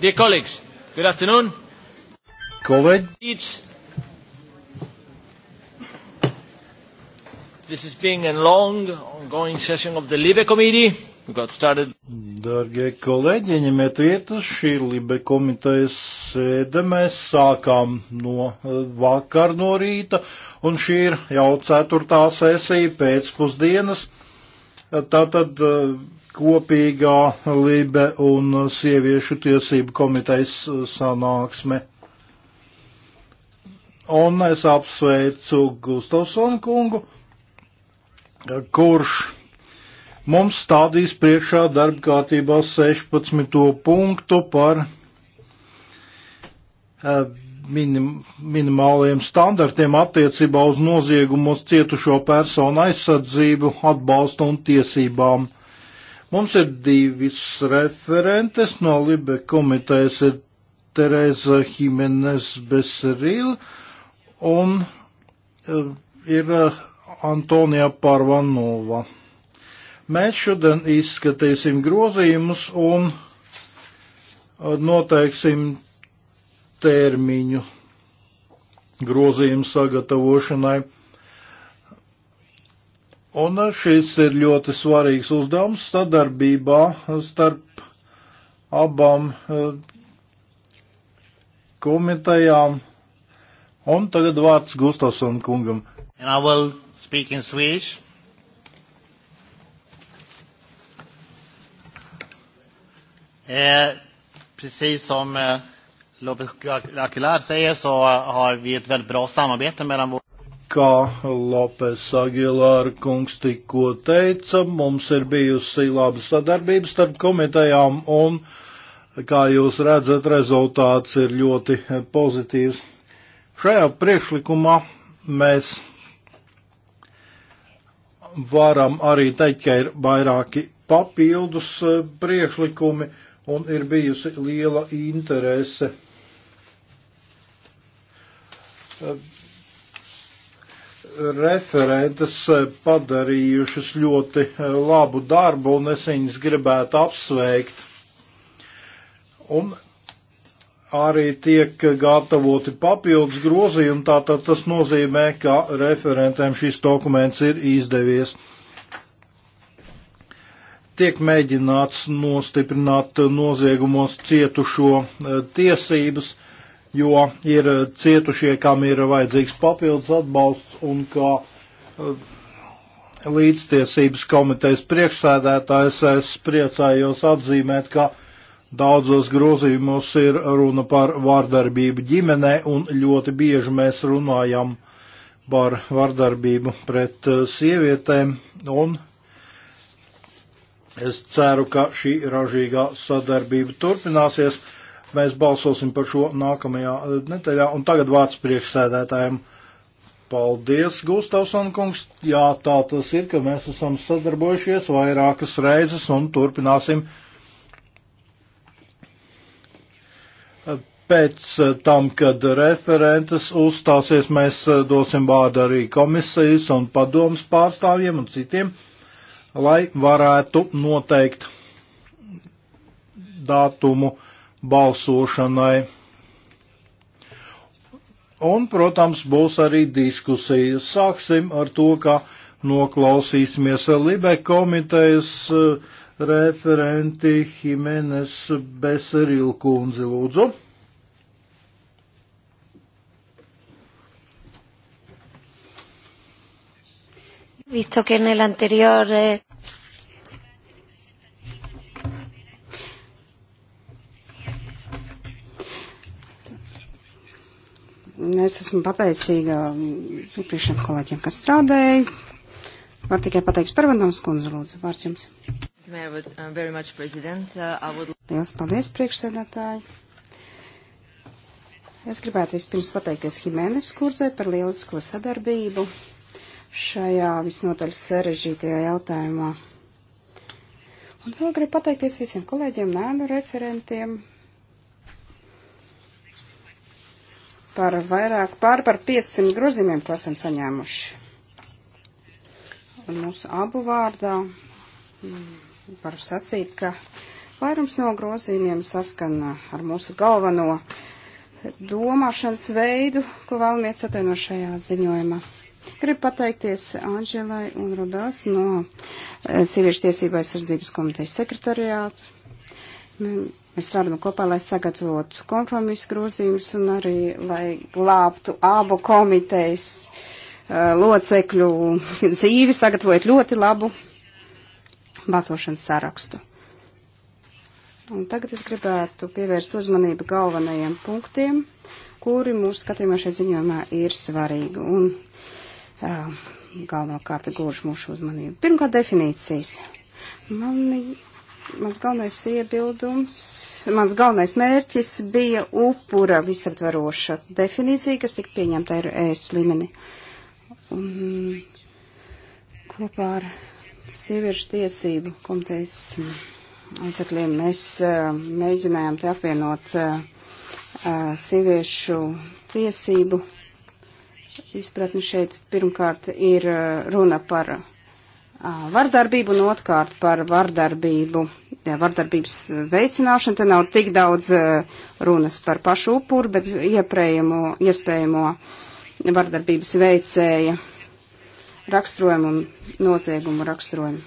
Dear colleagues, good afternoon. Kolēģi. It's This has been a long, ongoing session of the Libe Committee. We got started. Dargie kolēģi, ieņemiet vietas. Šī ir Libe komitejas sēde. Mēs sākām no eh, vakar no rīta, un šī ir jau ceturtā sesija pēcpusdienas. Tātad eh, kopīgā Libe un sieviešu tiesību komitejas sanāksme. Un es apsveicu Gustavsonu kungu, kurš mums stādīs priekšā darba kārtībā 16. punktu par eh, minim, minimāliem standartiem attiecībā uz noziegumos cietušo personu aizsardzību, atbalstu un tiesībām. Mums ir divas referentes no Libe komitejas ir Tereza Jimenez Beseril un eh, ir eh, Antonija Parvanova. Mēs šodien izskatīsim grozījumus un eh, noteiksim termiņu grozījumu sagatavošanai. Un šis ir ļoti svarīgs uzdevums sadarbībā starp abām eh, komitejām. Un tagad vārds Gustafsson kungam. And I will speak in Swedish. Eh, precis som eh, Lopez Aquilar säger så har vi ett väldigt bra samarbete mellan våra kā Lopes Agilāra kungs tikko teica, mums ir bijusi laba sadarbība starp komitejām un, kā jūs redzat, rezultāts ir ļoti pozitīvs. Šajā priekšlikumā mēs varam arī teikt, ka ir vairāki papildus e, priekšlikumi un ir bijusi liela interese e, referentes eh, padarījušas ļoti eh, labu darbu, un es viņas gribētu apsveikt. Un arī tiek gatavoti papildus grozījumi, tātad tas nozīmē, ka referentēm šis dokuments ir izdevies. Tiek mēģināts nostiprināt noziegumos cietušo eh, tiesības jo ir eh, cietušie, kam ir vajadzīgs papildus atbalsts un kā eh, līdztiesības komitejas priekšsēdētājs es priecājos atzīmēt, ka daudzos grozījumos ir runa par vārdarbību ģimenē un ļoti bieži mēs runājam par vardarbību pret eh, sievietēm un es ceru, ka šī ražīgā sadarbība turpināsies. Mēs balsosim par šo nākamajā eh, nedēļā. Un tagad vārds priekšsēdētājiem. Paldies, Gustavson kungs. Jā, tā tas ir, ka mēs esam sadarbojušies vairākas reizes un turpināsim. Pēc tam, kad referentes uzstāsies, mēs dosim vārdu arī komisijas un padomas pārstāvjiem un citiem, lai varētu noteikt datumu balsošanai. Un, protams, būs arī diskusija. Sāksim ar to, ka noklausīsimies Libe komitejas eh, referenti Himenes Beseril kundzi lūdzu. Visto que en el anterior eh, Es esmu pateicīga mm, nu, priekšiem kolēģiem, kas strādāja. Var tikai pateikt par Vandāmas kundzi, lūdzu, vārds jums. Lielas paldies, priekšsēdētāji. Es gribētu vispirms pateikties Himēnes kurzē par lielisko sadarbību šajā visnotaļ sarežģītajā jautājumā. Un vēl gribu pateikties visiem kolēģiem, nēnu referentiem, par vairāk pār par 500 grozījumiem, ko esam saņēmuši. Un mūsu abu vārdā mm, varu sacīt, ka vairums no grozījumiem saskana ar mūsu galveno domāšanas veidu, ko vēlamies atainot šajā ziņojumā. Gribu pateikties Anģelai un Robels no eh, Sieviešu tiesībai sardzības komitejas sekretariātu Nu, mēs strādājam kopā, lai sagatavotu kompromisu grozījumus un arī, lai glābtu abu komitejas uh, locekļu dzīvi, sagatavojot ļoti labu balsošanas sarakstu. Un tagad es gribētu pievērst uzmanību galvenajiem punktiem, kuri mūsu skatījumā šajā ziņojumā ir svarīgi un uh, galvenokārt gūž mūsu uzmanību. Pirmkārt, definīcijas. Man mans galvenais iebildums, mans galvenais mērķis bija upura visaptvaroša definīcija, kas tika pieņemta ar ēs līmeni. Un kopā ar sieviešu tiesību komitejas aizsakļiem mēs mēģinājām te apvienot sieviešu tiesību izpratni šeit. Pirmkārt ir runa par vardarbību un otrkārt par vardarbību, jā, vardarbības veicināšanu. Te nav tik daudz runas par pašu upuru, bet ieprējamo, iespējamo vardarbības veicēja raksturojumu un noziegumu raksturojumu.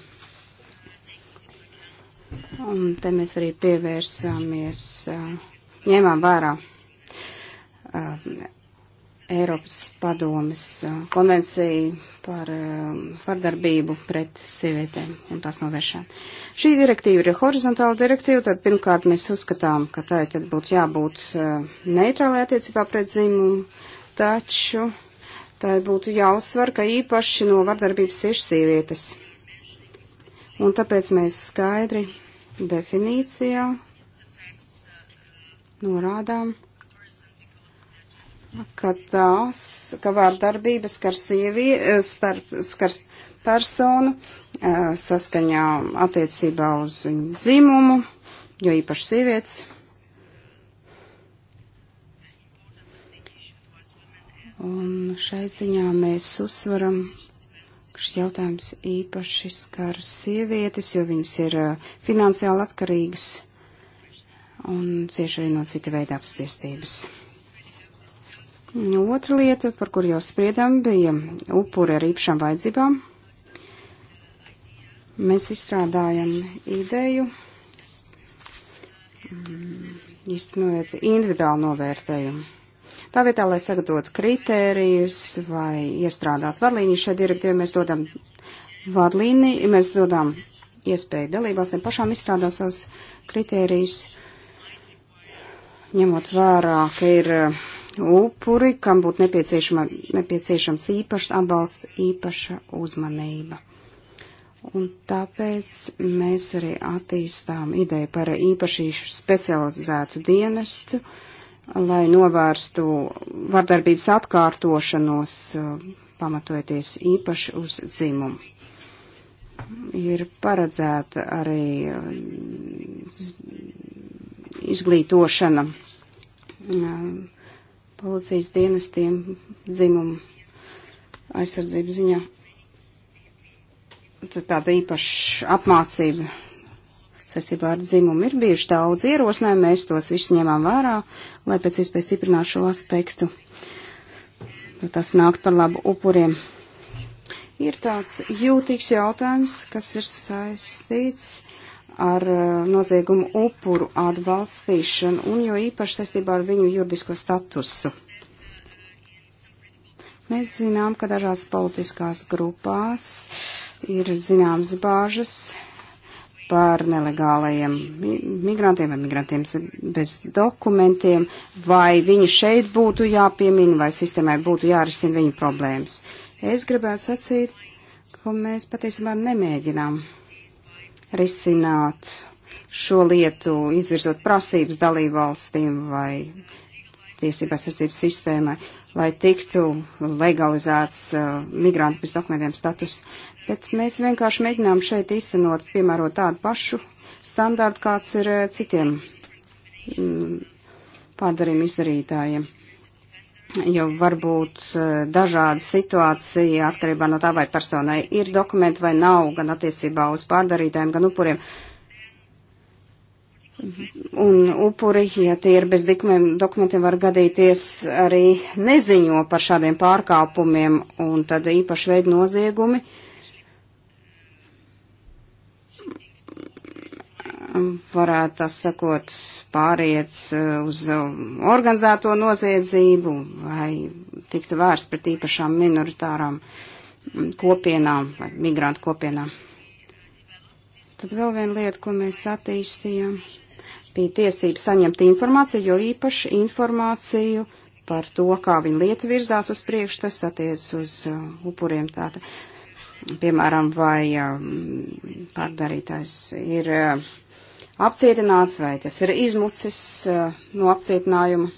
Un te mēs arī pievērsāmies, ņēmām vērā Eiropas padomes uh, konvenciju par um, vardarbību pret sievietēm un tās novēršanu. Šī direktīva ir horizontāla direktīva, tad pirmkārt mēs uzskatām, ka tai tad būtu jābūt uh, neitrālai attiecībā pret dzimumu, taču tai būtu jāuzsver, ka īpaši no vardarbības ir sievietes. Un tāpēc mēs skaidri definīcijā norādām ka tās, ka vārdarbības skar sievi, eh, starp, skar personu eh, saskaņā attiecībā uz viņu dzimumu, jo īpaši sievietes. Un šai ziņā mēs uzsveram, ka šis jautājums īpaši skar sievietes, jo viņas ir eh, finansiāli atkarīgas un cieši arī no cita veida apspiestības. Otra lieta, par kur jau spriedām, bija upuri ar īpašām vajadzībām. Mēs izstrādājam ideju, iztenojot mm, individuālu novērtējumu. Tā vietā, lai sagatavotu kritērijus vai iestrādātu vadlīniju šai direktīvai, mēs dodam vadlīniju, mēs dodam iespēju dalībvalstīm pašām izstrādāt savus kritērijus, ņemot vērā, ka ir upuri, kam būtu nepieciešams īpašs atbalsts, īpaša uzmanība. Un tāpēc mēs arī attīstām ideju par īpašīšu specializētu dienestu, lai novērstu vardarbības atkārtošanos, pamatojoties īpaši uz dzimumu. Ir paredzēta arī uh, izglītošana. Um, policijas dienestiem dzimumu aizsardzību ziņā. Tad tāda īpaša apmācība saistībā ar dzimumu ir bijuši daudz ierosinājumu, mēs tos visus ņemām vērā, lai pēc iespējas stiprinātu šo aspektu. Nu, tas nāk par labu upuriem. Ir tāds jūtīgs jautājums, kas ir saistīts ar eh, noziegumu upuru atbalstīšanu un jo īpaši saistībā ar viņu juridisko statusu. Mēs zinām, ka dažās politiskās grupās ir zināmas bāžas par nelegālajiem migrantiem vai migrantiem bez dokumentiem, vai viņi šeit būtu jāpiemina, vai sistēmai būtu jārisina viņu problēmas. Es gribētu sacīt, ka mēs patiesībā nemēģinām risināt šo lietu, izvirzot prasības dalībvalstīm vai tiesībās sardzības sistēmai, lai tiktu legalizēts uh, migrantu bez dokumentiem status. Bet mēs vienkārši mēģinām šeit īstenot, piemērot tādu pašu standārtu, kāds ir uh, citiem mm, pārdarījumu izdarītājiem jo var būt e, dažāda situācija atkarībā no tā, vai personai ir dokumenti vai nav, gan attiecībā uz pārdarītājiem, gan upuriem. Un upuri, ja tie ir bez dokumentiem, var gadīties arī neziņo par šādiem pārkāpumiem un tad īpaši veidu noziegumi. Varētu tā sakot, pāriet uh, uz uh, organizēto noziedzību vai tiktu vērst pret īpašām minoritārām kopienām vai migrantu kopienām. Tad vēl viena lieta, ko mēs attīstījām, bija tiesība saņemt informāciju, jo īpaši informāciju par to, kā viņa lieta virzās uz priekšu, tas attiec uz uh, upuriem tātad piemēram, vai um, pārdarītājs ir apcietināts vai kas ir izmucis uh, no apcietinājuma.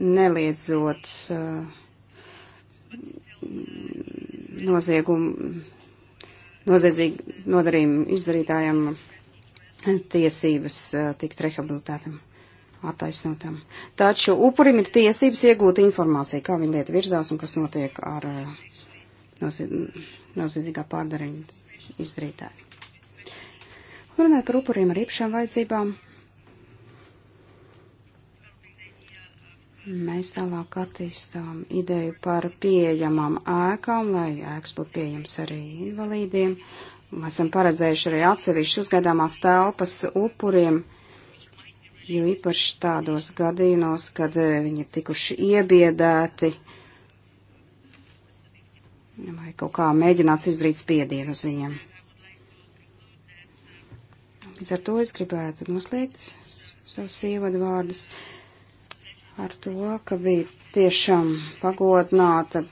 Neliedzot uh, noziegumu, noziedzīgu nodarījumu izdarītājam tiesības uh, tikt rehabilitētam, attaisnotam. Taču upurim ir tiesības iegūt informāciju, kā viņa lieta virzās un kas notiek ar uh, noziedzīgā pārdarījuma izdarītāji. Runājot par upuriem ar īpašām vajadzībām, mēs tālāk attīstām ideju par pieejamām ēkām, lai ēks būtu pieejams arī invalīdiem. Mēs esam paredzējuši arī atsevišķu uzgaidāmās telpas upuriem jo īpaši tādos gadījumos, kad viņi ir tikuši iebiedēti vai kaut kā mēģināts izdarīt spiedienu uz viņiem. Līdz ar to es gribētu noslēgt savus ievadu vārdus ar to, ka bija tiešām pagodināta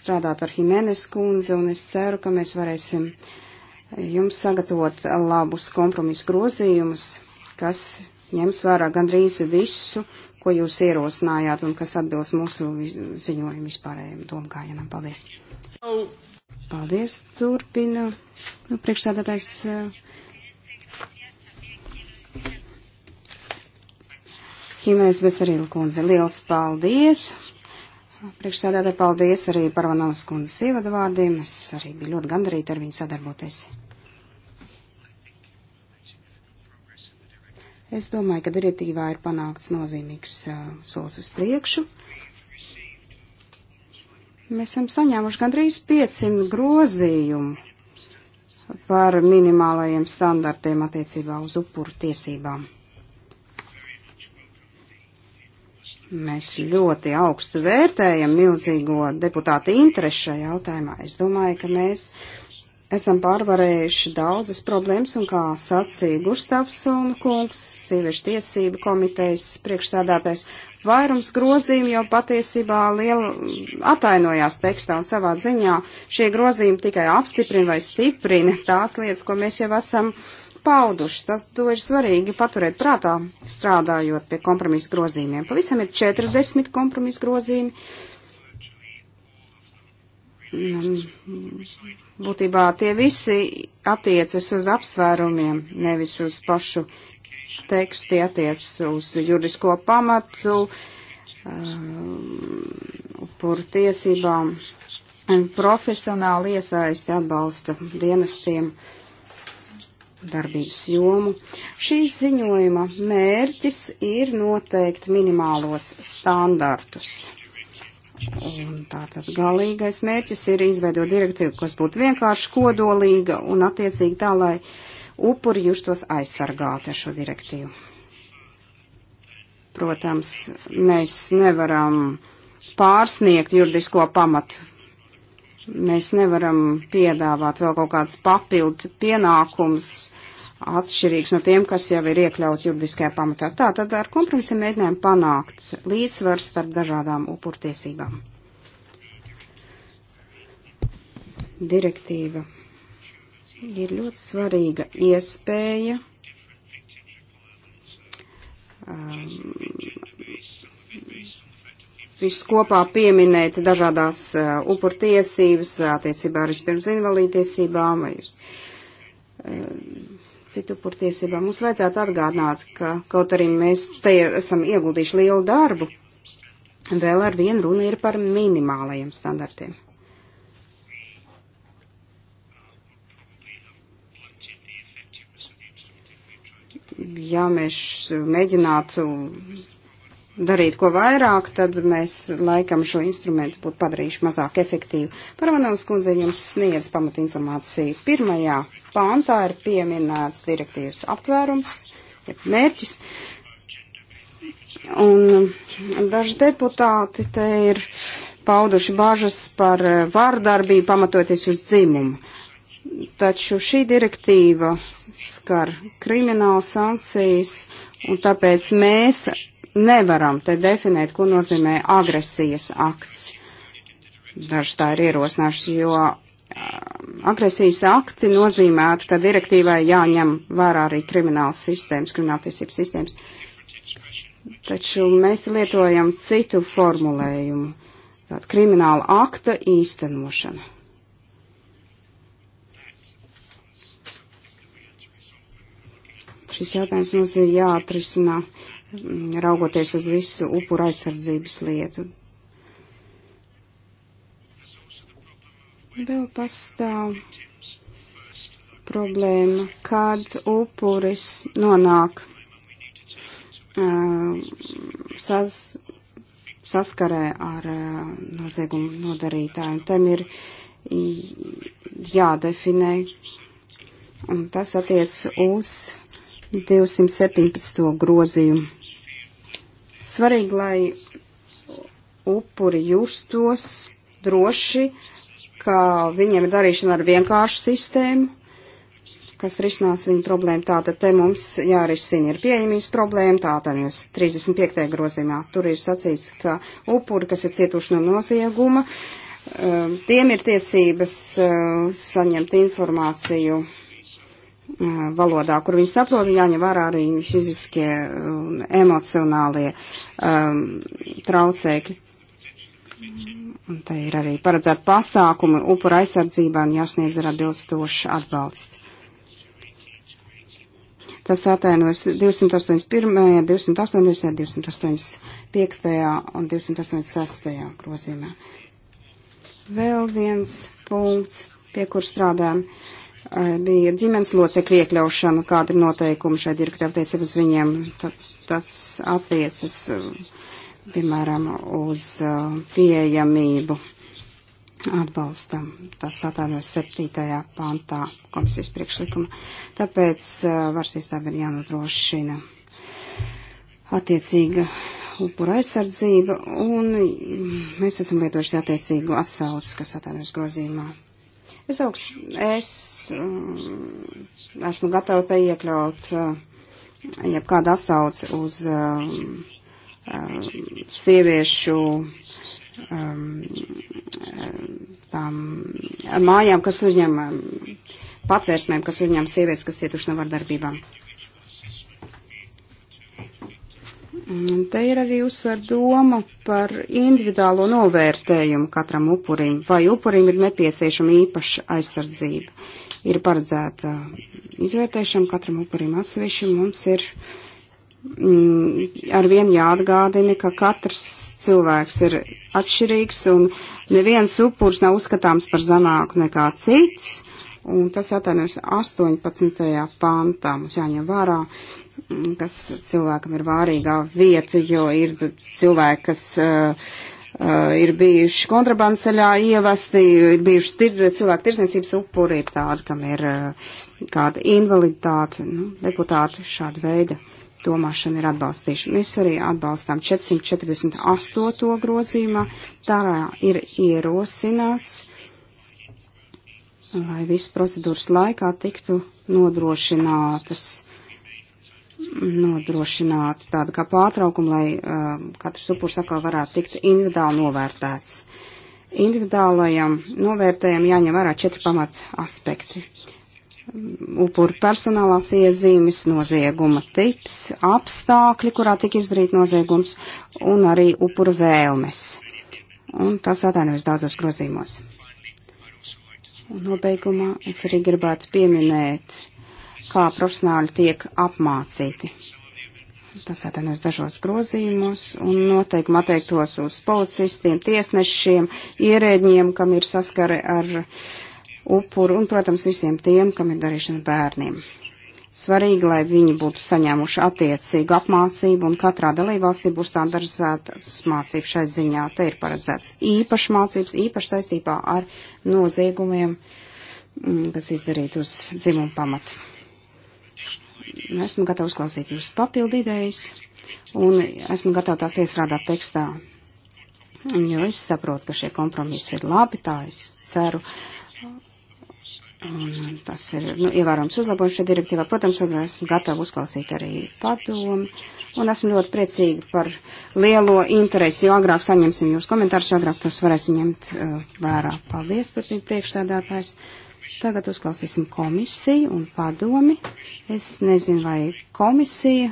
strādāt ar Himenes kundzi, un es ceru, ka mēs varēsim jums sagatavot labus kompromisu grozījumus, kas ņems vērā gandrīz visu, ko jūs ierosinājāt un kas atbilst mūsu ziņojumu vispārējiem domgājienam. Paldies! Paldies, turpina nu, priekšsēdētājs. Himēs eh, Besarīla kundze, liels paldies! Priekšsēdētāji, paldies arī par Vanovas kundzes ievadu vārdiem. Es arī biju ļoti gandarīta ar viņu sadarboties. Es domāju, ka direktīvā ir panākts nozīmīgs uh, solis uz priekšu. Mēs esam saņēmuši gandrīz 500 grozījumu par minimālajiem standartiem attiecībā uz upuru tiesībām. Mēs ļoti augstu vērtējam milzīgo deputātu interesi šajā jautājumā. Es domāju, ka mēs esam pārvarējuši daudzas problēmas, un kā sacīja Gustavs un kungs, sieviešu tiesību komitejas priekšsādātais, Vairums grozījumu jau patiesībā liela atainojās tekstā un savā ziņā šie grozījumi tikai apstiprina vai stiprina tās lietas, ko mēs jau esam pauduši. Tas to ir svarīgi paturēt prātā, strādājot pie kompromisa grozījumiem. Pavisam ir 40 kompromisa grozījumi. Būtībā tie visi attiecas uz apsvērumiem, nevis uz pašu teksti attiecas uz juridisko pamatu, upuru tiesībām, profesionāli iesaisti atbalsta dienestiem darbības jomu. Šī ziņojuma mērķis ir noteikt minimālos standartus. Un tātad galīgais mērķis ir izveidot direktīvu, kas būtu vienkārši kodolīga un attiecīgi tā, lai uh, upuri justos aizsargāti ar šo direktīvu. Protams, mēs nevaram pārsniegt juridisko pamatu. Mēs nevaram piedāvāt vēl kaut kādas papildu pienākumus atšķirīgs no tiem, kas jau ir iekļauts juridiskajā pamatā. Tā tad ar kompromisiem mēģinājām panākt līdzsvaru starp dažādām upurtiesībām. Direktīva ir ļoti svarīga iespēja um, visu kopā pieminēt dažādās uh, upurtiesības attiecībā arī pirms invalīdtiesībām vai uz uh, citu upurtiesībām. Mums vajadzētu atgādināt, ka kaut arī mēs te esam ieguldījuši lielu darbu, vēl ar vienu runa ir par minimālajiem standartiem. ja mēs mēģinātu darīt ko vairāk, tad mēs laikam šo instrumentu būtu padarījuši mazāk efektīvu. Paramanovs kundze jums sniedz pamat informāciju. Pirmajā pāntā ir pieminēts direktīvas aptvērums, mērķis, un daži deputāti te ir pauduši bažas par vārdarbību pamatoties uz dzimumu taču šī direktīva skar krimināla sankcijas, un tāpēc mēs nevaram te definēt, ko nozīmē agresijas akts. Dažs tā ir ierosināšs, jo um, agresijas akti nozīmētu, ka direktīvai jāņem vērā arī krimināla sistēmas, krimināltiesības sistēmas. Taču mēs lietojam citu formulējumu. Tāda krimināla akta īstenošana. Šis jautājums mums ir jāatrisinā, mm, raugoties uz visu upura aizsardzības lietu. Vēl pastāv problēma, kad upuris nonāk uh, saz, saskarē ar uh, noziegumu nodarītāju. Tam ir jādefinē, un tas attiec uz 217. grozījumu. Svarīgi, lai upuri justos droši, ka viņiem ir darīšana ar vienkāršu sistēmu, kas risinās viņu problēmu. Tātad te mums jārisina ir pieejamības problēma, tātad jūs 35. grozījumā tur ir sacīts, ka upuri, kas ir cietuši no nozieguma, eh, tiem ir tiesības eh, saņemt informāciju valodā, kur viņi saprot, jāņem vērā arī fiziskie un emocionālie um, traucēkļi. Un te ir arī paredzēta pasākumi upura aizsardzībā un jāsniedz ar atbilstošu atbalstu. Tas atainojas 281., 280., 285. un 286. grozīmē. Vēl viens punkts, pie kur strādājam. Uh, arī ģimenes locekļu iekļaušanu, kāda ir noteikuma šai direktīvai attiecībā uz viņiem. Tad, tas attiecas, piemēram, uz uh, pieejamību atbalstam. Tas atādos 7. pantā komisijas priekšlikuma. Tāpēc uh, varas iestādēm ir jānodrošina attiecīga upura aizsardzība, un mēs esam lietojuši attiecīgu atsauci, kas atādos grozījumā Es, augst, es mm, esmu gatava te iekļaut eh, jebkādu atsauci uz um, sieviešu um, tām mājām, kas uzņem patvērsmēm, kas uzņem sievietes, kas cietuši no vardarbībām. Mm, te ir arī uzsver doma par individuālo novērtējumu katram upurim, vai upurim ir nepieciešama īpaša aizsardzība. Ir paredzēta izvērtēšana katram upurim atsevišķi, mums ir mm, arvien jāatgādina, ka katrs cilvēks ir atšķirīgs un neviens upurs nav uzskatāms par zemāku nekā cits, un tas atainojas 18. pantā, mums jāņem vērā kas cilvēkam ir vārīgā vieta, jo ir cilvēki, kas uh, uh, ir bijuši kontrabandas ceļā ievesti, ir bijuši tir, cilvēku tirsniecības upuri, ir tādi, kam ir uh, kāda invaliditāte, nu, deputāti šāda veida domāšana ir atbalstīšana. Mēs arī atbalstām 448. grozījumā, tā ir ierosināts, lai viss procedūras laikā tiktu nodrošinātas nodrošināt tādu kā pārtraukumu, lai uh, katrs upurs atkal varētu tikt individuāli novērtēts. Individuālajam novērtējam jāņem vērā četri pamat aspekti. Upuru personālās iezīmes, nozieguma tips, apstākļi, kurā tika izdarīt noziegums, un arī upuru vēlmes. Un tas atainojas daudzos grozīmos. Un nobeigumā es arī gribētu pieminēt kā profesionāļi tiek apmācīti. Tas atainos dažos grozījumos un noteikti attiektos uz policistiem, tiesnešiem, ierēģiem, kam ir saskare ar upuru un, protams, visiem tiem, kam ir darīšana bērniem. Svarīgi, lai viņi būtu saņēmuši attiecīgu apmācību, un katrā dalībvalstī būs standardizētas mācības šai ziņā. Te ir paredzēts īpašs mācības, īpaši saistībā ar noziegumiem, mm, kas izdarīti uz dzimumu pamatu esmu gatava uzklausīt jūsu papildu idejas, un esmu gatava tās iestrādāt tekstā. Jo es saprotu, ka šie kompromisi ir labi, tā es ceru. Un tas ir nu, ievērojams uzlabojums šajā direktīvā. Protams, esmu gatava uzklausīt arī padomu. Un esmu ļoti priecīga par lielo interesi, jo agrāk saņemsim jūs komentārus, jo agrāk tos varēsim ņemt uh, vērā. Paldies, turpina priekšsēdētājs. Uh, Tagad uzklausīsim komisiju un padomi. Es nezinu, vai komisija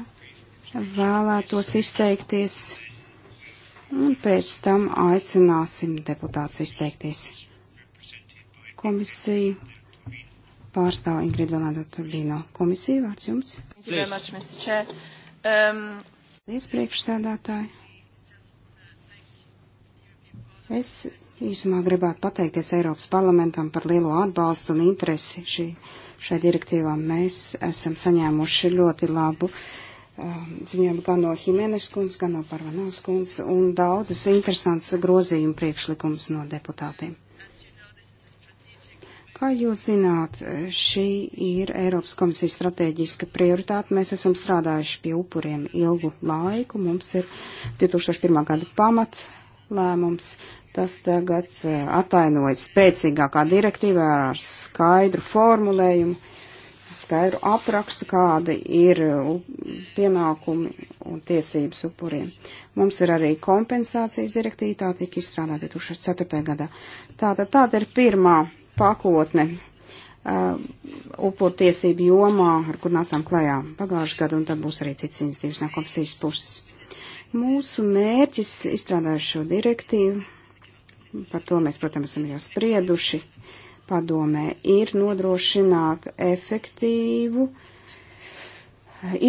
vēlētos izteikties. Un pēc tam aicināsim deputātus izteikties. Komisiju pārstāv Ingrida Velanda Turbino. Komisija vārds jums. Um, Paldies, priekšsēdētāji. Es Īsumā gribētu pateikties Eiropas parlamentam par lielo atbalstu un interesi šī, šai direktīvām. Mēs esam saņēmuši ļoti labu um, ziņojumu gan no Himenes kundzes, gan no Parvanovas kundzes un daudzus interesants grozījumu priekšlikumus no deputātiem. Kā jūs zināt, šī ir Eiropas komisijas strateģiska prioritāte. Mēs esam strādājuši pie upuriem ilgu laiku. Mums ir 2001. gada pamat lēmums. Tas tagad eh, atainojas spēcīgākā direktīvā ar skaidru formulējumu, skaidru aprakstu, kādi ir eh, pienākumi un tiesības upuriem. Mums ir arī kompensācijas direktīva, tā tika izstrādāta 2004. gadā. Tātad tāda ir pirmā pakotne uh, eh, upurtiesību jomā, ar kur nācām klajā pagājušajā gadā, un tad būs arī cits institīvs no komisijas puses. Mūsu mērķis izstrādājot šo direktīvu par to mēs, protams, esam jau sprieduši padomē, ir nodrošināt efektīvu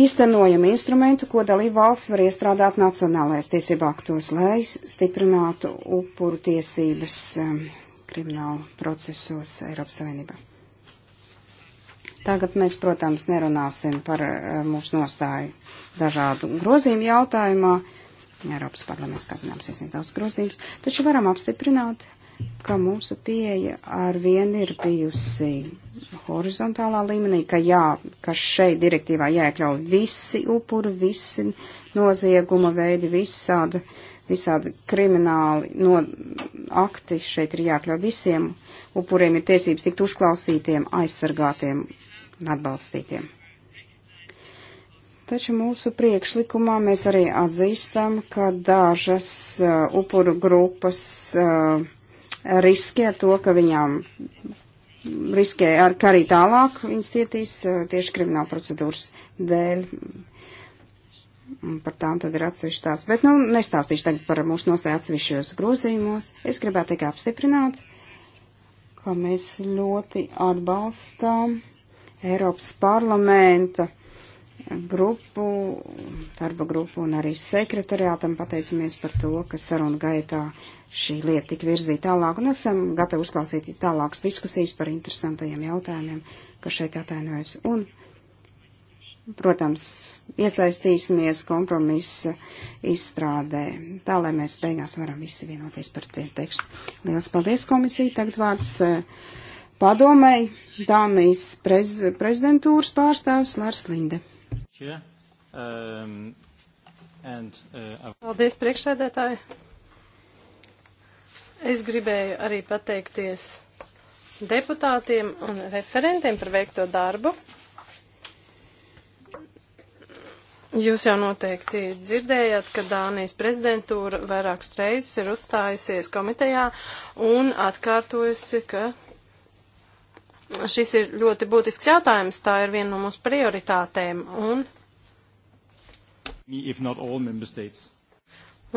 īstenojumu instrumentu, ko dalība valsts var iestrādāt nacionālajās tiesību aktos, lai stiprinātu upuru tiesības um, kriminālu procesos Eiropas Savienībā. Tagad mēs, protams, nerunāsim par uh, mūsu nostāju dažādu grozījumu jautājumā Eiropas parlaments, kā zināms, iesniegt daudz grozījums, taču varam apstiprināt, ka mūsu pieeja ar vien ir bijusi horizontālā līmenī, ka jā, ka šeit direktīvā jāiekļauj visi upuri, visi nozieguma veidi, visāda, visāda krimināli no akti šeit ir jākļauj visiem upuriem ir tiesības tikt uzklausītiem, aizsargātiem un atbalstītiem. Taču mūsu priekšlikumā mēs arī atzīstam, ka dažas uh, upuru grupas uh, riskē to, ka viņām riskē ar ka arī tālāk viņas cietīs uh, tieši krimināla procedūras dēļ. Un par tām tad ir atsevišķi tās. Bet, nu, nestāstīšu tagad par mūsu nostāju atsevišķos grozījumos. Es gribētu tikai apstiprināt, ka mēs ļoti atbalstām Eiropas parlamenta grupu, darba grupu un arī sekretariātam pateicamies par to, ka saruna gaitā šī lieta tik virzīja tālāk un esam gatavi uzklausīt tālākas diskusijas par interesantajiem jautājumiem, kas šeit atainojas. Un, protams, iesaistīsimies kompromisa izstrādē, tā lai mēs beigās varam visi vienoties par tie tekstu. Lielas paldies komisija, tagad vārds eh, padomēji, Dānijas prez, prezidentūras pārstāvis Lārs Linde. Chair. Um, and, uh, Paldies, priekšsēdētāji. Es gribēju arī pateikties deputātiem un referentiem par veikto darbu. Jūs jau noteikti dzirdējat, ka Dānijas prezidentūra vairākas reizes ir uzstājusies komitejā un atkārtojusi, ka Šis ir ļoti būtisks jautājums, tā ir viena no mūsu prioritātēm. Un,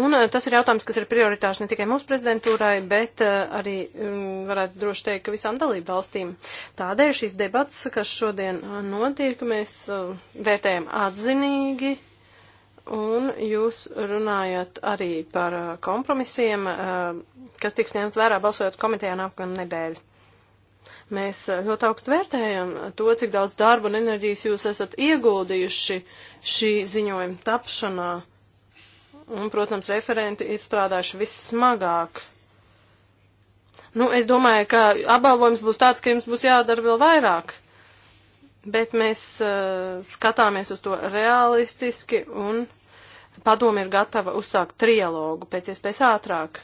un eh, tas ir jautājums, kas ir prioritārs ne tikai mūsu prezidentūrai, bet eh, arī mm, varētu droši teikt, ka visām dalību valstīm. Tādēļ šīs debats, kas šodien eh, notiek, mēs vērtējam atzinīgi. Un jūs runājat arī par kompromisiem, kas tiks ņemts vērā balsojot komitejā nākamā nedēļa. Mēs eh, ļoti augstu vērtējam to, cik daudz darba un enerģijas jūs esat ieguldījuši šī ziņojuma tapšanā. Un, protams, referenti ir strādājuši vissmagāk. Nu, es domāju, ka apbalvojums būs tāds, ka jums būs jādara vēl vairāk. Bet mēs uh, skatāmies uz to realistiski un padomi ir gatava uzsākt trialogu pēc iespējas ātrāk.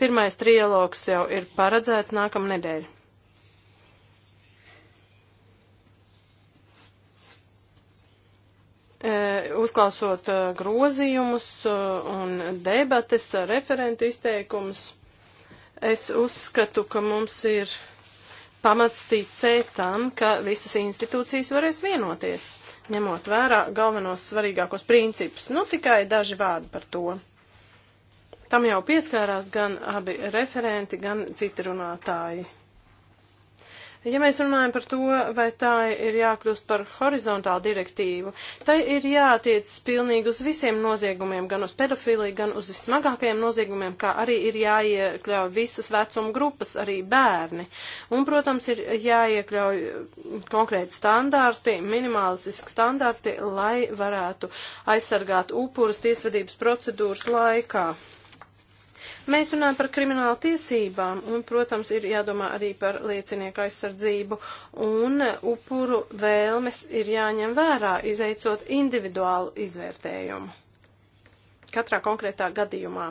Pirmais trialogs jau ir paredzēts nākamnedēļ. E, uzklausot e, grozījumus e, un debates referentu izteikumus, es uzskatu, ka mums ir pamats ticēt tam, ka visas institūcijas varēs vienoties, ņemot vērā galvenos svarīgākos principus. Nu, tikai daži vārdi par to. Tam jau pieskārās gan abi referenti, gan citi runātāji. Ja mēs runājam par to, vai tā ir jākļūst par horizontālu direktīvu, tai ir jātiec pilnīgi uz visiem noziegumiem, gan uz pedofiliju, gan uz vismagākajiem noziegumiem, kā arī ir jāiekļauj visas vecuma grupas, arī bērni. Un, protams, ir jāiekļauj konkrēti standarti, minimālistiski standarti, lai varētu aizsargāt upurus tiesvedības procedūras laikā. Mēs runājam par kriminālu tiesībām un, protams, ir jādomā arī par liecinieku aizsardzību un upuru vēlmes ir jāņem vērā, izveicot individuālu izvērtējumu. Katrā konkrētā gadījumā.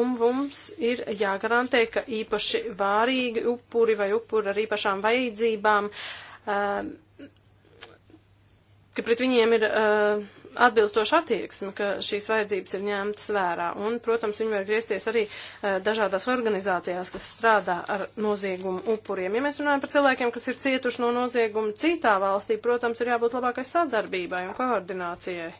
Un mums ir jāgarantē, ka īpaši vārīgi upuri vai upuri ar īpašām vajadzībām, uh, ka pret viņiem ir uh, atbilstoša attieksme, ka šīs vajadzības ir ņemtas vērā. Un, protams, viņi var griezties arī eh, dažādās organizācijās, kas strādā ar noziegumu upuriem. Ja mēs runājam par cilvēkiem, kas ir cietuši no nozieguma citā valstī, protams, ir jābūt labākai sadarbībai un koordinācijai.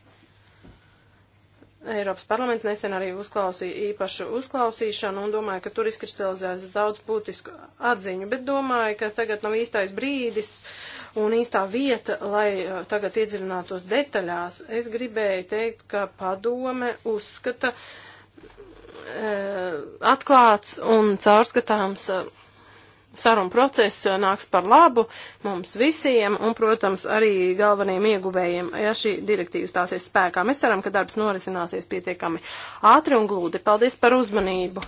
Eiropas parlaments nesen arī uzklausīja īpašu uzklausīšanu un domāju, ka tur izkristalizēs daudz būtisku atziņu, bet domāju, ka tagad nav īstais brīdis uh, un īstā vieta, lai uh, tagad iedziļinātos detaļās. Es gribēju teikt, ka padome uzskata uh, atklāts un caurskatāms uh, saruna process nāks par labu mums visiem un, protams, arī galvenajiem ieguvējiem, ja šī direktīva stāsies spēkā. Mēs ceram, ka darbs norisināsies pietiekami ātri un glūdi. Paldies par uzmanību!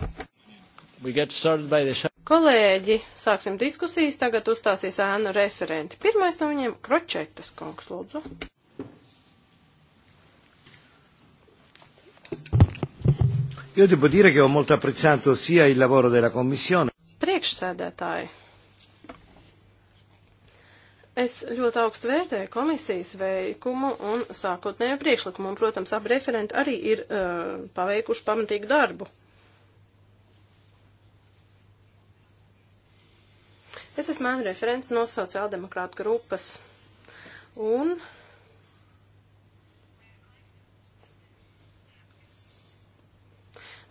The... Kolēģi, sāksim diskusijas, tagad uzstāsies ēnu referenti. Pirmais no viņiem - Kročetas kungs, lūdzu. Io devo dire che ho molto apprezzato sia il lavoro della Commissione. Priekšsēdētāji, Es ļoti augstu vērtēju komisijas veikumu un sākotnējo priekšlikumu, un, protams, abi referenti arī ir uh, paveikuši pamatīgu darbu. Es esmu ēnu referents no sociāldemokrāta grupas. Un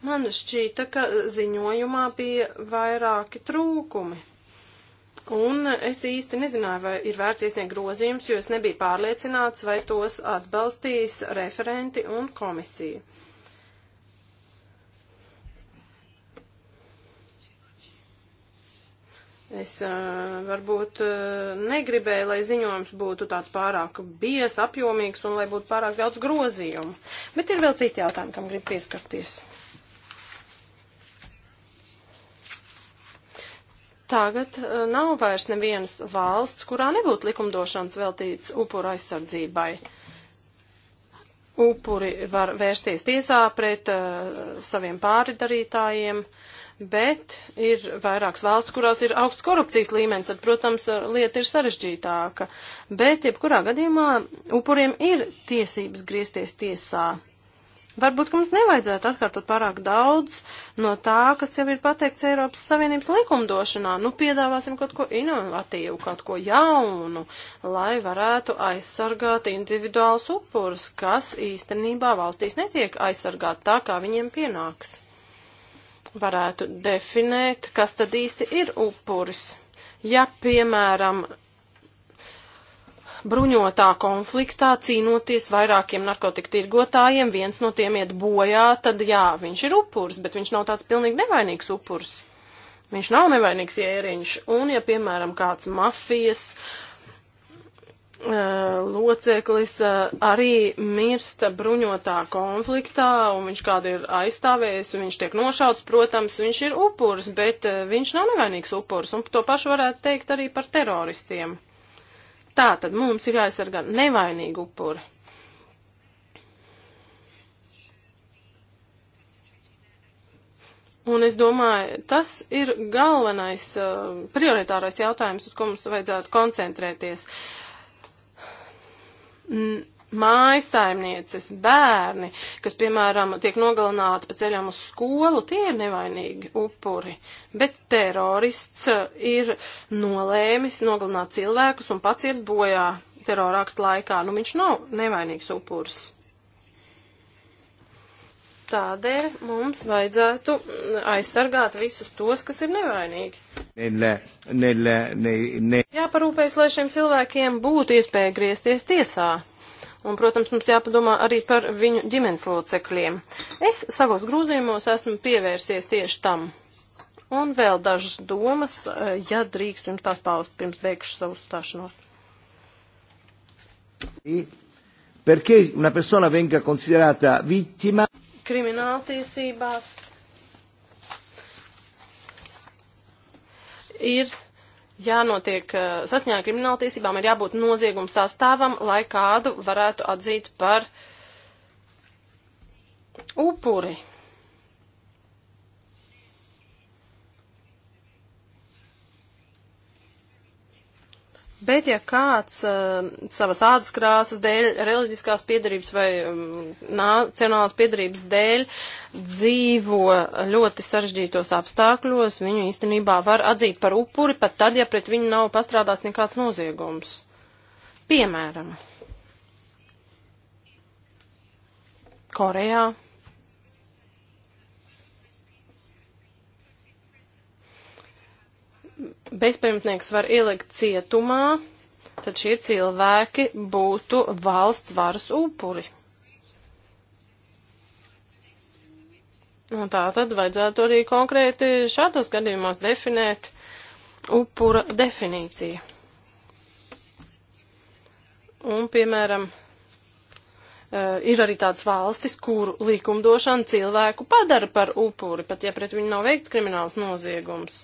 man šķīta, ka ziņojumā bija vairāki trūkumi. Un es īsti nezināju, vai ir vērts iesniegt grozījumus, jo es nebiju pārliecināts, vai tos atbalstīs referenti un komisija. Es uh, varbūt uh, negribēju, lai ziņojums būtu tāds pārāk bies, apjomīgs un lai būtu pārāk daudz grozījumu. Bet ir vēl citi jautājumi, kam grib pieskarties. tagad nav vairs nevienas valsts, kurā nebūtu likumdošanas veltīts upura aizsardzībai. Upuri var vērsties tiesā pret uh, saviem pāridarītājiem. Uh, bet ir vairākas valsts, kurās ir augsts korupcijas līmenis, tad, protams, lieta ir sarežģītāka. Bet, jebkurā gadījumā, upuriem ir tiesības griezties tiesā. Varbūt, ka mums nevajadzētu atkārtot pārāk daudz no tā, kas jau ir pateikts Eiropas Savienības likumdošanā. Nu, piedāvāsim kaut ko inovatīvu, kaut ko jaunu, lai varētu aizsargāt individuālus upurus, kas īstenībā valstīs netiek aizsargāt tā, kā viņiem pienāks varētu definēt, kas tad īsti ir upuris. Ja, piemēram, bruņotā konfliktā cīnoties vairākiem narkotiku tirgotājiem, viens no tiem iet bojā, tad jā, viņš ir upurs, bet viņš nav tāds pilnīgi nevainīgs upurs. Viņš nav nevainīgs ieriņš. Un, ja, piemēram, kāds mafijas uh, loceklis arī mirsta bruņotā konfliktā, un viņš kādu ir aizstāvējis, un viņš tiek nošauts, protams, viņš ir upurs, bet viņš nav nevainīgs upurs, un to pašu varētu teikt arī par teroristiem. Tā tad mums ir jāaizsargā nevainīgi upuri. Un es domāju, tas ir galvenais, prioritārais jautājums, uz ko mums vajadzētu koncentrēties. Uh, mājasaimnieces, bērni, kas, piemēram, tiek nogalināti pa ceļām uz skolu, tie ir nevainīgi upuri. Bet terorists uh, ir nolēmis nogalināt cilvēkus un pats iet bojā terora aktu laikā. Nu, viņš nav nevainīgs upurs. Tādēļ mums vajadzētu aizsargāt visus tos, kas ir nevainīgi. Nel, nel, ne, ne. Jāparūpējas, lai šiem cilvēkiem būtu iespēja griezties tiesā. Un, protams, mums jāpadomā arī par viņu ģimenes locekļiem. Es savos grūzījumos esmu pievērsies tieši tam. Un vēl dažas domas, ja drīkst jums tās paust pirms beigšu savu stāšanos. I perché una persona venga considerata vittima krimināltiesībās ir jānotiek eh, saskaņā ar krimināltiesībām, ir jābūt nozieguma sastāvam, lai kādu varētu atzīt par upuri. Bet ja kāds uh, savas ādas krāsas dēļ, reliģiskās piedarības vai um, nacionālās piedarības dēļ dzīvo ļoti sarežģītos apstākļos, viņu īstenībā var atzīt par upuri, pat tad, ja pret viņu nav pastrādās nekāds noziegums. Piemēram, Korejā bezpajumtnieks var ielikt cietumā, tad šie cilvēki būtu valsts varas upuri. Un tā tad vajadzētu arī konkrēti šādos gadījumos definēt upura definīciju. Un, piemēram, Eh, ir arī tādas valstis, kuru likumdošana cilvēku padara par upuri, pat ja pret viņu nav veikts krimināls noziegums.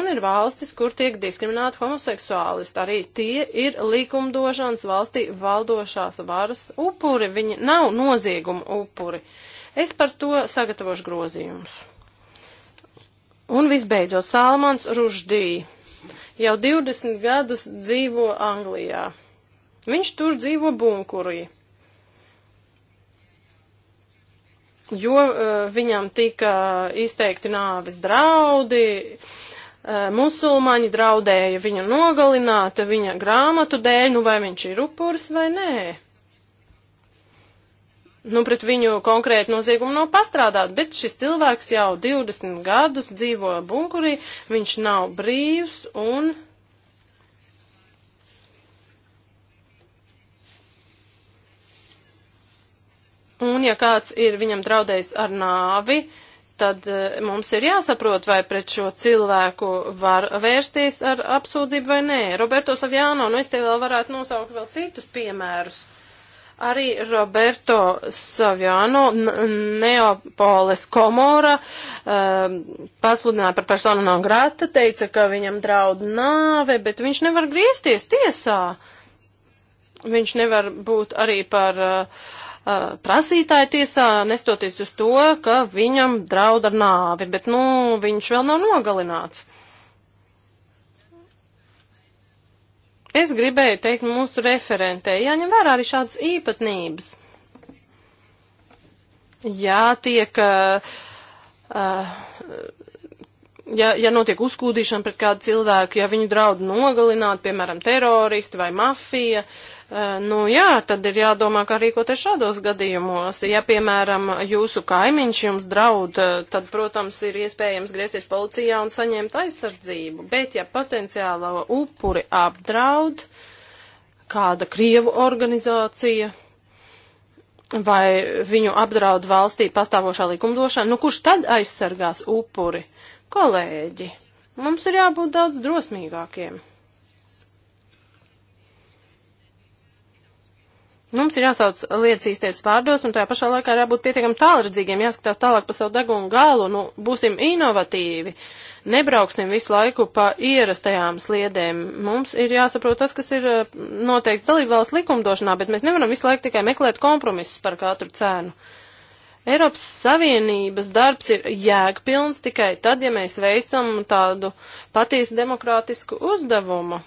Un ir valstis, kur tiek diskriminēti homoseksuālisti. Arī tie ir likumdošanas valstī valdošās varas upuri. Viņi nav nozieguma upuri. Es par to sagatavošu grozījumus. Un visbeidzot, Salmans Ruždī jau 20 gadus dzīvo Anglijā. Viņš tur dzīvo bunkurī. jo uh, viņam tika eh, izteikti nāves draudi, uh, musulmaņi draudēja viņu nogalināt viņa grāmatu dēļ, nu vai viņš ir upuris vai nē. Nu, pret viņu konkrēti noziegumu nav pastrādāt, bet šis cilvēks jau 20 gadus dzīvo bunkurī, viņš nav brīvs un. Uh, Un ja kāds ir viņam draudējis ar nāvi, tad e, mums ir jāsaprot, vai pret šo cilvēku var vērsties ar apsūdzību vai nē. Roberto Savjāno, nu es te vēl varētu nosaukt vēl citus piemērus arī Roberto Saviano, Neapoles Komora, uh, pasludināja par personu non grata, teica, ka viņam draud nāve, bet viņš nevar griezties tiesā. Viņš nevar būt arī par uh, uh, prasītāja tiesā, nestoties uz to, ka viņam draud ar nāvi, bet, nu, viņš vēl nav nogalināts. Es gribēju teikt mūsu referentē, jāņem vērā arī šādas īpatnības. Jā, tiek, uh, uh, ja, ja notiek uzkūdīšana pret kādu cilvēku, ja viņu draud nogalināt, piemēram, teroristi vai mafija, uh, Nu jā, tad ir jādomā, kā rīkoties šādos gadījumos. Ja, piemēram, jūsu kaimiņš jums draud, tad, protams, ir iespējams griezties policijā un saņemt aizsardzību. Bet, ja potenciāla upuri apdraud kāda Krievu organizācija vai viņu apdraud valstī pastāvošā likumdošana, nu kurš tad aizsargās upuri? Kolēģi, mums ir jābūt daudz drosmīgākiem. Mums ir jāsauc lietas īstais vārdos, un tajā pašā laikā ir jābūt pietiekami tālredzīgiem, jāskatās tālāk pa savu degunu galu, nu, būsim inovatīvi, nebrauksim visu laiku pa ierastajām sliedēm. Mums ir jāsaprot tas, kas ir eh, noteikts dalībvalsts likumdošanā, bet mēs nevaram visu laiku tikai meklēt kompromisus par katru cēnu. Eiropas Savienības darbs ir jēgpilns tikai tad, ja mēs veicam tādu patiesu demokrātisku uzdevumu.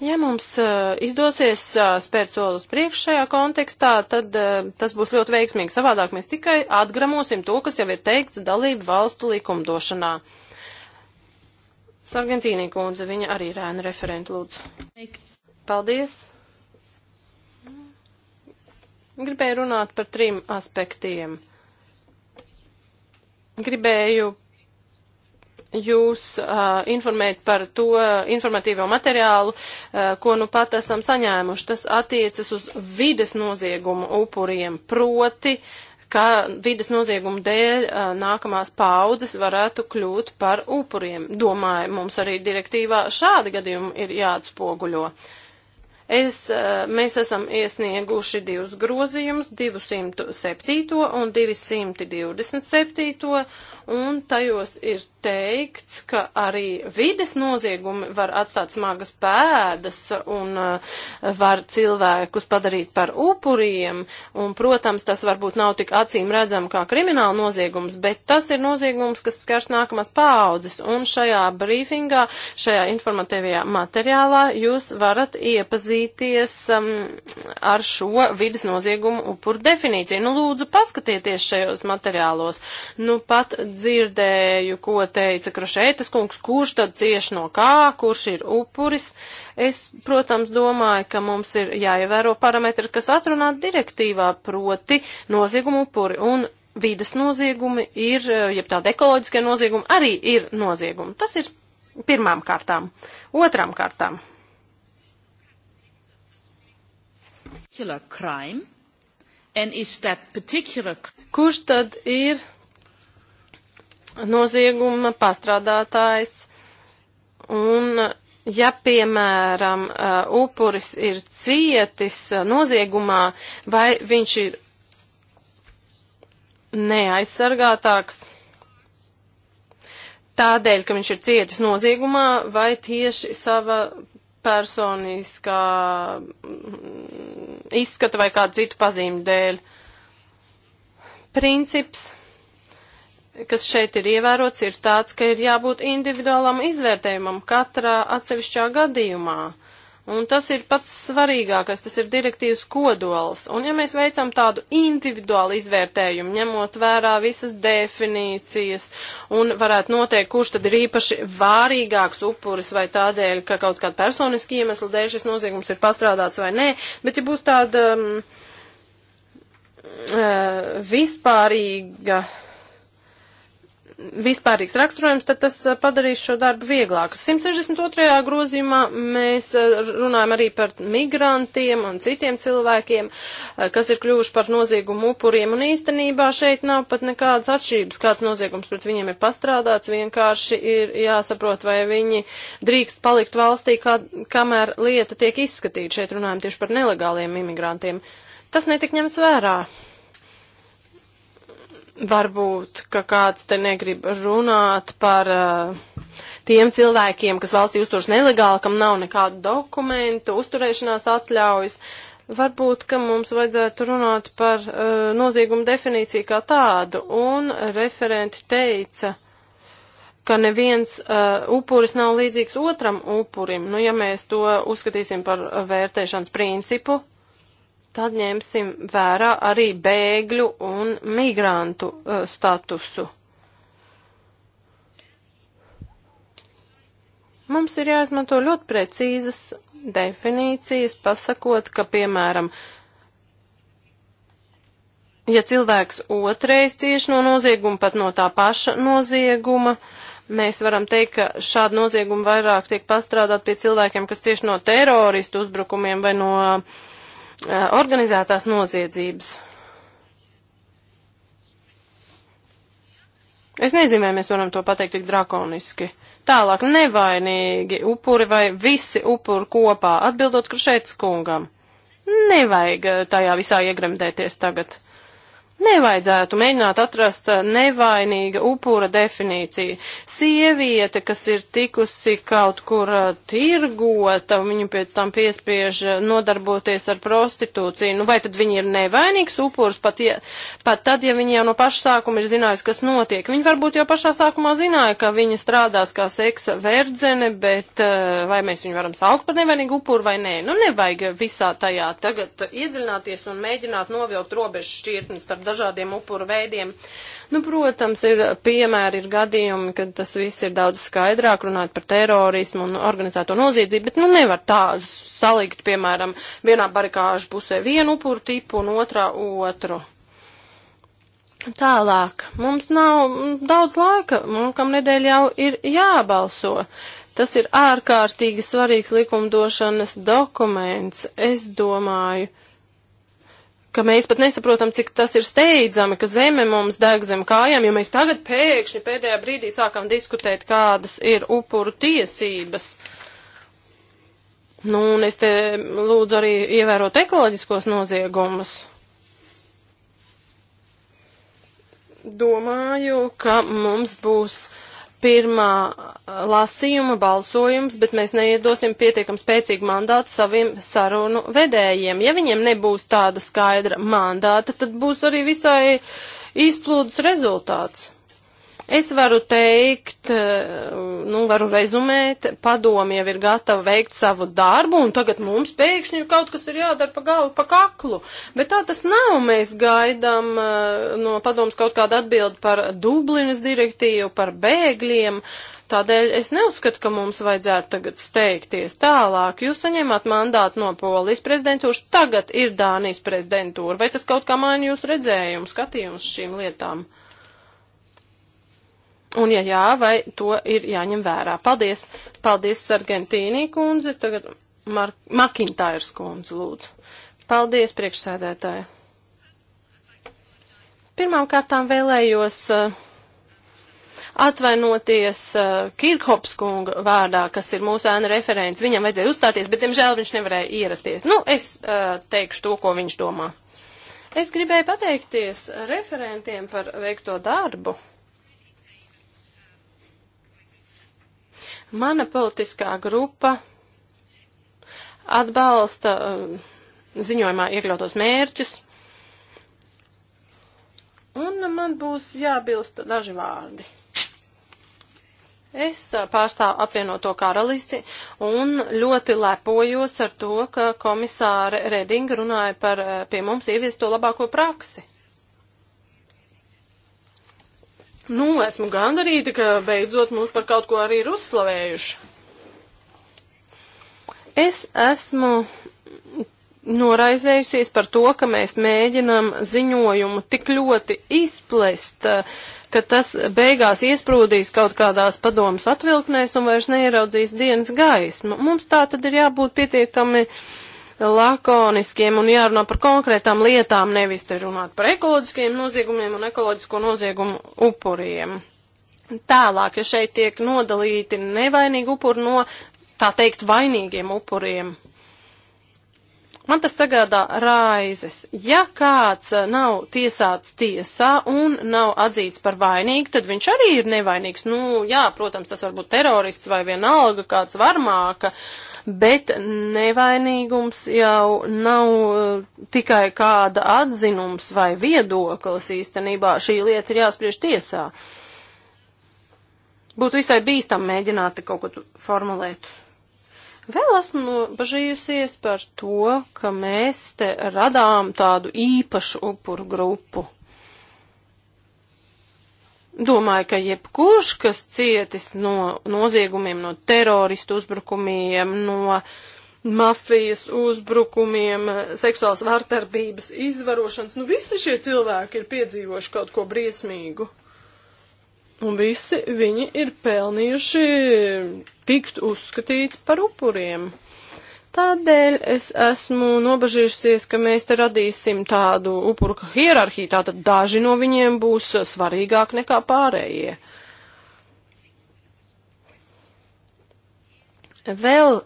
Ja mums uh, izdosies uh, spērt soli uz priekšu šajā kontekstā, tad uh, tas būs ļoti veiksmīgi. Savādāk mēs tikai atgramosim to, kas jau ir teikts dalību valstu likumdošanā. Sargentīnī kundze, viņa arī rēna referenta lūdzu. Paldies. Gribēju runāt par trim aspektiem. Gribēju jūs uh, informēt par to informatīvo materiālu, uh, ko nu pat esam saņēmuši. Tas attiecas uz vides noziegumu upuriem, proti, ka vides noziegumu dēļ uh, nākamās paudzes varētu kļūt par upuriem. Domāju, mums arī direktīvā šādi gadījumi ir jāatspoguļo. Uh, Es, eh, mēs esam iesnieguši divus grozījumus, 207 un 227, un tajos ir teikts, ka arī vides noziegumi var atstāt smagas pēdas un eh, var cilvēkus padarīt par upuriem, un, protams, tas varbūt nav tik acīm redzam kā krimināla noziegums, bet tas ir noziegums, kas skars nākamās paaudzes, un šajā brīfingā, šajā informatīvajā materiālā jūs varat iepazīt iepazīties um, ar šo vidas noziegumu upuru definīciju. Nu, lūdzu, paskatieties šajos materiālos. Nu, pat dzirdēju, ko teica Krošētas kungs, kurš tad cieši no kā, kurš ir upuris. Es, protams, domāju, ka mums ir jāievēro parametri, kas atrunāti direktīvā, proti noziegumu upuri un vidas noziegumi ir, jeb tāda ekoloģiskie noziegumi arī ir noziegumi. Tas ir pirmām kārtām. Otrām kārtām. particular crime? And is that particular... Kurš tad ir nozieguma pastrādātājs? Un ja, piemēram, uh, upuris ir cietis uh, noziegumā, vai viņš ir neaizsargātāks tādēļ, ka viņš ir cietis noziegumā, vai tieši sava personiskā izskata vai kādu citu pazīmu dēļ. Princips, kas šeit ir ievērots, ir tāds, ka ir jābūt individuālam izvērtējumam katrā atsevišķā gadījumā. Uh, Un tas ir pats svarīgākais, tas ir direktīvas kodols. Un ja mēs veicam tādu individuālu izvērtējumu, ņemot vērā visas definīcijas, un varētu noteikt, kurš tad ir īpaši vārīgāks upuris vai tādēļ, ka kaut kāda personiski iemesla dēļ šis noziegums ir pastrādāts vai nē, bet ja būs tāda um, uh, vispārīga. Uh, vispārīgs raksturojums, tad tas eh, padarīs šo darbu vieglāku. 162. grozījumā mēs eh, runājam arī par migrantiem un citiem cilvēkiem, eh, kas ir kļuvuši par noziegumu upuriem, un īstenībā šeit nav pat nekādas atšķirības, kāds noziegums pret viņiem ir pastrādāts, vienkārši ir jāsaprot, vai viņi drīkst palikt valstī, kā, kamēr lieta tiek izskatīta. Šeit runājam tieši par nelegāliem imigrantiem. Tas netika ņemts vērā varbūt, ka kāds te negrib runāt par uh, tiem cilvēkiem, kas valstī uzturas nelegāli, kam nav nekādu dokumentu, uzturēšanās atļaujas. Varbūt, ka mums vajadzētu runāt par uh, eh, noziegumu definīciju kā tādu, un referenti teica, ka neviens uh, upuris nav līdzīgs otram upurim. Nu, ja mēs to uzskatīsim par vērtēšanas principu, tad ņemsim vērā arī bēgļu un migrantu uh, statusu. Mums ir jāizmanto ļoti precīzas definīcijas, pasakot, ka, piemēram, ja cilvēks otrais cieš no nozieguma, pat no tā paša nozieguma, mēs varam teikt, ka šāda nozieguma vairāk tiek pastrādāt pie cilvēkiem, kas cieš no teroristu uzbrukumiem vai no uh, Eh, organizētās noziedzības. Es nezinu, vai mēs varam to pateikt tik drakoniski. Tālāk nevainīgi upuri vai visi upuri kopā, atbildot Krušētas kungam. Nevajag eh, tajā visā iegremdēties tagad. Nevajadzētu mēģināt atrast eh, nevainīga upura definīciju. Sieviete, kas ir tikusi kaut kur eh, tirgota, viņu pēc tam piespiež eh, nodarboties ar prostitūciju, nu vai tad viņi ir nevainīgs upurs, pat, ja, pat tad, ja viņi jau no paša sākuma ir zinājis, kas notiek. Viņi varbūt jau pašā sākumā zināja, ka viņa strādās kā seksa verdzene, bet vai mēs viņu varam saukt par nevainīgu upuru vai nē. Nu nevajag visā tajā tagad iedziļināties un mēģināt novilkt robežu šķirtnes starp dažādiem upuru veidiem. Nu, protams, ir piemēri, ir gadījumi, kad tas viss ir daudz skaidrāk, runāt par terorismu un organizēto noziedzību, bet nu nevar tā salikt, piemēram, vienā barikāžu pusē vienu upuru tipu un otrā otru. Tālāk. Mums nav mm, daudz laika, mums kam nedēļ jau ir jābalso. Tas ir ārkārtīgi svarīgs likumdošanas dokuments, es domāju ka mēs pat nesaprotam, cik tas ir steidzami, ka zeme mums deg zem kājām, ja mēs tagad pēkšņi pēdējā brīdī sākam diskutēt, kādas ir upuru tiesības. Nu, un es te lūdzu arī ievērot ekoloģiskos noziegumus. Domāju, ka mums būs pirmā lasījuma balsojums, bet mēs neiedosim pietiekam spēcīgu mandātu saviem sarunu vedējiem. Ja viņiem nebūs tāda skaidra mandāta, tad būs arī visai izplūdes rezultāts. Es varu teikt, eh, nu, varu rezumēt, padomi jau ir gatava veikt savu darbu, un tagad mums pēkšņi kaut kas ir jādara pa galvu, pa kaklu. Bet tā tas nav. Mēs gaidām eh, no padomas kaut kādu atbildi par Dublinas direktīvu, par bēgļiem. Tādēļ es neuzskatu, ka mums vajadzētu tagad steigties tālāk. Jūs saņēmāt mandātu no Polijas prezidentūras, tagad ir Dānijas prezidentūra. Vai tas kaut kā maina jūsu redzējumu, skatījumus šīm lietām? Uh, Un, ja jā, vai to ir jāņem vērā? Paldies! Paldies, Sargentīnī kundze! Tagad Mar Makintājas kundze, lūdzu. Paldies, priekšsēdētāji! Pirmām kārtām vēlējos uh, atvainoties uh, Kirkhops kunga vārdā, kas ir mūsu ēna referents. Viņam vajadzēja uzstāties, bet, diemžēl, viņš nevarēja ierasties. Nu, es uh, teikšu to, ko viņš domā. Es gribēju pateikties referentiem par veikto darbu. Mana politiskā grupa atbalsta uh, ziņojumā iekļautos mērķus, un man būs jābilst daži vārdi. Es uh, pārstāvu apvienoto karalisti un ļoti lepojos ar to, ka komisāre Redinga runāja par uh, pie mums ieviesto labāko praksi. Nu, esmu gandarīta, ka beidzot mūs par kaut ko arī ir uzslavējuši. Es esmu noraizējusies par to, ka mēs mēģinam ziņojumu tik ļoti izplest, ka tas beigās iesprūdīs kaut kādās padomas atvilknēs un vairs neieraudzīs dienas gaismu. Mums tā tad ir jābūt pietiekami uh, lakoniskiem un jārunā par konkrētām lietām, nevis te runāt par ekoloģiskiem noziegumiem un ekoloģisko noziegumu upuriem. Tālāk, ja šeit tiek nodalīti nevainīgi upuri no, tā teikt, vainīgiem upuriem. Man tas sagādā raizes. Ja kāds eh, nav tiesāts tiesā un nav atzīts par vainīgu, tad viņš arī ir nevainīgs. Nu, jā, protams, tas var būt terorists vai vienalga kāds varmāka. Uh, bet nevainīgums jau nav eh, tikai kāda atzinums vai viedoklis īstenībā. Šī lieta ir jāspriež tiesā. Būtu visai bīstam mēģināt kaut ko formulēt. Vēl esmu nobažījusies par to, ka mēs te radām tādu īpašu upuru grupu. Domāju, ka jebkurš, kas cietis no noziegumiem, no teroristu uzbrukumiem, no mafijas uzbrukumiem, seksuālas vārtarbības, izvarošanas, nu visi šie cilvēki ir piedzīvojuši kaut ko briesmīgu. Un visi viņi ir pelnījuši tikt uzskatīti par upuriem. Tādēļ es esmu nobažījusies, ka mēs te radīsim tādu upuru hierarhiju, tātad daži no viņiem būs svarīgāk nekā pārējie. Vēl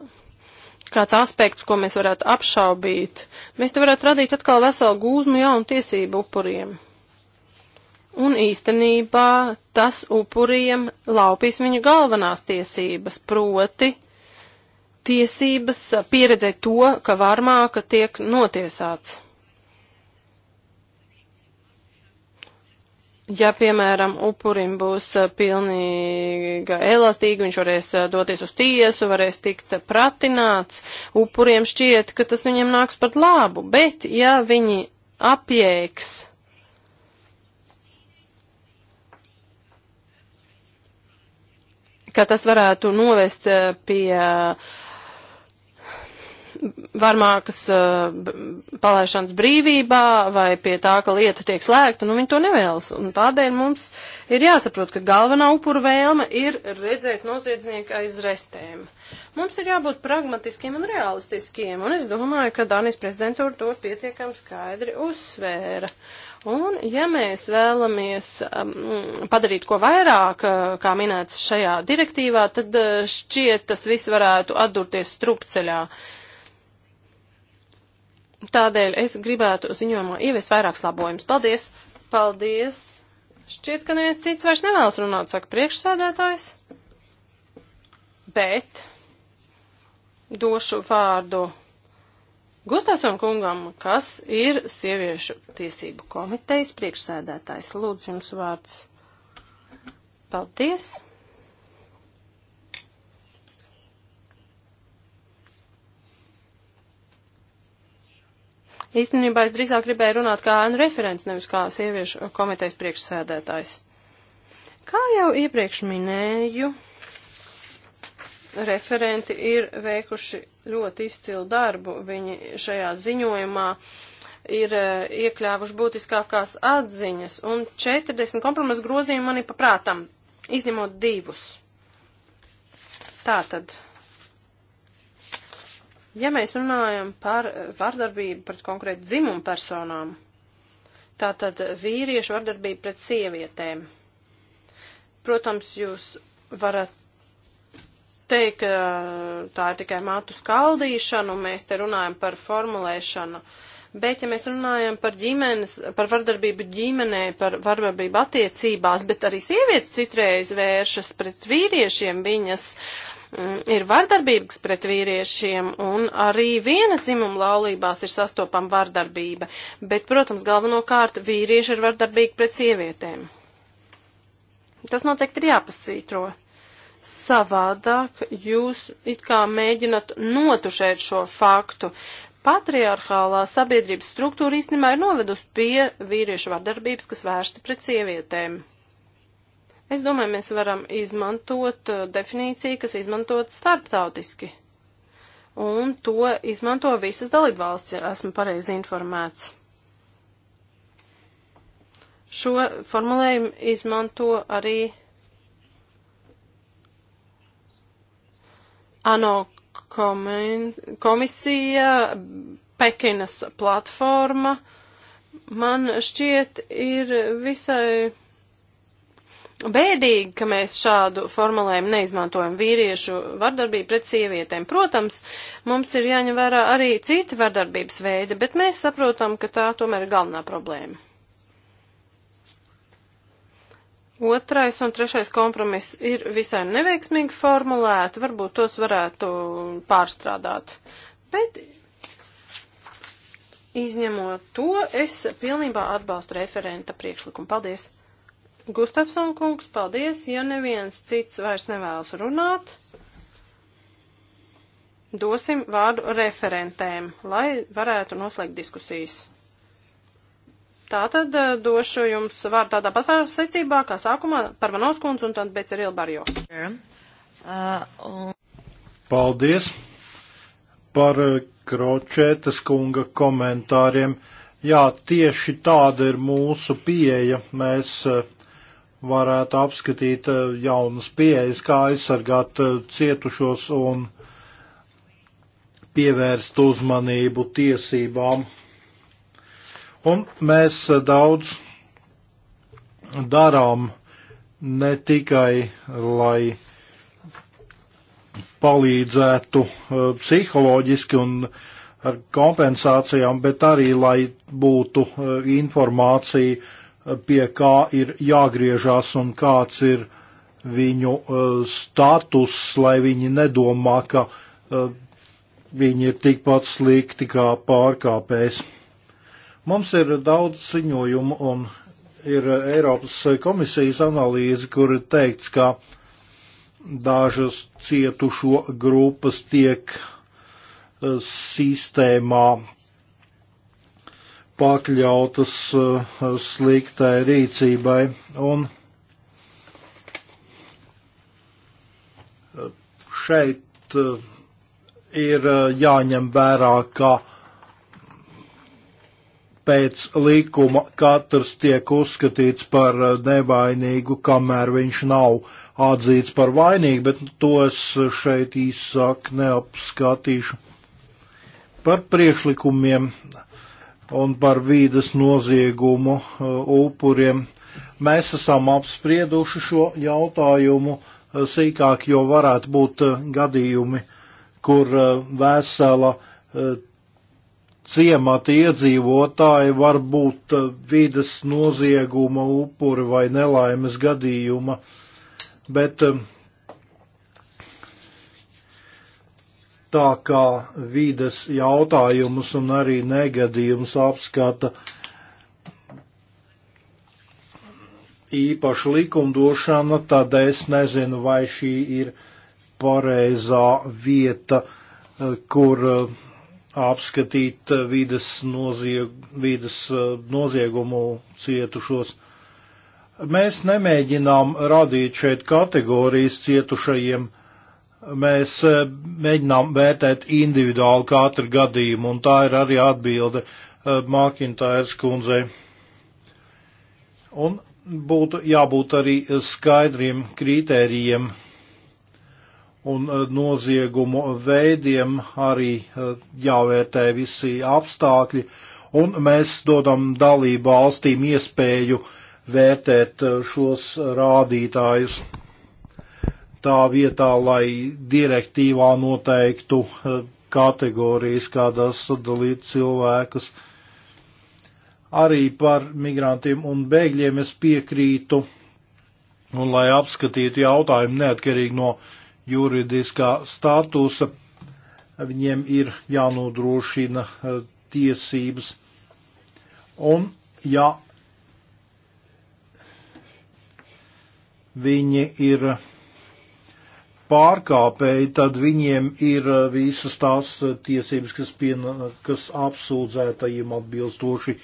kāds aspekts, ko mēs varētu apšaubīt, mēs te varētu radīt atkal veselu gūzmu jaunu tiesību upuriem. Un īstenībā tas upuriem laupīs viņa galvenās tiesības, proti tiesības pieredzēt to, ka varmāka tiek notiesāts. Ja, piemēram, upurim būs pilnīga elastīga, viņš varēs doties uz tiesu, varēs tikt pratināts, upuriem šķiet, ka tas viņiem nāks pat labu, bet ja viņi apjēgs ka tas varētu novest pie uh, varmākas uh, palaišanas brīvībā vai pie tā, ka lieta tiek slēgta, nu viņi to nevēlas. Un tādēļ mums ir jāsaprot, ka galvenā upura vēlme ir redzēt noziedznieku aiz restēm. Mums ir jābūt pragmatiskiem un realistiskiem, un es domāju, ka Dānijas prezidentūra to pietiekami skaidri uzsvēra. Un, ja mēs vēlamies um, padarīt ko vairāk, uh, kā minēts šajā direktīvā, tad uh, šķiet tas viss varētu atdurties strupceļā. Uh, Tādēļ es gribētu ziņojumā ieviest vairākus labojumus. Paldies! Paldies! Šķiet, ka neviens cits vairs nevēlas runāt, saka priekšsēdētājs. Bet došu vārdu Gustāsam kungam, kas ir sieviešu tiesību komitejas priekšsēdētājs. Lūdzu, jums vārds. Paldies! Īstenībā es drīzāk gribēju runāt kā ēnu referents, nevis kā sieviešu komitejas priekšsēdētājs. Kā jau iepriekš minēju, referenti ir veikuši ļoti izcilu darbu. Viņi šajā ziņojumā ir eh, iekļāvuši būtiskākās atziņas, un 40 kompromisu grozījumi man ir paprātam, izņemot divus. Tātad Ja mēs runājam par vardarbību pret konkrētu dzimumu personām, tātad vīriešu vardarbību pret sievietēm, protams, jūs varat teikt, ka tā ir tikai mātu skaldīšana, un mēs te runājam par formulēšanu. Bet, ja mēs runājam par ģimenes, par vardarbību ģimenē, par vardarbību attiecībās, bet arī sievietes citreiz vēršas pret vīriešiem, viņas uh, Mm, ir vardarbības pret vīriešiem, un arī viena dzimuma laulībās ir sastopama vardarbība, bet, protams, galvenokārt vīrieši ir vardarbīgi pret sievietēm. Tas noteikti ir jāpasvītro. Savādāk jūs it kā mēģinat notušēt šo faktu. Patriarchālā sabiedrības struktūra īstenībā ir novedusi pie vīriešu vardarbības, kas vērsta pret sievietēm. Es domāju, mēs varam izmantot uh, definīciju, kas izmantot starptautiski. Un to izmanto visas dalībvalsts, ja esmu pareizi informēts. Šo formulējumu izmanto arī ANO komisija, Pekinas platforma. Man šķiet, ir visai bēdīgi, ka mēs šādu formulējumu neizmantojam vīriešu vardarbību pret sievietēm. Protams, mums ir jāņem vērā arī citi vardarbības veidi, bet mēs saprotam, ka tā tomēr ir galvenā problēma. Otrais un trešais kompromiss ir visai neveiksmīgi formulēti, varbūt tos varētu pārstrādāt. Bet izņemot to, es pilnībā atbalstu referenta priekšlikumu. Paldies! Gustafson kungs, paldies, ja neviens cits vairs nevēlas runāt. Dosim vārdu referentēm, lai varētu noslēgt diskusijas. Tātad eh, došu jums vārdu tādā pasaules secībā, kā sākumā par Vanovskundz un tad Beceril Barjo. Paldies par eh, Kročētas kunga komentāriem. Jā, tieši tāda ir mūsu pieeja. Mēs eh, varētu apskatīt eh, jaunas pieejas, kā aizsargāt eh, cietušos un pievērst uzmanību tiesībām. Un mēs eh, daudz darām ne tikai, lai palīdzētu psiholoģiski un ar kompensācijām, bet arī, lai būtu informācija pie kā ir jāgriežās un kāds ir viņu uh, status, lai viņi nedomā, ka uh, viņi ir tikpat slikti kā pārkāpējs. Mums ir daudz ziņojumu un ir uh, Eiropas komisijas analīze, kur ir teikts, ka dažas cietušo grupas tiek sistēmā pakļautas eh, sliktai rīcībai. Un šeit eh, ir eh, jāņem vērā, ka pēc likuma katrs tiek uzskatīts par nevainīgu, kamēr viņš nav atzīts par vainīgu, bet to es šeit īsāk neapskatīšu. Par priekšlikumiem un par vīdas noziegumu uh, upuriem. Mēs esam apsprieduši šo jautājumu uh, sīkāk, jo varētu būt uh, gadījumi, kur vesela ciemata iedzīvotāji var būt vidas nozieguma upuri vai nelaimes gadījuma, bet um, tā kā vīdes jautājumus un arī negadījumus apskata īpaša likumdošana, tad es nezinu, vai šī ir pareizā vieta, eh, kur eh, apskatīt vides, nozieg, vides eh, noziegumu cietušos. Mēs nemēģinām radīt šeit kategorijas cietušajiem Mēs eh, mēģinām vērtēt individuāli katru gadījumu, un tā ir arī atbilde eh, Mākintājas kundzei. Un būtu jābūt arī skaidriem kritērijiem un eh, noziegumu veidiem, arī jāvērtē visi apstākļi, un mēs dodam dalību valstīm iespēju vērtēt šos rādītājus tā vietā, lai direktīvā noteiktu eh, kategorijas, kādās sadalīt cilvēkus. Arī par migrantiem un bēgļiem es piekrītu, un lai apskatītu jautājumu neatkarīgi no juridiskā statusa, viņiem ir jānodrošina eh, tiesības. Un ja viņi ir pārkāpēji, tad viņiem ir uh, visas tās uh, tiesības, kas, piena, uh, kas apsūdzētajiem atbilstoši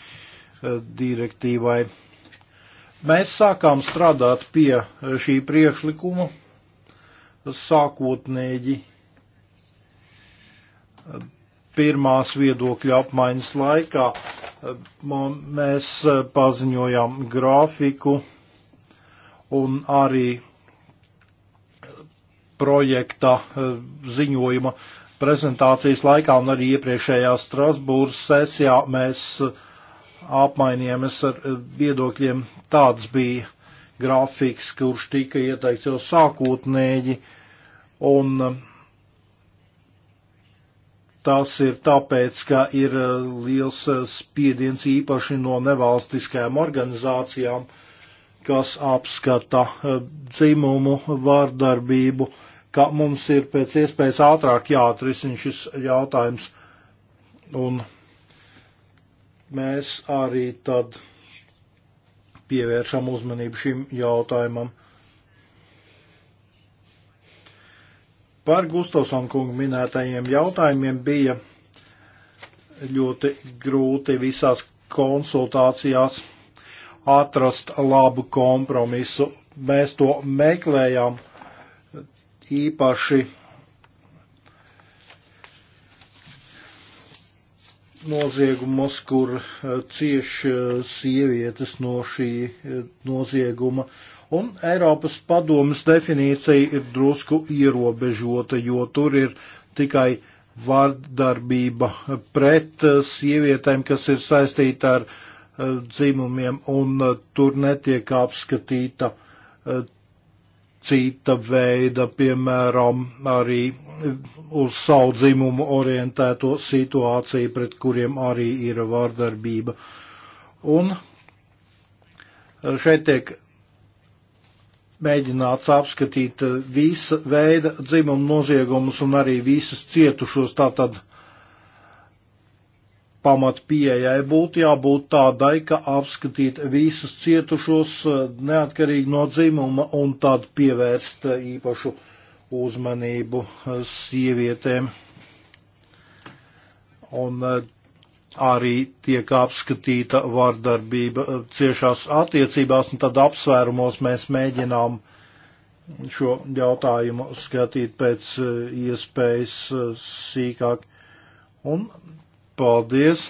direktīvai. Mēs sākām strādāt pie šī priekšlikuma sākotnēji pirmās viedokļa apmaiņas laikā. Mēs paziņojām grafiku un arī projekta eh, ziņojuma prezentācijas laikā un arī iepriekšējā Strasbūras sesijā mēs eh, apmainījāmies ar eh, viedokļiem. Tāds bija grafiks, kurš tika ieteikts jau sākotnēji, un tas ir tāpēc, ka ir liels spiediens īpaši no nevalstiskajām organizācijām, kas apskata dzimumu, vārdarbību ka mums ir pēc iespējas ātrāk jāatrisina šis jautājums. Un mēs arī tad pievēršam uzmanību šim jautājumam. Par Gustafsona kungu minētajiem jautājumiem bija ļoti grūti visās konsultācijās atrast labu kompromisu. Mēs to meklējām īpaši noziegumus, kur eh, cieši eh, sievietes no šī eh, nozieguma. Un Eiropas padomas definīcija ir drusku ierobežota, jo tur ir tikai vārdarbība pret sievietēm, kas ir saistīta ar dzimumiem, un tur netiek apskatīta cita veida, piemēram, arī uz savu dzimumu orientēto situāciju, pret kuriem arī ir vārdarbība. Un šeit tiek mēģināts apskatīt visa veida dzimumu noziegumus un arī visas cietušos, tātad uh, pamat pieejai būtu jābūt tādai, ka apskatīt visus cietušos e, neatkarīgi no dzimuma un tad pievērst e, īpašu uzmanību e, sievietēm. Un arī tiek apskatīta vardarbība ciešās attiecībās, un tad apsvērumos mēs mēģinām šo jautājumu skatīt pēc iespējas sīkāk. Un Paldies!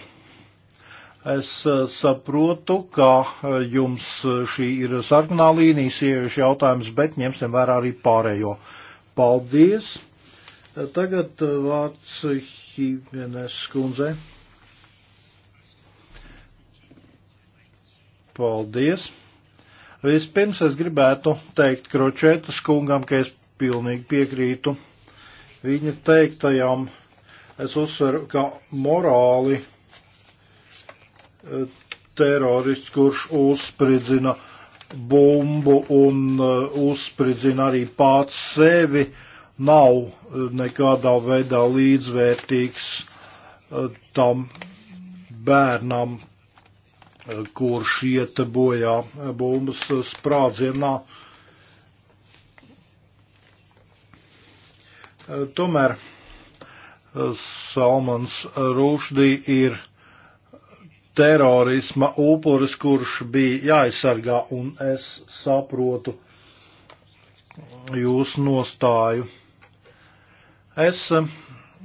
Es eh, saprotu, ka eh, jums eh, šī ir sarkanā līnija sieviešu jautājums, bet ņemsim vērā arī pārējo. Paldies! Tagad vārds Hīmenes kundzei. Paldies! Vispirms es gribētu teikt Kročētas kungam, ka es pilnīgi piekrītu viņa teiktajam. Ja Es uzsveru, ka morāli eh, terorists, kurš uzspridzina bumbu un eh, uzspridzina arī pats sevi, nav eh, nekādā veidā līdzvērtīgs tam bērnam, kurš iet bojā bumbas sprādzienā. Tomēr Salmans Rūšdī ir terorisma upuris, kurš bija jāaizsargā, un es saprotu jūsu nostāju. Es eh,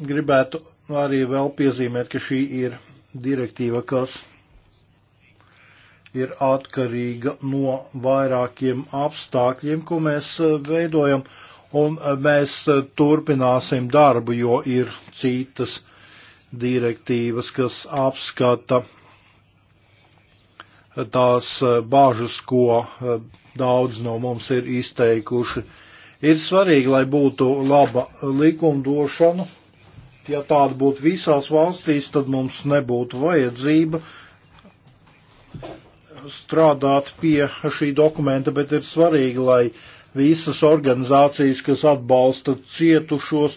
gribētu arī vēl piezīmēt, ka šī ir direktīva, kas ir atkarīga no vairākiem apstākļiem, ko mēs eh, veidojam. Uh, un eh, mēs eh, turpināsim darbu, jo ir citas direktīvas, kas apskata eh, tās bāžas, ko daudz no mums ir izteikuši. Ir svarīgi, lai būtu laba likumdošana. Ja tāda būtu visās valstīs, tad mums nebūtu vajadzība strādāt pie šī dokumenta, bet ir svarīgi, lai visas organizācijas, kas atbalsta cietušos,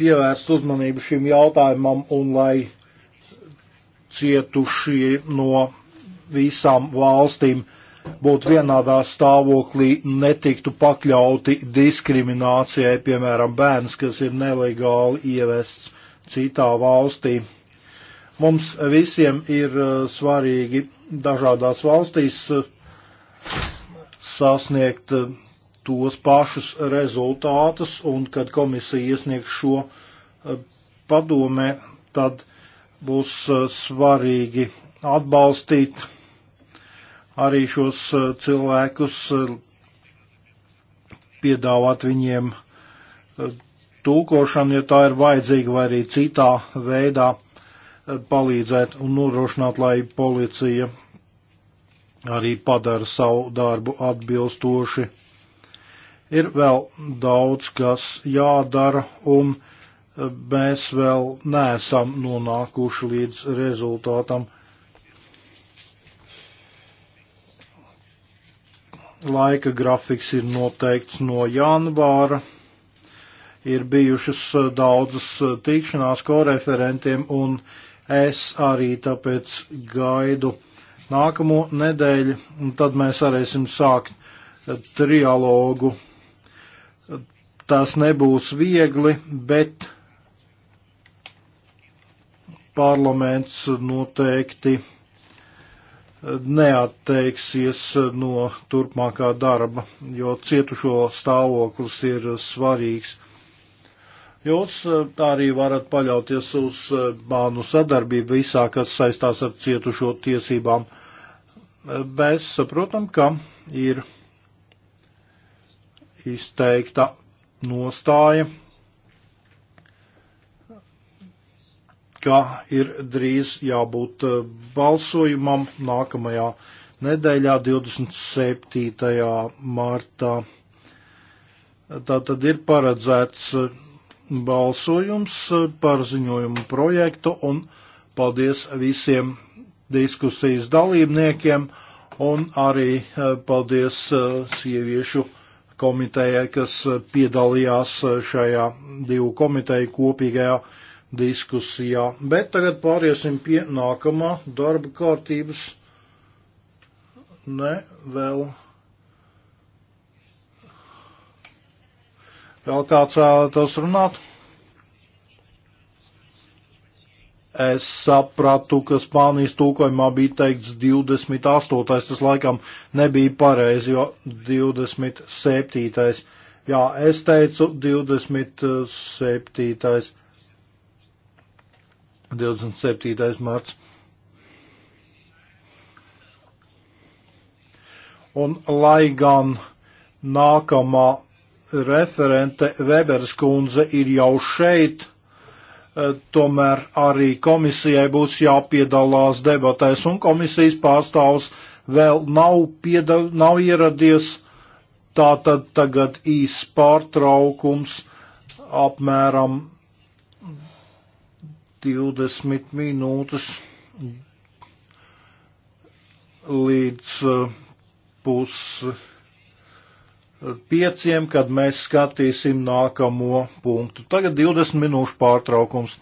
pievērst uzmanību šim jautājumam un lai cietušie no visām valstīm būtu vienādā stāvoklī, netiktu pakļauti diskriminācijai, piemēram, bērns, kas ir nelegāli ievests citā valstī. Mums visiem ir eh, svarīgi dažādās valstīs eh, sasniegt eh, tos pašus rezultātus, un kad komisija iesniegs šo eh, padomē, tad būs eh, svarīgi atbalstīt arī šos cilvēkus, piedāvāt viņiem tulkošanu, ja tā ir vajadzīga, vai arī citā veidā palīdzēt un nodrošināt, lai policija arī padara savu darbu atbilstoši. Ir vēl daudz, kas jādara, un e, mēs vēl neesam nonākuši līdz rezultātam. Laika grafiks ir noteikts no janvāra. Ir bijušas e, daudzas e, tikšanās koreferentiem, un es arī tāpēc gaidu nākamo nedēļu, un tad mēs varēsim sākt eh, trialogu. Tas nebūs viegli, bet parlaments noteikti eh, neatteiksies eh, no turpmākā darba, jo cietušo stāvoklis ir svarīgs. Jūs eh, arī varat paļauties uz bānu eh, sadarbību visā, kas saistās ar cietušo tiesībām. Eh, mēs saprotam, ka ir izteikta nostāja, ka ir drīz jābūt balsojumam nākamajā nedēļā, 27. martā. Tā tad ir paredzēts balsojums eh, par ziņojumu projektu un paldies visiem diskusijas dalībniekiem un arī eh, paldies eh, sieviešu komitejai, kas piedalījās šajā divu komiteju kopīgajā diskusijā. Bet tagad pāriesim pie nākamā darba kārtības. Ne, vēl Vēl kāds vēlētos runāt? Es sapratu, ka Spānijas tūkojumā bija teikts 28. Tas laikam nebija pareizi, jo 27. Jā, es teicu 27. 27. marts. Un lai gan nākamā referente Weberas kundze ir jau šeit, e, tomēr arī komisijai būs jāpiedalās debatēs, un komisijas pārstāvs vēl nav, pieda, nav ieradies. Tātad tagad īsts pārtraukums apmēram 20 minūtes līdz uh, pus pieciem, kad mēs skatīsim nākamo punktu. Tagad 20 minūšu pārtraukums.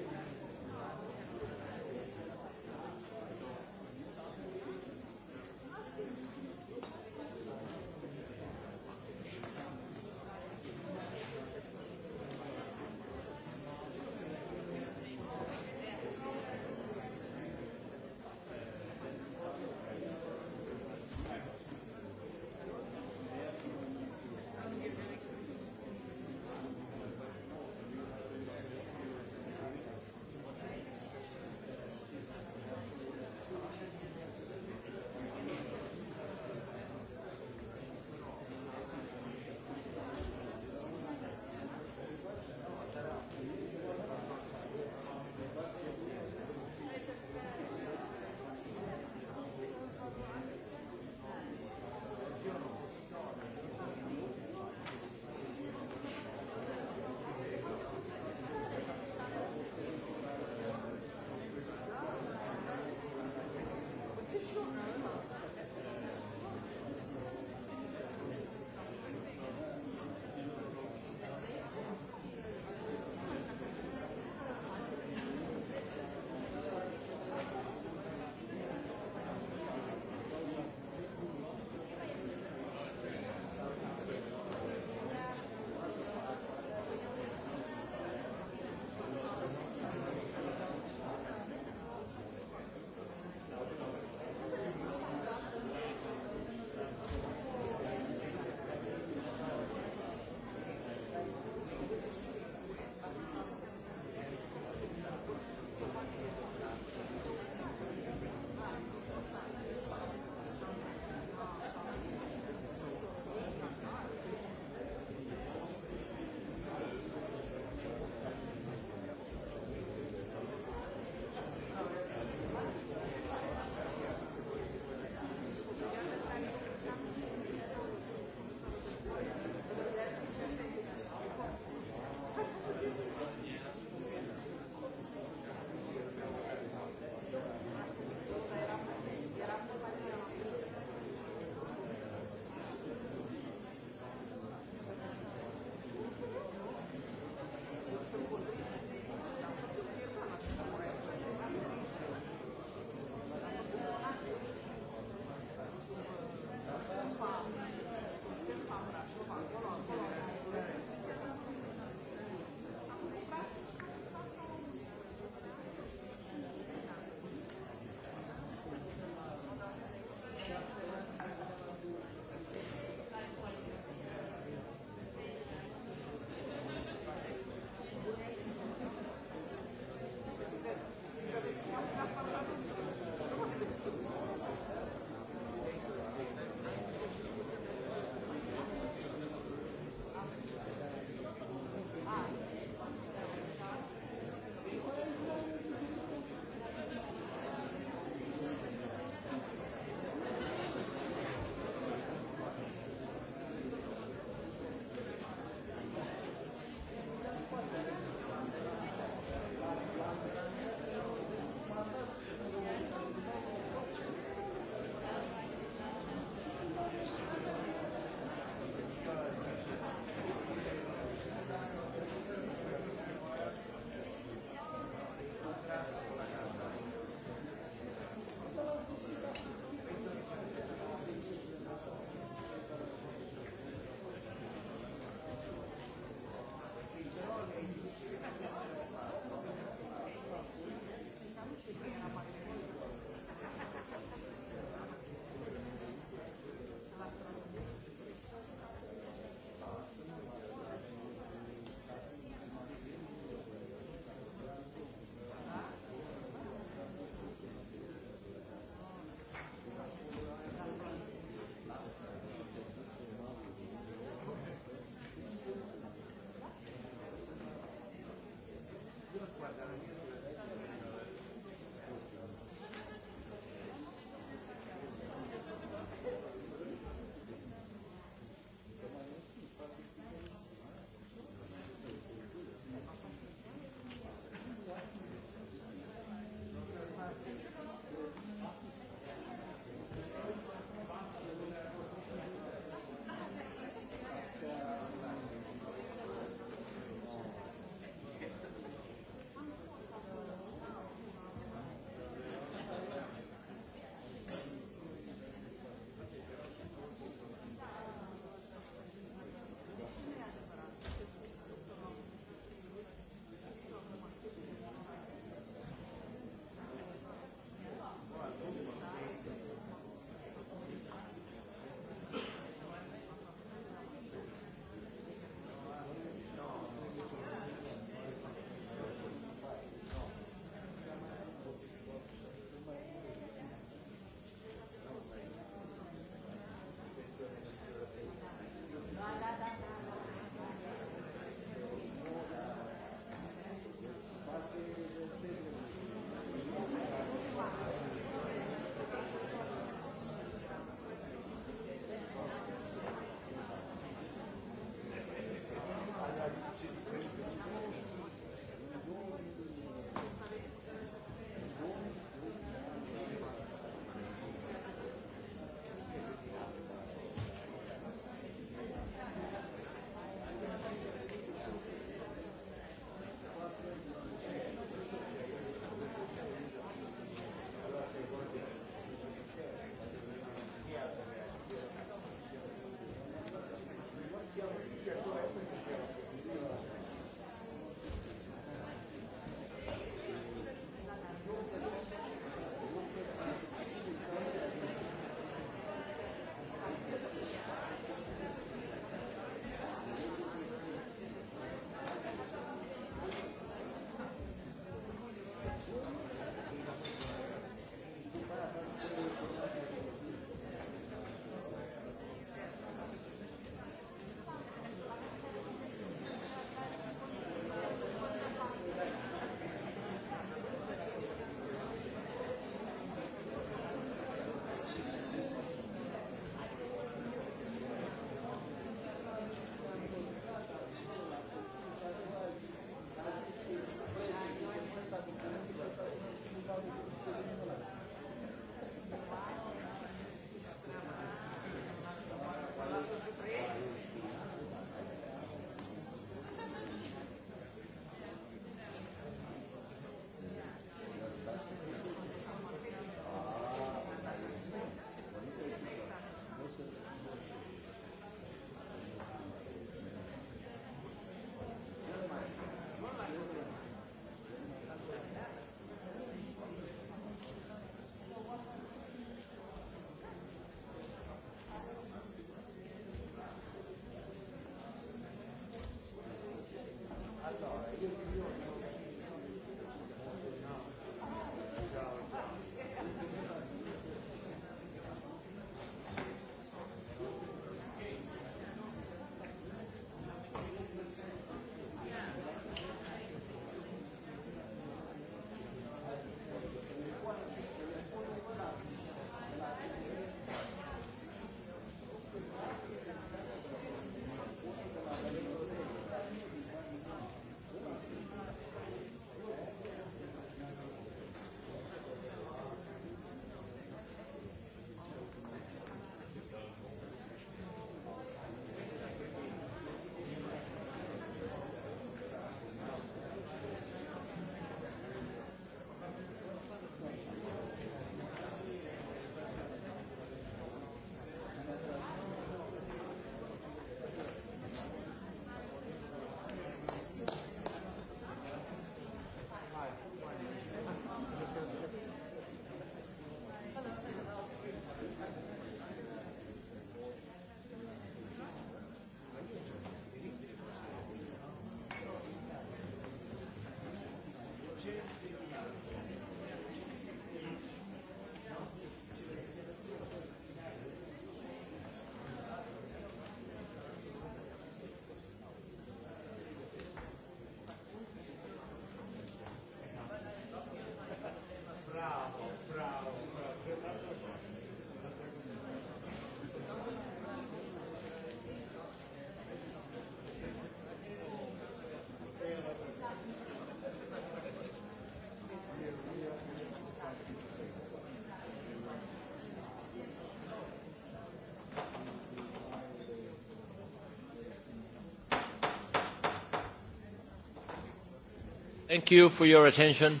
Thank you for your attention.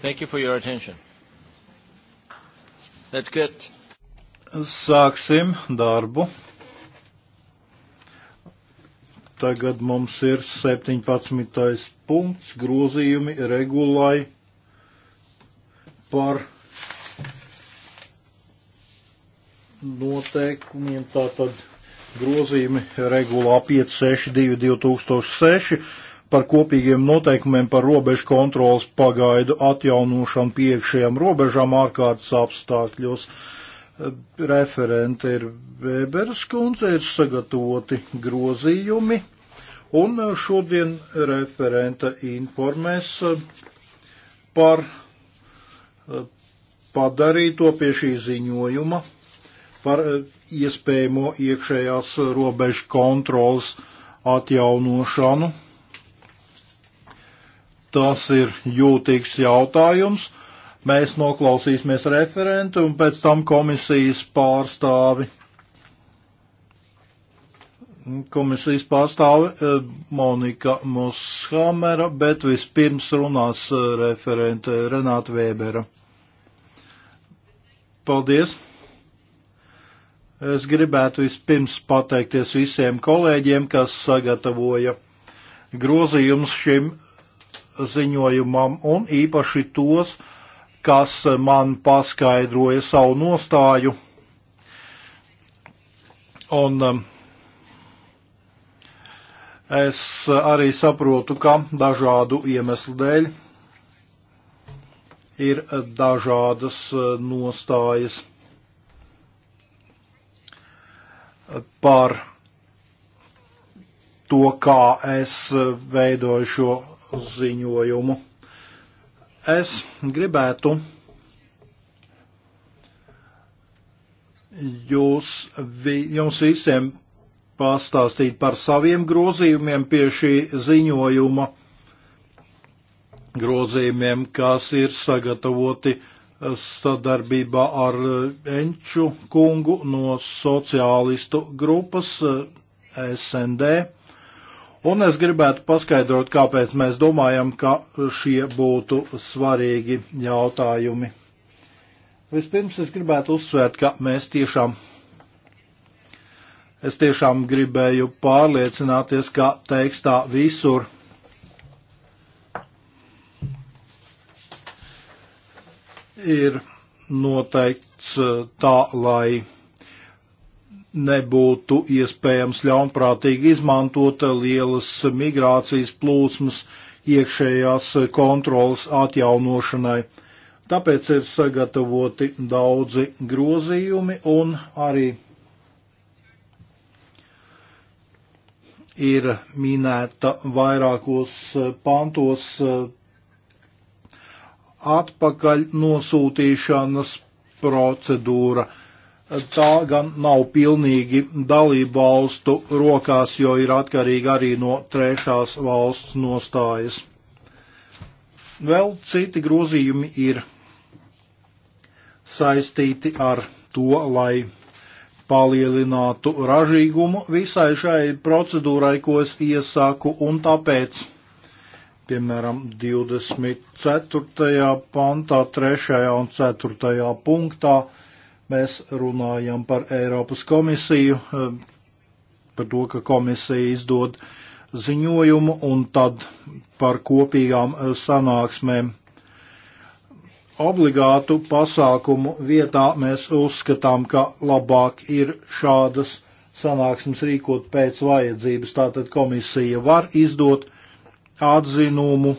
Thank you for your attention. That's good. Sāksim darbu. Tagad mums ir 17. punkts grozījumi regulai par noteikumiem. Tātad grozījumi regulā 562 2006 par kopīgiem noteikumiem par robežu kontrolas pagaidu atjaunošanu piekšējām robežām ārkārtas apstākļos. Referente ir Vēbers kundze, ir sagatavoti grozījumi, un šodien referente informēs eh, par eh, padarīto pie šī ziņojuma par eh, iespējamo iekšējās robežu kontrolas atjaunošanu tas ir jūtīgs jautājums. Mēs noklausīsimies referentu un pēc tam komisijas pārstāvi. Komisijas pārstāve eh, Monika Moshamera, bet vispirms runās eh, referente Renāta Vēbera. Paldies! Es gribētu vispirms pateikties visiem kolēģiem, kas sagatavoja grozījumus šim ziņojumam un īpaši tos, kas man paskaidroja savu nostāju. Un um, es arī saprotu, ka dažādu iemeslu dēļ ir dažādas uh, nostājas par to, kā es uh, veidoju šo ziņojumu. Es gribētu jūs, vi, jums visiem pastāstīt par saviem grozījumiem pie šī ziņojuma, grozījumiem, kas ir sagatavoti sadarbībā ar Enču kungu no sociālistu grupas eh, SND. Un es gribētu paskaidrot, kāpēc mēs domājam, ka šie būtu svarīgi jautājumi. Vispirms es gribētu uzsvērt, ka mēs tiešām, es tiešām gribēju pārliecināties, ka tekstā visur ir noteikts eh, tā, lai nebūtu iespējams ļaunprātīgi izmantot lielas migrācijas plūsmas iekšējās kontrolas atjaunošanai. Tāpēc ir sagatavoti daudzi grozījumi un arī ir minēta vairākos pantos atpakaļ nosūtīšanas procedūra tā gan nav pilnīgi dalību valstu rokās, jo ir atkarīga arī no trešās valsts nostājas. Vēl citi grozījumi ir saistīti ar to, lai palielinātu ražīgumu visai šai procedūrai, ko es iesāku, un tāpēc, piemēram, 24. pantā, 3. un 4. punktā, Mēs runājam par Eiropas komisiju, eh, par to, ka komisija izdod ziņojumu un tad par kopīgām eh, sanāksmēm. Obligātu pasākumu vietā mēs uzskatām, ka labāk ir šādas sanāksmes rīkot pēc vajadzības. Tātad komisija var izdot atzinumu,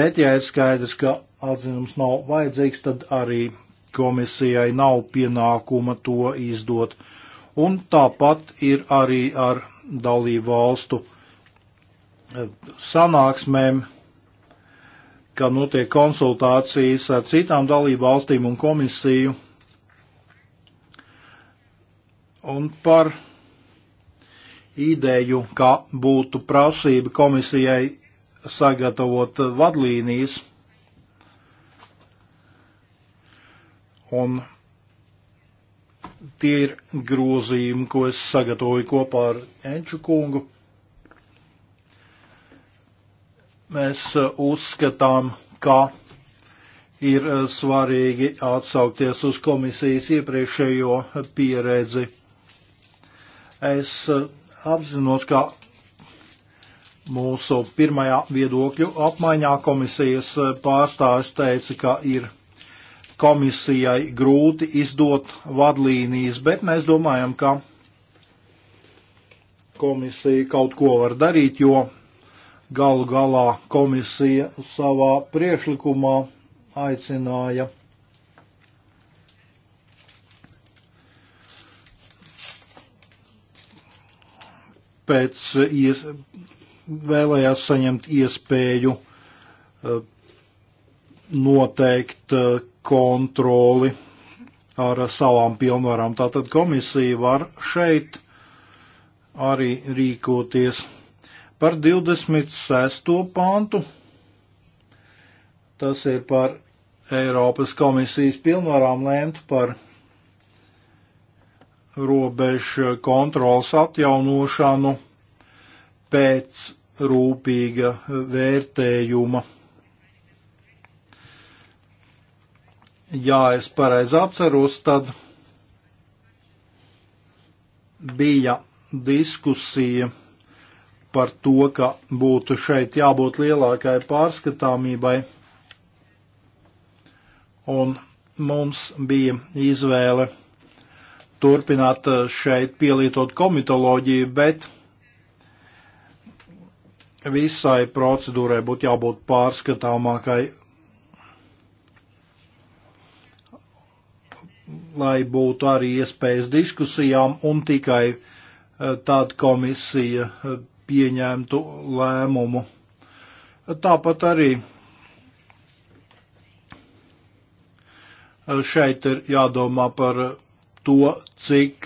bet ja ir skaidrs, ka atzinums nav vajadzīgs, tad arī komisijai nav pienākuma to izdot. Un tāpat ir arī ar dalību valstu eh, sanāksmēm, ka notiek konsultācijas ar citām dalību valstīm un komisiju. Un par ideju, ka būtu prasība komisijai sagatavot vadlīnijas Un tie ir grozījumi, ko es sagatavoju kopā ar Enču kungu. Mēs e, uzskatām, ka ir e, svarīgi atsaukties uz komisijas iepriekšējo pieredzi. Es e, apzinos, ka mūsu pirmajā viedokļu apmaiņā komisijas pārstāvis teica, ka ir komisijai grūti izdot vadlīnijas, bet mēs domājam, ka komisija kaut ko var darīt, jo galu galā komisija savā priekšlikumā aicināja pēc ies, vēlējās saņemt iespēju eh, noteikt eh, kontroli ar savām pilnvarām. Tātad komisija var šeit arī rīkoties par 26. pantu. Tas ir par Eiropas komisijas pilnvarām lēmt par robežu kontrols atjaunošanu pēc rūpīga vērtējuma. ja es pareizi atceros, tad bija diskusija par to, ka būtu šeit jābūt lielākai pārskatāmībai, un mums bija izvēle turpināt eh, šeit pielietot komitoloģiju, bet visai procedūrai būtu jābūt pārskatāmākai lai būtu arī iespējas diskusijām un tikai eh, tāda komisija eh, pieņemtu lēmumu. Tāpat arī eh, šeit ir jādomā par to, cik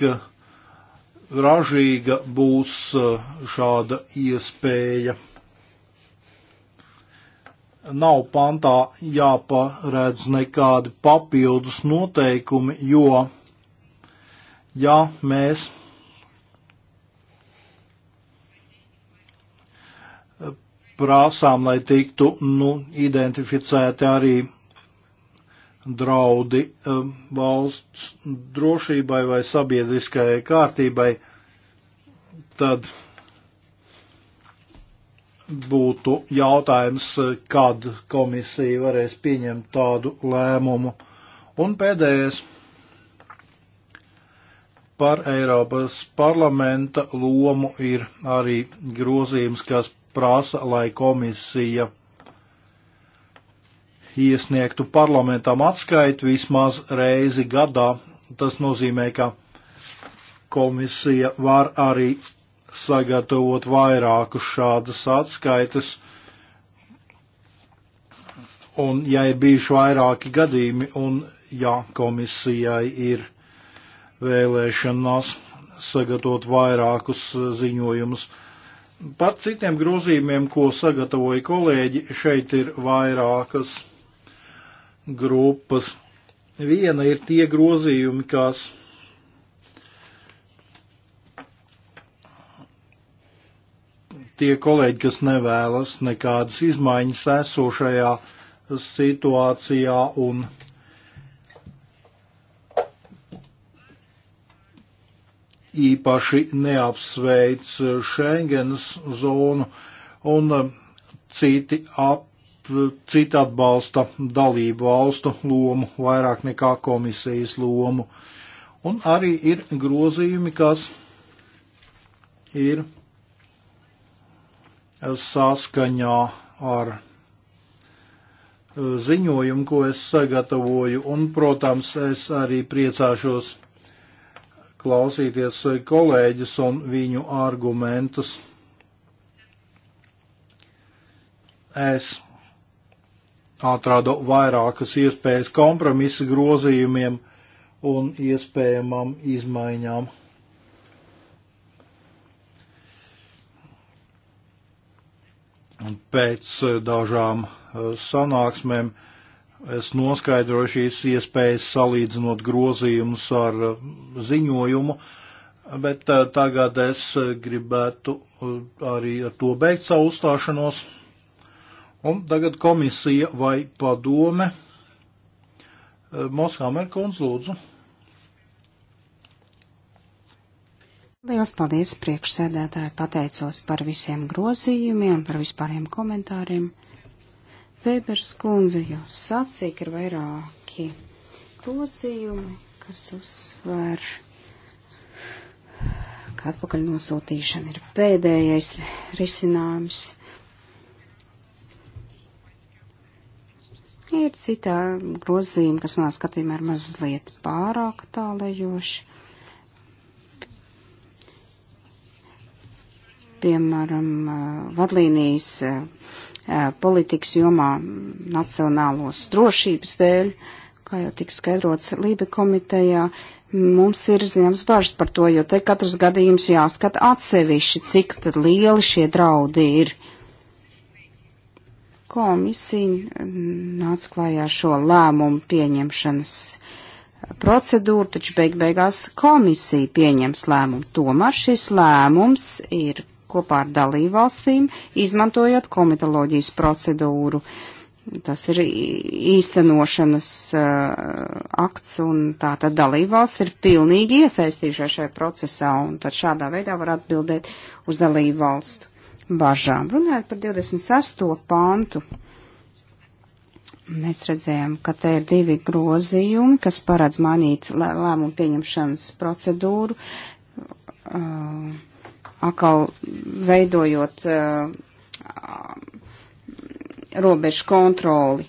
ražīga būs šāda iespēja nav pantā jāparedz nekādi papildus noteikumi, jo, ja mēs eh, prasām, lai tiktu nu, identificēti arī draudi eh, valsts drošībai vai sabiedriskajai kārtībai, tad būtu jautājums, kad komisija varēs pieņemt tādu lēmumu. Un pēdējais par Eiropas parlamenta lomu ir arī grozījums, kas prasa, lai komisija iesniegtu parlamentam atskaitu vismaz reizi gadā. Tas nozīmē, ka komisija var arī sagatavot vairākus šādus atskaites. Un, ja ir bijuši vairāki gadījumi un ja komisijai ir vēlēšanās sagatavot vairākus ziņojumus, par citiem grozījumiem, ko sagatavoja kolēģi, šeit ir vairākas grupas. Viena ir tie grozījumi, kas tie kolēģi, kas nevēlas nekādas izmaiņas esošajā situācijā un īpaši neapsveic Schengenas zonu un um, citi, ap, citi atbalsta dalību valstu lomu vairāk nekā komisijas lomu. Un arī ir grozījumi, kas ir saskaņā ar eh, ziņojumu, ko es sagatavoju, un, protams, es arī priecāšos klausīties kolēģis un viņu argumentus. Es atradu vairākas iespējas kompromisa grozījumiem un iespējamām izmaiņām. pēc eh, dažām eh, sanāksmēm es noskaidroju šīs iespējas salīdzinot grozījumus ar eh, ziņojumu, bet tagad es gribētu arī ar to beigt savu uzstāšanos. Un tagad komisija vai padome. Moskā Merkons lūdzu. Liels paldies priekšsēdētāji, pateicos par visiem grozījumiem, par vispāriem komentāriem. Vēbers kundze jau sacīja, ka ir vairāki grozījumi, kas uzsver, ka atpakaļ nosūtīšana ir pēdējais risinājums. Ir citā grozījuma, kas manā skatījumā ir mazliet pārāk tālējoši. piemēram, vadlīnijas politikas jomā nacionālos drošības dēļ, kā jau tika skaidrots Lībe komitejā, mums ir zināms bažas par to, jo te katrs gadījums jāskata atsevišķi, cik tad lieli šie draudi ir. Komisija nāca klājā šo lēmumu pieņemšanas procedūru, taču beig beigās komisija pieņems lēmumu. Tomēr šis lēmums ir kopā ar dalībvalstīm, izmantojot komitoloģijas procedūru. Tas ir īstenošanas uh, akts, un tā tad dalībvalsts ir pilnīgi iesaistījušās šajā procesā, un tad šādā veidā var atbildēt uz dalībvalstu bažām. Runājot par 26. pāntu mēs redzējām, ka te ir divi grozījumi, kas paredz mainīt lēmumu pieņemšanas procedūru. Uh, akal veidojot uh, robežu kontroli.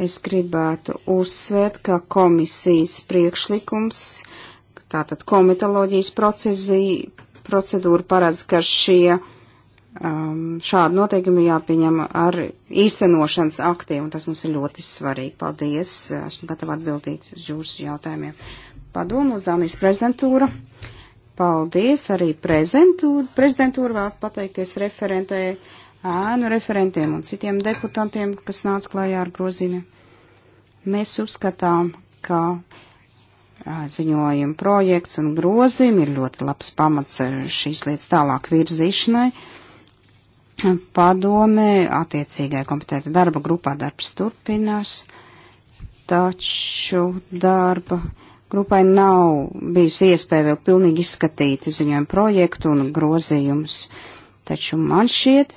Es gribētu uzsvērt, ka komisijas priekšlikums, tātad komitoloģijas procedūra paredz, ka šie uh, um, šādi noteikumi jāpieņem ar īstenošanas aktiem, un tas mums ir ļoti svarīgi. Paldies, esmu gatava atbildīt uz jūsu jautājumiem. Padomu uz Dānijas prezidentūra. Paldies arī prezidentūra. Prezidentūra vēlas pateikties referentē, ēnu referentiem un citiem deputantiem, kas nāca klājā ar grozīmiem. Mēs uzskatām, ka ziņojuma projekts un grozījumi ir ļoti labs pamats šīs lietas tālāk virzīšanai. Uh, padomē, attiecīgai kompetenta darba grupā darbs turpinās, taču darba grupai nav bijusi iespēja vēl pilnīgi izskatīt ziņojumu projektu un grozījumus. Taču man šķiet,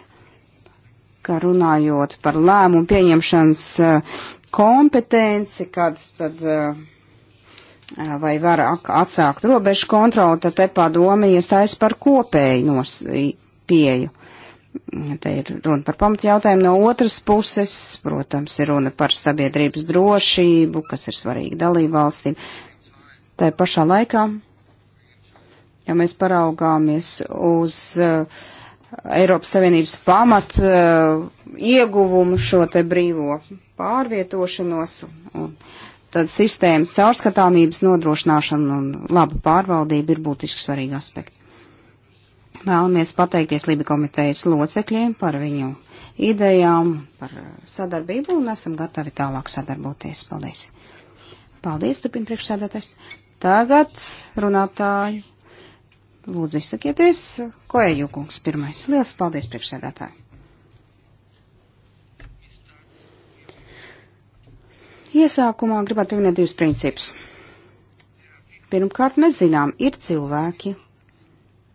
ka runājot par lēmumu pieņemšanas eh, kompetenci, kad tad eh, eh, vai var atsākt robežu kontroli, tad te padomi iestājas par kopēju nos, pieju. Te ir runa par pamatu jautājumu. No otras puses, protams, ir runa par sabiedrības drošību, kas ir svarīgi dalībvalstīm. Tā pašā laikā, ja mēs paraugāmies uz uh, Eiropas Savienības pamat uh, ieguvumu šo te brīvo pārvietošanos, un tad sistēmas caurskatāmības nodrošināšana un laba pārvaldība ir būtiski svarīgi aspekti. Vēlamies pateikties Libi komitejas locekļiem par viņu idejām, par uh, sadarbību un esam gatavi tālāk sadarboties. Paldies! Paldies, turpin priekšsēdētājs. Tagad runātāju. Lūdzu, izsakieties, ko eju kungs pirmais. Lielas paldies priekšsēdētāji. Iesākumā gribētu pieminēt divus principus. Pirmkārt, mēs zinām, ir cilvēki,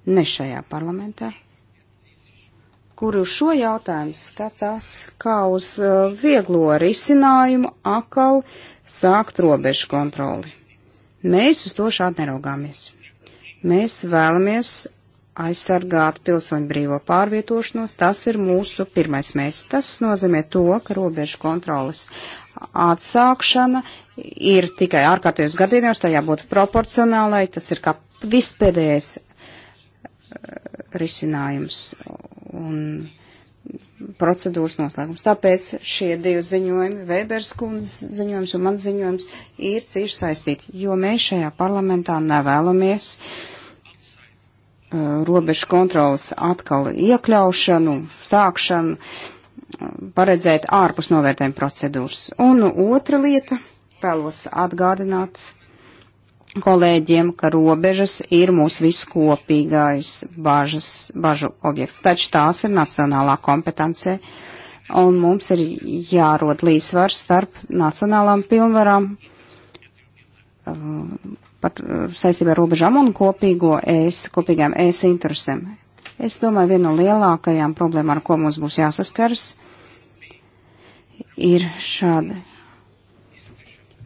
ne šajā parlamentā, kuru šo jautājumu skatās kā uz uh, vieglo risinājumu akal sākt robežu kontroli. Mēs uz to šādi neraugāmies. Mēs vēlamies aizsargāt pilsoņu brīvo pārvietošanos, tas ir mūsu pirmais mērķis. Tas nozīmē to, ka robežu kontrolas atsākšana ir tikai ārkārtējos gadījumos, tajā būtu proporcionālai, tas ir kā vispēdējais risinājums un procedūras noslēgums. Tāpēc šie divi ziņojumi, Vēbers kundzes ziņojums un mans ziņojums, ir cieši saistīti, jo mēs šajā parlamentā nevēlamies uh, robežu kontrolas atkal iekļaušanu, sākšanu, uh, paredzēt ārpus novērtējuma procedūras. Un otra lieta, vēlos atgādināt kolēģiem, ka robežas ir mūsu viskopīgais bažas, bažu objekts, taču tās ir nacionālā kompetence, un mums ir jārod līdzsvars starp nacionālām pilnvarām eh, par, saistībā ar robežām un kopīgo es, kopīgām es interesēm. Es domāju, viena no lielākajām problēmām, ar ko mums būs jāsaskars, ir šāda,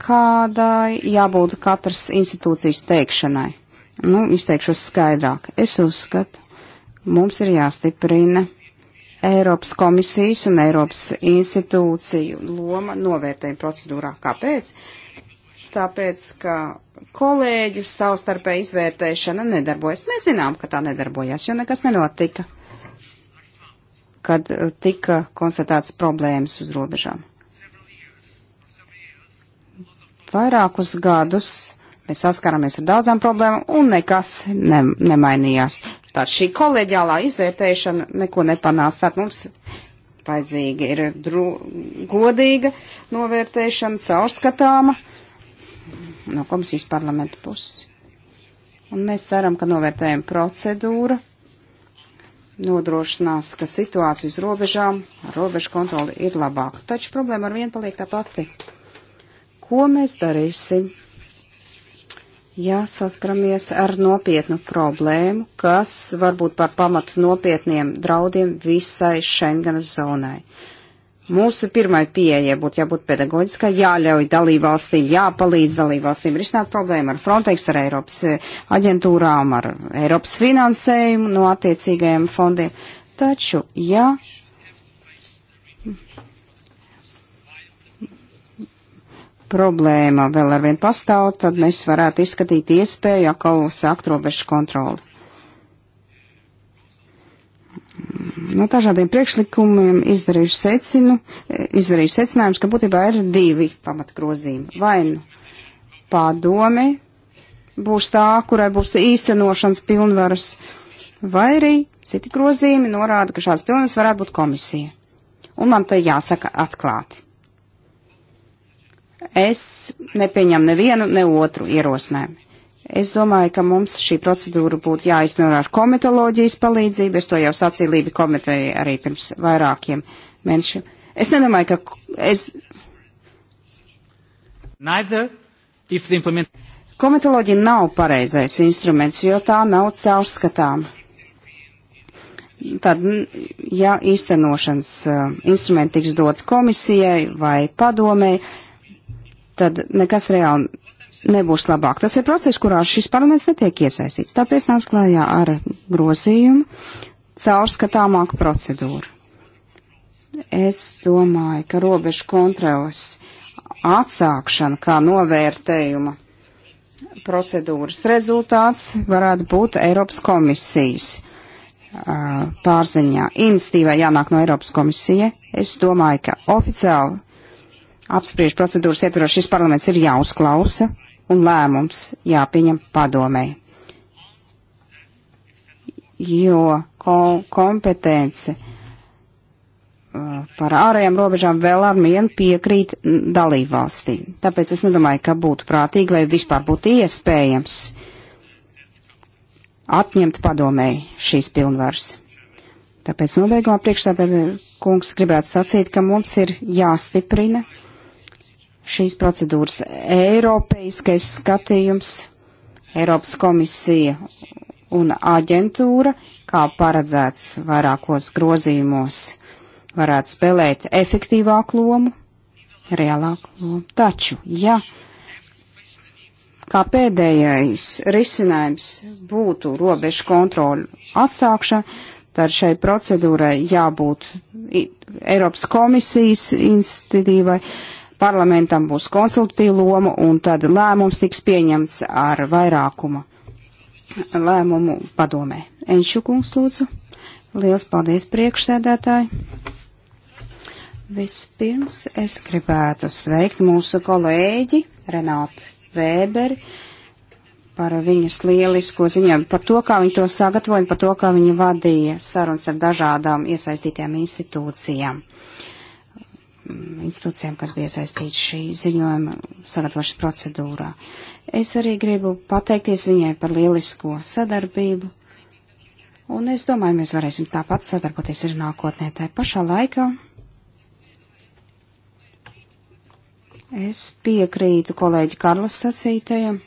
kādai jābūt katras institūcijas teikšanai. Nu, izteikšos skaidrāk. Es uzskatu, mums ir jāstiprina Eiropas komisijas un Eiropas institūciju loma novērtējuma procedūrā. Kāpēc? Tāpēc, ka kolēģu savstarpē izvērtēšana nedarbojas. Mēs zinām, ka tā nedarbojās, jo nekas nenotika, kad tika konstatēts problēmas uz robežām. Vairākus gadus mēs saskaramies ar daudzām problēmām un nekas ne, nemainījās. Tātad šī kolēģiālā izvērtēšana neko nepanās. Tātad mums vajadzīga ir dru, godīga novērtēšana, caurskatāma no komisijas parlamenta puses. Un mēs ceram, ka novērtējuma procedūra nodrošinās, ka situācijas robežām, robežu kontroli ir labāka. Taču problēma ar vienu paliek tā pati Ko mēs darīsim, ja saskaramies ar nopietnu problēmu, kas varbūt par pamatu nopietniem draudiem visai Schengenas zonai? Mūsu pirmai pieeja būtu jābūt pedagoģiskai, jāļauj dalībvalstīm, jāpalīdz dalībvalstīm risināt problēmu ar Frontex, ar Eiropas eh, aģentūrām, ar Eiropas finansējumu no attiecīgajiem fondiem. Taču, ja problēma vēl arvien pastāv, tad mēs varētu izskatīt iespēju atkal sākt robežu kontroli. No nu, dažādiem priekšlikumiem izdarījuši secinu, izdarījuši secinājums, ka būtībā ir divi pamatgrozījumi. Vai nu pārdomi būs tā, kurai būs īstenošanas pilnvaras, vai arī citi grozījumi norāda, ka šāds pilnvaras varētu būt komisija. Un man te jāsaka atklāti Es nepieņemu nevienu, ne otru ierosinājumu. Es domāju, ka mums šī procedūra būtu jāiznora ar komitoloģijas palīdzību. Es to jau sacīju Lībi komiteja arī pirms vairākiem mēnešiem. Es nedomāju, ka es. Neither, implement... Komitoloģija nav pareizais instruments, jo tā nav caurskatām. Tad, ja īstenošanas uh, instrumenti tiks dot komisijai vai padomēji, tad nekas reāli nebūs labāk. Tas ir process, kurā šis parlaments netiek iesaistīts. Tāpēc nāks klājā ar grozījumu caurskatāmāku procedūru. Es domāju, ka robežu kontrolas atsākšana kā novērtējuma procedūras rezultāts varētu būt Eiropas komisijas pārziņā. Inicitīvai jānāk no Eiropas komisija. Es domāju, ka oficiāli apspriež procedūras ietvaros šis parlaments ir jāuzklausa un lēmums jāpieņem padomē. Jo ko kompetence uh, par ārējām robežām vēl ar vienu piekrīt dalībvalstīm. Tāpēc es nedomāju, ka būtu prātīgi vai vispār būtu iespējams atņemt padomēji šīs pilnvaras. Tāpēc nobeigumā priekšstādā kungs gribētu sacīt, ka mums ir jāstiprina šīs procedūras Eiropeiskais skatījums, Eiropas komisija un aģentūra, kā paredzēts vairākos grozījumos, varētu spēlēt efektīvāku lomu, reālāku lomu. Taču, ja kā pēdējais risinājums būtu robežu kontroļu atsākšana, tad šai procedūrai jābūt Eiropas komisijas institīvai, parlamentam būs konsultatīva loma un tad lēmums tiks pieņemts ar vairākumu lēmumu padomē. Enšu kungs lūdzu. Liels paldies priekšsēdētāji. Vispirms es gribētu sveikt mūsu kolēģi Renātu Vēberi par viņas lielisko ziņojumu, par to, kā viņa to sagatavoja, par to, kā viņa vadīja sarunas ar dažādām iesaistītām institūcijām institūcijām, kas bija saistīts šī ziņojuma sagatavošanas procedūrā. Es arī gribu pateikties viņai par lielisko sadarbību, un es domāju, mēs varēsim tāpat sadarboties arī nākotnē. Tā pašā laikā es piekrītu kolēģi Karlas sacītajam,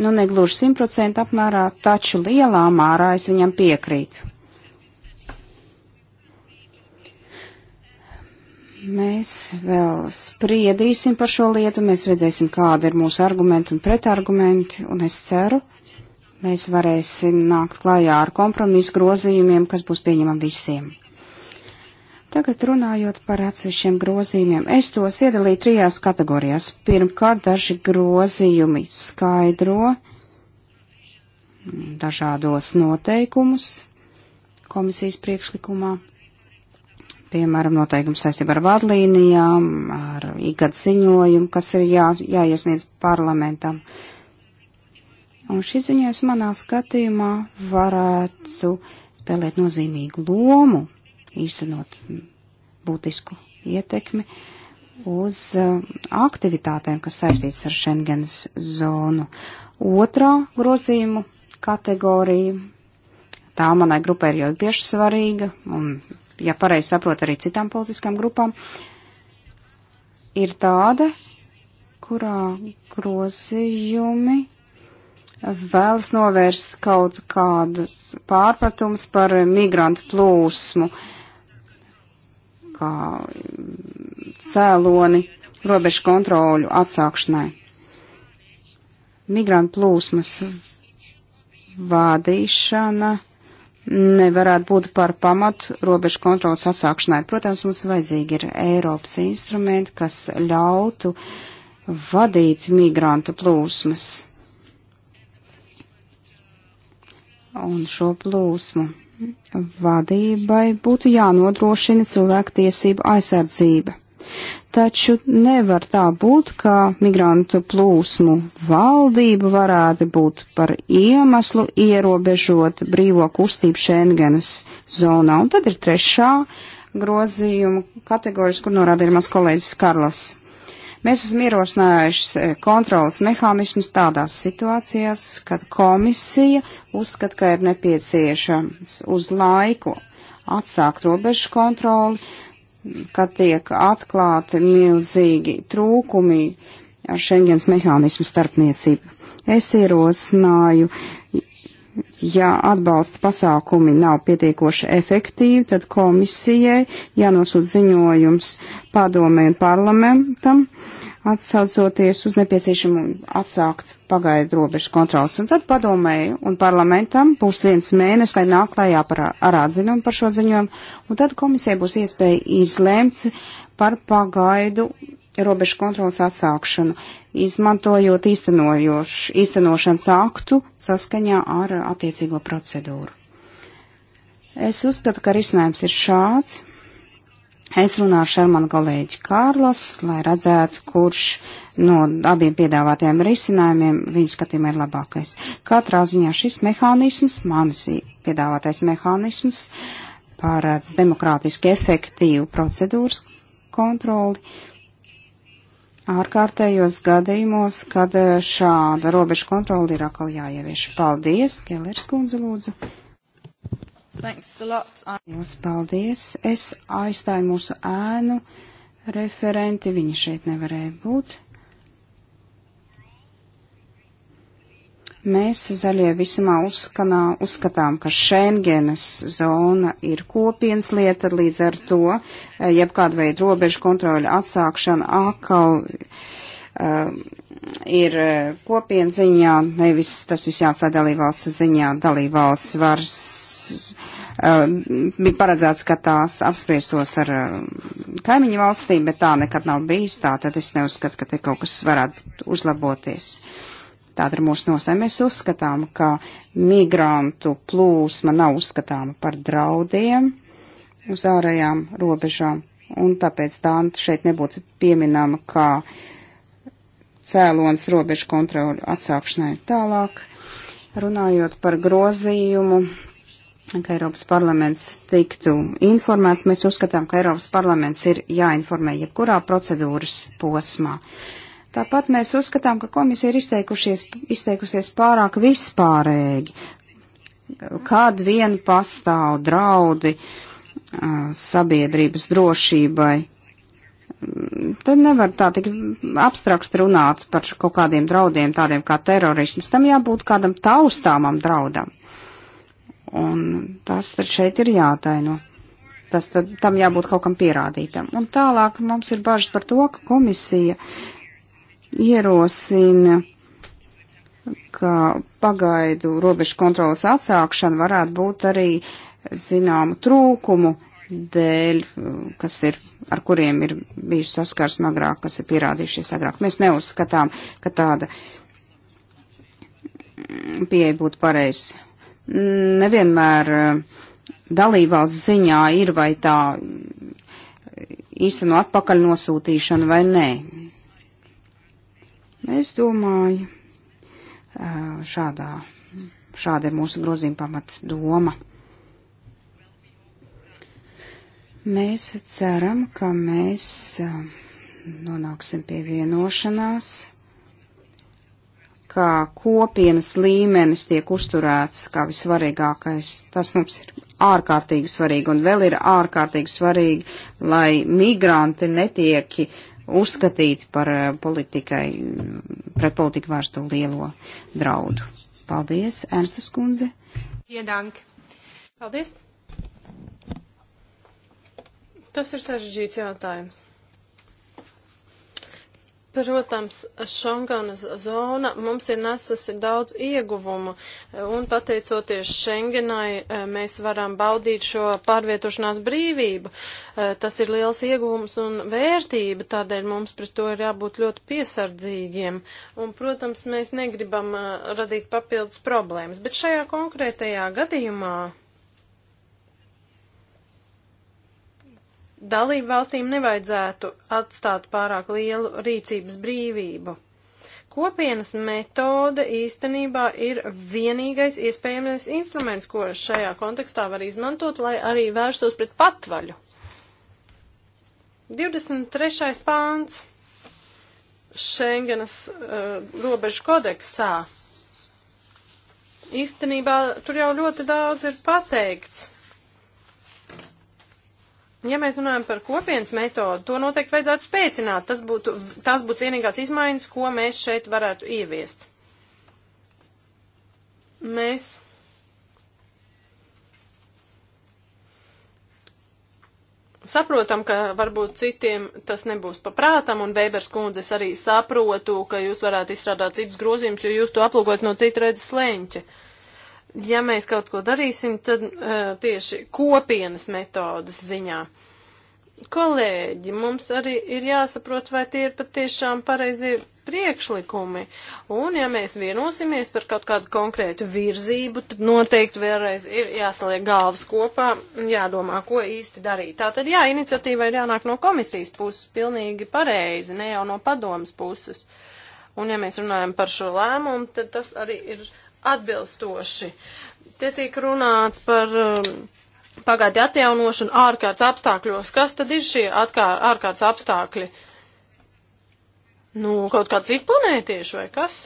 nu negluži simtprocentu apmērā, taču lielā mārā es viņam piekrītu. Mēs vēl spriedīsim par šo lietu, mēs redzēsim, kāda ir mūsu argumenti un pretargumenti, un es ceru, mēs varēsim nākt klājā ar kompromisu grozījumiem, kas būs pieņemam visiem. Tagad runājot par atsevišķiem grozījumiem, es tos iedalīju trijās kategorijās. Pirmkārt, daži grozījumi skaidro dažādos noteikumus komisijas priekšlikumā piemēram, noteikums saistībā ar vadlīnijām, ar ikgad ziņojumu, kas ir jā, jāiesniedz parlamentam. Un šis ziņojums manā skatījumā varētu spēlēt nozīmīgu lomu, īstenot būtisku ietekmi uz eh, aktivitātēm, kas saistīts ar Schengens zonu. Otrā grozījumu kategorija tā manai grupai ir jau bieži svarīga, un ja pareizi saprot arī citām politiskām grupām, ir tāda, kurā grozījumi vēlas novērst kaut kādu pārpratums par migrantu plūsmu, kā cēloni robežu kontroļu atsākšanai. Migrantu plūsmas vādīšana nevarētu būt par pamatu robežu kontrolas atsākšanai. Protams, mums vajadzīgi ir Eiropas instrumenti, kas ļautu vadīt migrantu plūsmas. Un šo plūsmu vadībai būtu jānodrošina cilvēku tiesību aizsardzība. Taču nevar tā būt, ka migrantu plūsmu valdība varētu būt par iemeslu ierobežot brīvo kustību Schengenas zonā. Un tad ir trešā grozījuma kategorijas, kur norāda ir mans kolēģis Karlas. Mēs esam ierosinājuši eh, kontrolas mehānismus tādās situācijās, kad komisija uzskata, ka ir nepieciešams uz laiku atsākt robežu kontroli, kad tiek atklāti milzīgi trūkumi ar Schengens mehānismu starpniecību. Es ierosināju, ja atbalsta pasākumi nav pietiekoši efektīvi, tad komisijai jānosūt ziņojums padomē un parlamentam. Uh, atsaucoties uz nepieciešamu atsākt pagaidu robežu kontrols. Un tad padomēju un parlamentam būs viens mēnesis, lai nāk klājā par, ar atzinumu par šo ziņojumu, un tad komisija būs iespēja izlēmt par pagaidu robežu kontrols atsākšanu, izmantojot īstenošanas aktu saskaņā ar attiecīgo procedūru. Es uzskatu, ka risinājums ir šāds Es runāšu ar manu kolēģi Kārlas, lai redzētu, kurš no abiem piedāvātajiem risinājumiem viņa skatījumā ir labākais. Katrā ziņā šis mehānisms, manis piedāvātais mehānisms, pārēdz demokrātiski efektīvu procedūras kontroli ārkārtējos gadījumos, kad šāda robežu kontroli ir atkal jāievieš. Paldies, Kellers kundze, lūdzu. Jums paldies. Es aizstāju mūsu ēnu referenti. Viņa šeit nevarēja būt. Mēs zaļie visumā uzskanā, uzskatām, ka Schengenas zona ir kopienas lieta, līdz ar to eh, jebkāda veida robežu kontroļa atsākšana atkal uh, ir eh, kopienas ziņā, nevis tas viss jāatstāja dalībvalsts ziņā. Dalībvalsts var Ehm, bija paredzēts, ka tās apspriestos ar ehm, kaimiņu valstīm, bet tā nekad nav bijis tā, tad es neuzskatu, ka te kaut kas varētu uzlaboties. Tāda ir mūsu nostāja. Mēs uzskatām, ka migrantu plūsma nav uzskatāma par draudiem uz ārējām robežām, un tāpēc tā šeit nebūtu pieminama kā cēlons robežu kontroļu atsākšanai tālāk. Runājot par grozījumu ka Eiropas parlaments tiktu informēts. Mēs uzskatām, ka Eiropas parlaments ir jāinformē jebkurā procedūras posmā. Tāpat mēs uzskatām, ka komisija ir izteikusies pārāk vispārēgi, kad vien pastāv draudi sabiedrības drošībai. Tad nevar tā tik abstrakt runāt par kaut kādiem draudiem, tādiem kā terorisms. Tam jābūt kādam taustāmam draudam Un tas tad šeit ir jātaino. Tas tad tam jābūt kaut kam pierādītam. Un tālāk mums ir bažas par to, ka komisija ierosina, ka pagaidu robežu kontrolas atsākšana varētu būt arī zināmu trūkumu dēļ, kas ir, ar kuriem ir bijuši saskars agrāk, kas ir pierādījušies agrāk. Mēs neuzskatām, ka tāda pieeja būtu pareiza nevienmēr eh, dalībvalsts ziņā ir vai tā īsteno atpakaļ nosūtīšana vai nē. Es domāju, eh, šādā, šāda ir mūsu grozījuma pamat doma. Mēs ceram, ka mēs eh, nonāksim pie vienošanās kā kopienas līmenis tiek uzturēts kā visvarīgākais. Tas mums ir ārkārtīgi svarīgi un vēl ir ārkārtīgi svarīgi, lai migranti netieki uzskatīti par eh, politikai, pret politiku vērstu lielo draudu. Paldies, Ernstas kundze. Iedank. Paldies. Tas ir sarežģīts jautājums. Protams, Šonganas zona mums ir nesusi daudz ieguvumu, un pateicoties Šengenai, eh, mēs varam baudīt šo pārvietošanās brīvību. Eh, tas ir liels ieguvums un vērtība, tādēļ mums pret to ir jābūt ļoti piesardzīgiem. Un, protams, mēs negribam eh, radīt papildus problēmas, bet šajā konkrētajā gadījumā dalību valstīm nevajadzētu atstāt pārāk lielu rīcības brīvību. Kopienas metode īstenībā ir vienīgais iespējamais instruments, ko šajā kontekstā var izmantot, lai arī vērstos pret patvaļu. 23. pāns Šengenas uh, eh, robežu kodeksā. Īstenībā tur jau ļoti daudz ir pateikts. Ja mēs runājam par kopienas metodu, to noteikti vajadzētu spēcināt. Tas būtu, tās būtu vienīgās izmaiņas, ko mēs šeit varētu ieviest. Mēs saprotam, ka varbūt citiem tas nebūs paprātam, un Weibers kundzes arī saprotu, ka jūs varētu izstrādāt citus grozījumus, jo jūs to aplūkojat no citu redzes slēņķa. Uh, ja mēs kaut ko darīsim, tad uh, tieši kopienas metodas ziņā. Kolēģi, mums arī ir jāsaprot, vai tie ir patiešām pareizie priekšlikumi. Un, ja mēs vienosimies par kaut kādu konkrētu virzību, tad noteikti vēlreiz ir jāsaliek galvas kopā un jādomā, ko īsti darīt. Tātad, jā, iniciatīva ir jānāk no komisijas puses pilnīgi pareizi, ne jau no padomas puses. Un, ja mēs runājam par šo lēmumu, tad tas arī ir atbilstoši. Te tiek runāts par um, pagādi atjaunošanu ārkārtas apstākļos. Kas tad ir šie atkār, ārkārtas apstākļi? Nu, kaut kā cik planētieši vai kas?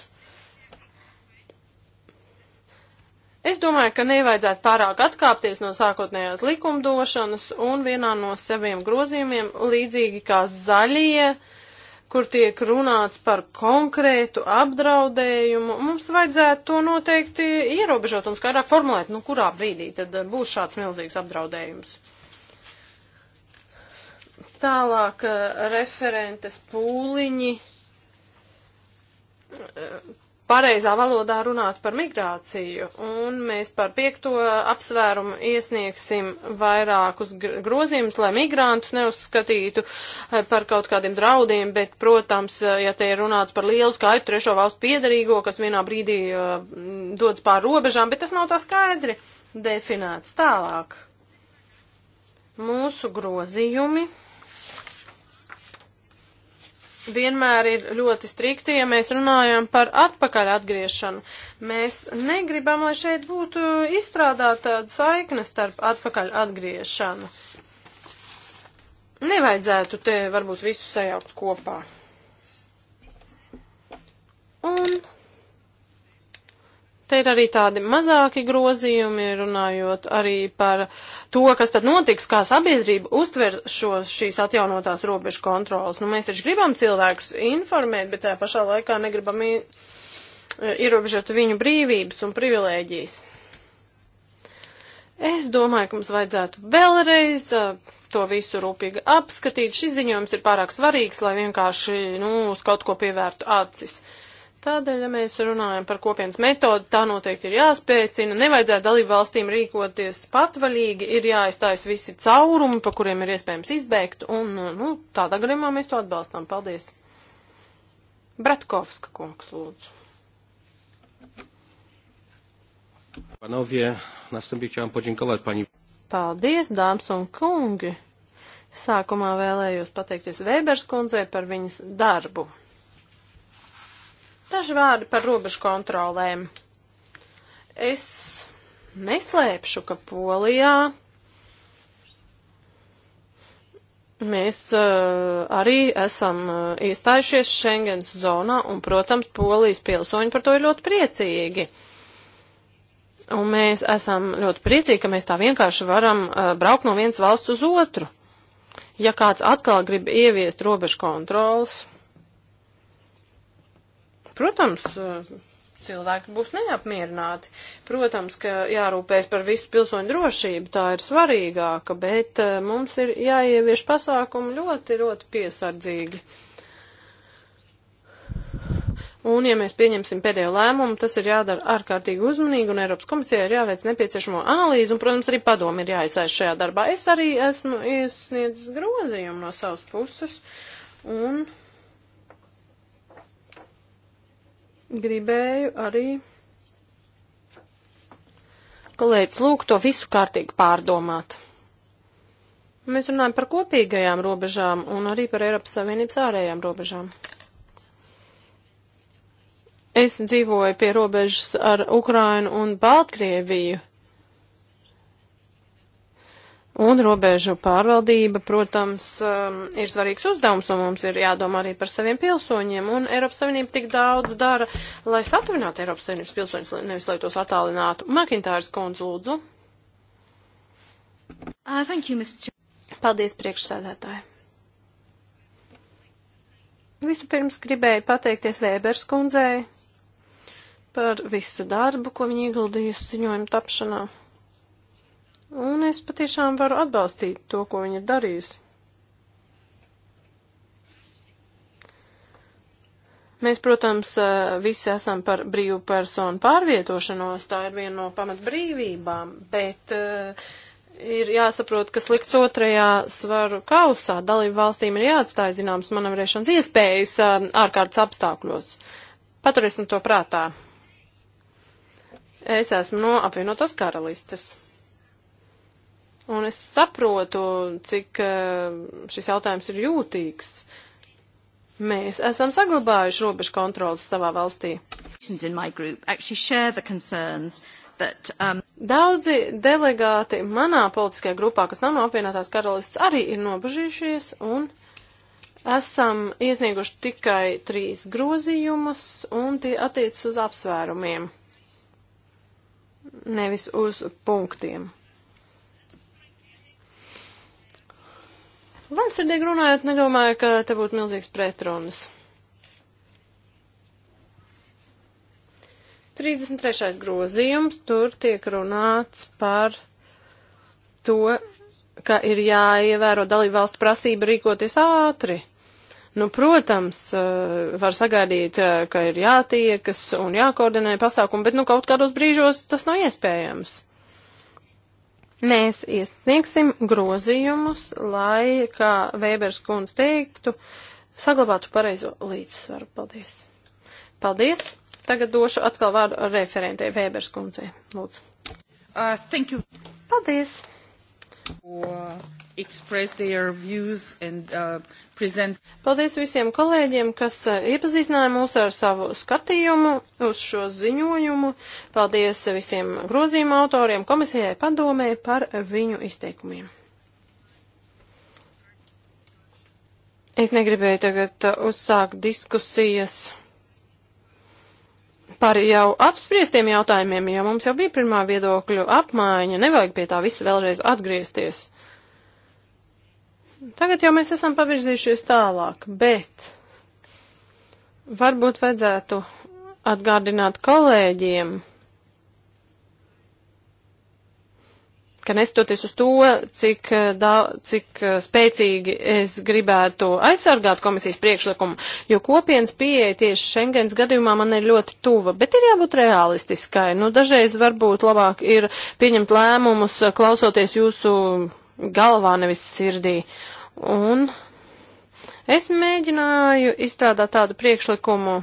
Es domāju, ka nevajadzētu pārāk atkāpties no sākotnējās likumdošanas un vienā no saviem grozījumiem, līdzīgi kā zaļie, uh, kur tiek runāts par konkrētu apdraudējumu, mums vajadzētu to noteikti ierobežot un skaidrāk formulēt, nu kurā brīdī tad eh, būs šāds milzīgs apdraudējums. Tālāk eh, referentes pūliņi eh, pareizā valodā runāt par migrāciju, un mēs par piekto apsvērumu iesniegsim vairākus grozījumus, lai migrantus neuzskatītu eh, par kaut kādiem draudiem, bet, protams, eh, ja te ir runāts par lielu skaitu trešo valstu piedarīgo, kas vienā brīdī uh, dodas pār robežām, bet tas nav tā skaidri definēts tālāk. Mūsu grozījumi vienmēr ir ļoti strikti, ja mēs runājam par atpakaļ atgriešanu. Mēs negribam, lai šeit būtu izstrādāta tāda saikne starp atpakaļ atgriešanu. Nevajadzētu te varbūt visu sajaukt kopā. Un te ir arī tādi mazāki grozījumi, runājot arī par to, kas tad notiks, kā sabiedrība uztver šos, šīs atjaunotās robežu kontrolas. Nu, mēs taču gribam cilvēkus informēt, bet tajā pašā laikā negribam e, ierobežot viņu brīvības un privilēģijas. Es domāju, ka mums vajadzētu vēlreiz e, to visu rūpīgi apskatīt. Šis ziņojums ir pārāk svarīgs, lai vienkārši nu, uz kaut ko pievērtu acis. Uh, Tādēļ, ja mēs runājam par kopienas metodu, tā noteikti ir jāspēcina. Nevajadzētu dalību valstīm rīkoties patvaļīgi, ir jāizstājas visi caurumi, pa kuriem ir iespējams izbēgt, un nu, tādā gadījumā mēs to atbalstām. Paldies! Bratkovska kungs, lūdzu. Panovie, następnie chciałem podziękować pani. Paldies, dāmas un kungi! Sākumā vēlējos pateikties Vēbers kundzei par viņas darbu. Daži vārdi par robežu kontrolēm. Es neslēpšu, ka Polijā mēs uh, arī esam uh, iestājušies Schengens zonā, un, protams, Polijas pilsoņi par to ir ļoti priecīgi. Un mēs esam ļoti priecīgi, ka mēs tā vienkārši varam uh, braukt no vienas valsts uz otru. Ja kāds atkal grib ieviest robežu kontrols, Protams, eh, cilvēki būs neapmierināti. Protams, ka jārūpējas par visu pilsoņu drošību, tā ir svarīgāka, bet eh, mums ir jāievieš pasākumu ļoti, ļoti piesardzīgi. Un, ja mēs pieņemsim pēdējo lēmumu, tas ir jādara ārkārtīgi uzmanīgi, un Eiropas komisijai ir jāveic nepieciešamo analīzi, un, protams, arī padomi ir jāiesaist šajā darbā. Es arī esmu iesniedzis grozījumu no savas puses, un. Uh, gribēju arī kolēģis lūgt to visu kārtīgi pārdomāt. Mēs runājam par kopīgajām robežām un arī par Eiropas Savienības ārējām robežām. Es dzīvoju pie robežas ar Ukrainu un Baltkrieviju. Un robežu pārvaldība, protams, um, ir svarīgs uzdevums, un mums ir jādomā arī par saviem pilsoņiem. Un Eiropas Savienība tik daudz dara, lai satuvinātu Eiropas Savienības pilsoņus, nevis lai tos attālinātu. Makintārs kundz lūdzu. Uh, thank you, Mr. Paldies, priekšsēdētāji. Vispirms gribēju pateikties Vēbers kundzei par visu darbu, ko viņa ieguldījusi ziņojuma tapšanā. Un es patiešām varu atbalstīt to, ko viņa darījusi. Mēs, protams, eh, visi esam par brīvu personu pārvietošanos, tā ir viena no pamatbrīvībām, bet uh, ir jāsaprot, kas likts otrajā svaru kausā. Dalību valstīm ir jāatstāj zināmas manevrēšanas iespējas eh, ārkārtas apstākļos. Paturēsim to prātā. Es esmu no apvienotās karalistes. Un es saprotu, cik eh, šis jautājums ir jūtīgs. Mēs esam saglabājuši robežu kontrolas savā valstī. That, um... Daudzi delegāti manā politiskajā grupā, kas nav no apvienotās karalists, arī ir nobežījušies un esam iesnieguši tikai trīs grozījumus un tie attiecas uz apsvērumiem, nevis uz punktiem. Vaļsirdīgi runājot, nedomāju, ka te būtu milzīgs pretrunas. 33. grozījums, tur tiek runāts par to, ka ir jāievēro dalībvalstu prasība rīkoties ātri. Nu, protams, eh, var sagaidīt, eh, ka ir jātiekas un jākoordinē pasākumi, bet, nu, kaut kādos brīžos tas nav iespējams. Mēs iesniegsim grozījumus, lai, kā Vēbers kundze teiktu, saglabātu pareizo līdzsvaru. Paldies! Paldies! Tagad došu atkal vārdu referentē Vēbers kundzei. Lūdzu. Uh, thank you. Paldies! Uh, Paldies visiem kolēģiem, kas uh, iepazīstināja mūs ar savu skatījumu uz šo ziņojumu. Paldies visiem grozījuma autoriem, komisijai padomē par viņu izteikumiem. Es negribēju tagad uh, uzsākt diskusijas par jau apspriestiem jautājumiem, jo mums jau bija pirmā viedokļu apmaiņa, nevajag pie tā visa vēlreiz atgriezties. Tagad jau mēs esam pavirzījušies tālāk, bet varbūt vajadzētu atgādināt kolēģiem, ka nestoties uz to, cik, eh, da, cik eh, spēcīgi es gribētu aizsargāt komisijas priekšlikumu, jo kopienas pieeja tieši Schengens gadījumā man ir ļoti tuva, bet ir jābūt realistiskai. Nu, dažreiz varbūt labāk ir pieņemt lēmumus, eh, klausoties jūsu galvā, nevis sirdī. Un es mēģināju izstrādāt tādu priekšlikumu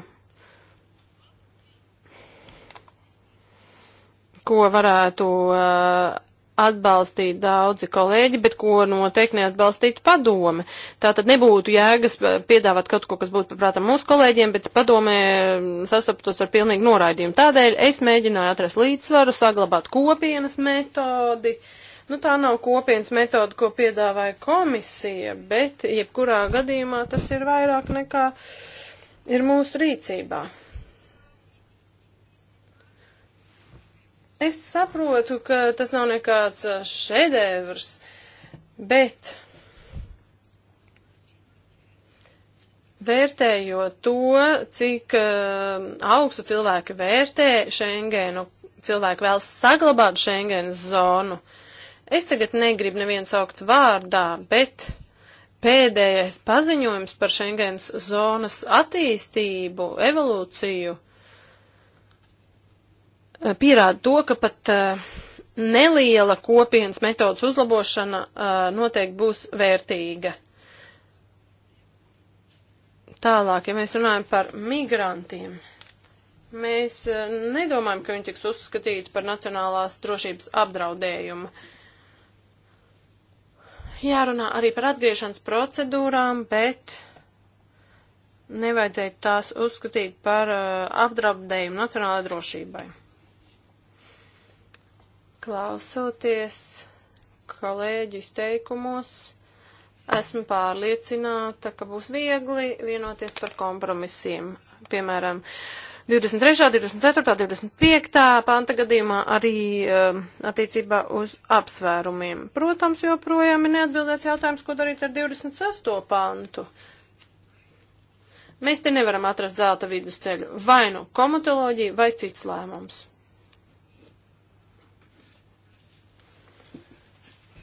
ko varētu uh, atbalstīt daudzi kolēģi, bet ko noteikti neatbalstītu padome. Tā tad nebūtu jēgas eh, piedāvāt kaut ko, kas būtu, prātā, mūsu kolēģiem, bet padomē mm, sastaptos ar pilnīgu noraidījumu. Tādēļ es mēģināju atrast līdzsvaru, saglabāt kopienas metodi. Nu, tā nav kopienas metode, ko piedāvāja komisija, bet jebkurā gadījumā tas ir vairāk nekā ir mūsu rīcībā. Es saprotu, ka tas nav nekāds uh, šedevrs, bet vērtējot to, cik uh, augstu cilvēki vērtē Schengenu, cilvēki vēlas saglabāt Schengenas zonu. Es tagad negribu nevienu saukt vārdā, bet pēdējais paziņojums par Schengenas zonas attīstību, evolūciju Eh, pierāda to, ka pat eh, neliela kopienas metodas uzlabošana eh, noteikti būs vērtīga. Tālāk, ja mēs runājam par migrantiem, mēs nedomājam, ka viņi tiks uzskatīti par nacionālās drošības apdraudējumu. Jārunā arī par atgriešanas procedūrām, bet nevajadzētu tās uzskatīt par apdraudējumu nacionālajai drošībai. Klausoties kolēģu izteikumos, esmu pārliecināta, ka būs viegli vienoties par kompromisiem. Piemēram, 23., 24., 25. panta gadījumā arī uh, attiecībā uz apsvērumiem. Protams, joprojām ir neatbildēts jautājums, ko darīt ar 26. pantu. Mēs te nevaram atrast zelta vidusceļu, vai nu komutoloģija, vai cits lēmums.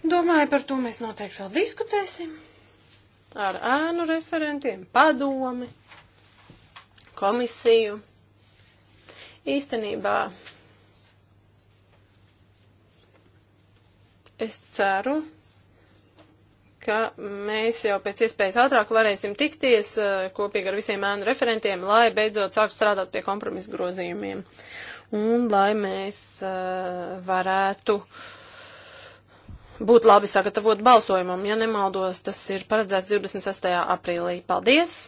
Domāju, par to mēs noteikti vēl diskutēsim ar ēnu referentiem, padomi, komisiju. Īstenībā es ceru, ka mēs jau pēc iespējas ātrāk varēsim tikties eh, kopīgi ar visiem ēnu referentiem, lai beidzot sāktu strādāt pie kompromisu grozījumiem. Un lai mēs eh, varētu uh, būtu labi sagatavot balsojumam. Ja nemaldos, tas ir paredzēts 26. aprīlī. Paldies!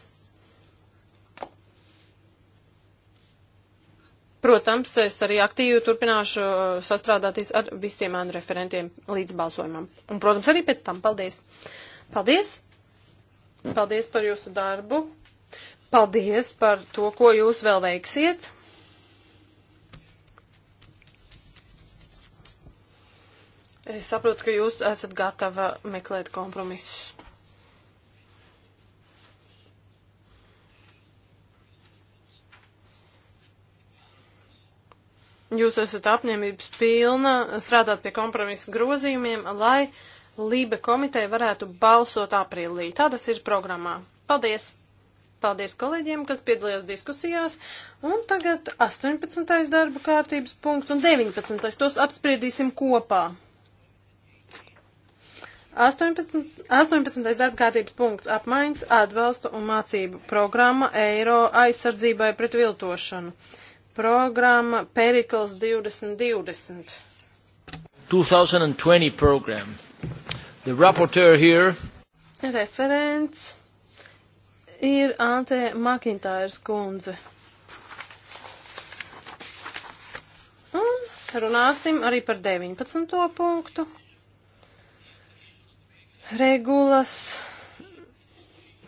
Protams, es arī aktīvi turpināšu uh, sastrādāties ar visiem ēnu referentiem līdz balsojumam. Un, protams, arī pēc tam paldies. Paldies! Paldies par jūsu darbu! Paldies par to, ko jūs vēl veiksiet! Es saprotu, ka jūs esat gatava meklēt kompromisus. Jūs esat apņēmības pilna strādāt pie kompromisa grozījumiem, lai Lībe komiteja varētu balsot aprīlī. Tā tas ir programmā. Paldies! Paldies kolēģiem, kas piedalījās diskusijās. Un tagad 18. darba kārtības punkts un 19. tos apspriedīsim kopā. 18. 18. darba kārtības punkts - apmaiņas, atbalsta un mācību programma Eiro aizsardzībai pret viltošanu. Programma Perikls 2020. 2020 program. The rapporteur here. Referents ir Ante Makintājas kundze. Un runāsim arī par 19. punktu regulas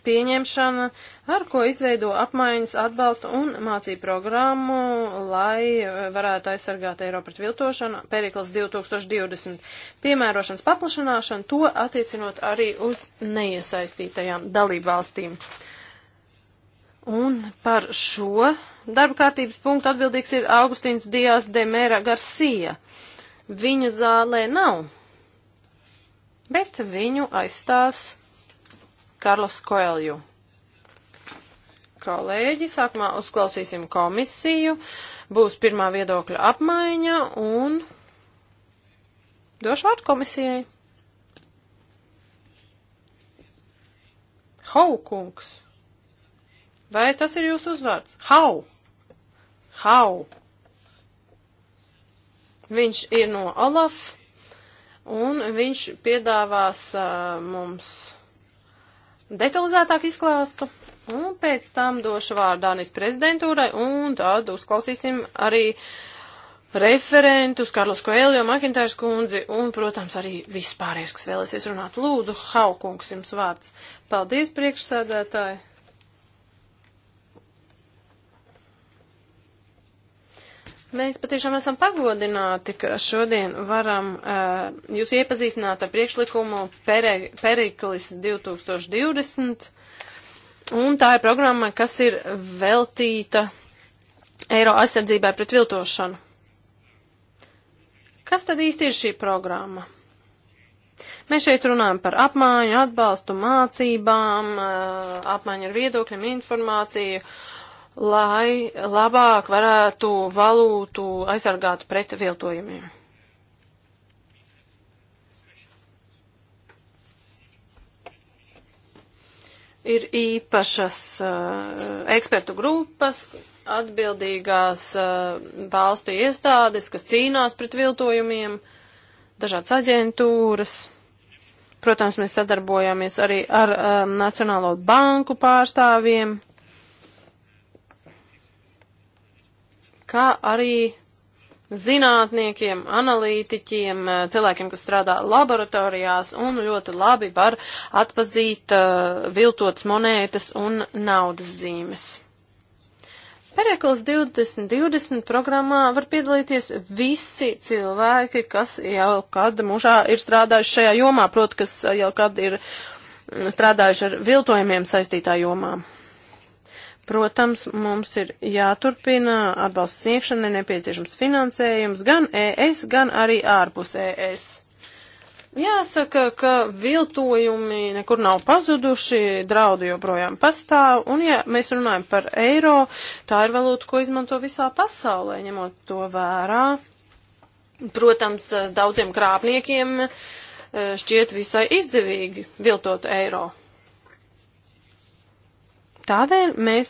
pieņemšana, ar ko izveido apmaiņas atbalstu un mācību programmu, lai eh, varētu aizsargāt eiro pret viltošanu, perikls 2020 piemērošanas paplašanāšanu, to attiecinot arī uz neiesaistītajām dalību valstīm. Un par šo darba kārtības punktu atbildīgs ir Augustīns Dijās Demēra Garcia. Viņa zālē nav bet viņu aizstās Karlos Koelju. Kolēģi, sākumā uzklausīsim komisiju, būs pirmā viedokļa apmaiņa un došu vārdu komisijai. Haukungs. Vai tas ir jūsu uzvārds? Hau. Hau. Viņš ir no Olaf un viņš piedāvās uh, mums detalizētāk izklāstu, un pēc tam došu vārdu Dānijas prezidentūrai, un tad uzklausīsim arī referentus Karlos Koelio, Makintārs kundzi, un, protams, arī vispārējais, kas vēlēsies runāt. Lūdzu, Haukungs, jums vārds. Paldies, priekšsēdētāji! Mēs patiešām esam pagodināti, ka šodien varam uh, jūs iepazīstināt ar priekšlikumu Pere, Periklis 2020. Un tā ir programma, kas ir veltīta eiro aizsardzībai pret viltošanu. Kas tad īsti ir šī programma? Mēs šeit runājam par apmaiņu, atbalstu mācībām, uh, apmaiņu ar viedokļiem, informāciju. Uh, lai labāk varētu valūtu aizsargāt pret viltojumiem. Ir īpašas uh, ekspertu grupas, atbildīgās uh, valstu iestādes, kas cīnās pret viltojumiem, dažādas aģentūras. Protams, mēs sadarbojamies arī ar um, Nacionālo banku pārstāvjiem. kā arī zinātniekiem, analītiķiem, eh, cilvēkiem, kas strādā laboratorijās un ļoti labi var atpazīt uh, viltotas monētas un naudas zīmes. Perekls 2020 programmā var piedalīties visi cilvēki, kas jau kad mūžā ir strādājuši šajā jomā, proti, kas jau kad ir mm, strādājuši ar viltojumiem saistītā jomā. Protams, mums ir jāturpina atbalsts sniegšana, nepieciešams finansējums gan ES, gan arī ārpus ES. Jāsaka, ka viltojumi nekur nav pazuduši, draudi joprojām pastāv, un ja mēs runājam par eiro, tā ir valūta, ko izmanto visā pasaulē, ņemot to vērā. Protams, daudziem krāpniekiem eh, šķiet visai izdevīgi viltot eiro. Tādēļ mēs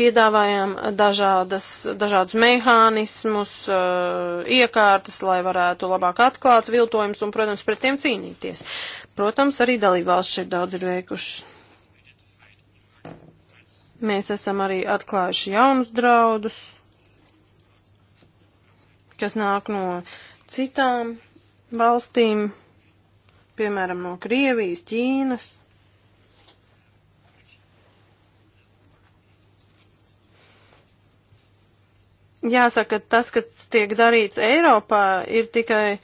piedāvājām dažādas, dažādus mehānismus, eh, iekārtas, lai varētu labāk atklāt viltojums un, protams, pret tiem cīnīties. Protams, arī dalībvalsts šeit daudz ir veikuši. Mēs esam arī atklājuši jaunus draudus, kas nāk no citām valstīm, piemēram, no Krievijas, Ķīnas. Jāsaka, tas, kas tiek darīts Eiropā, ir tikai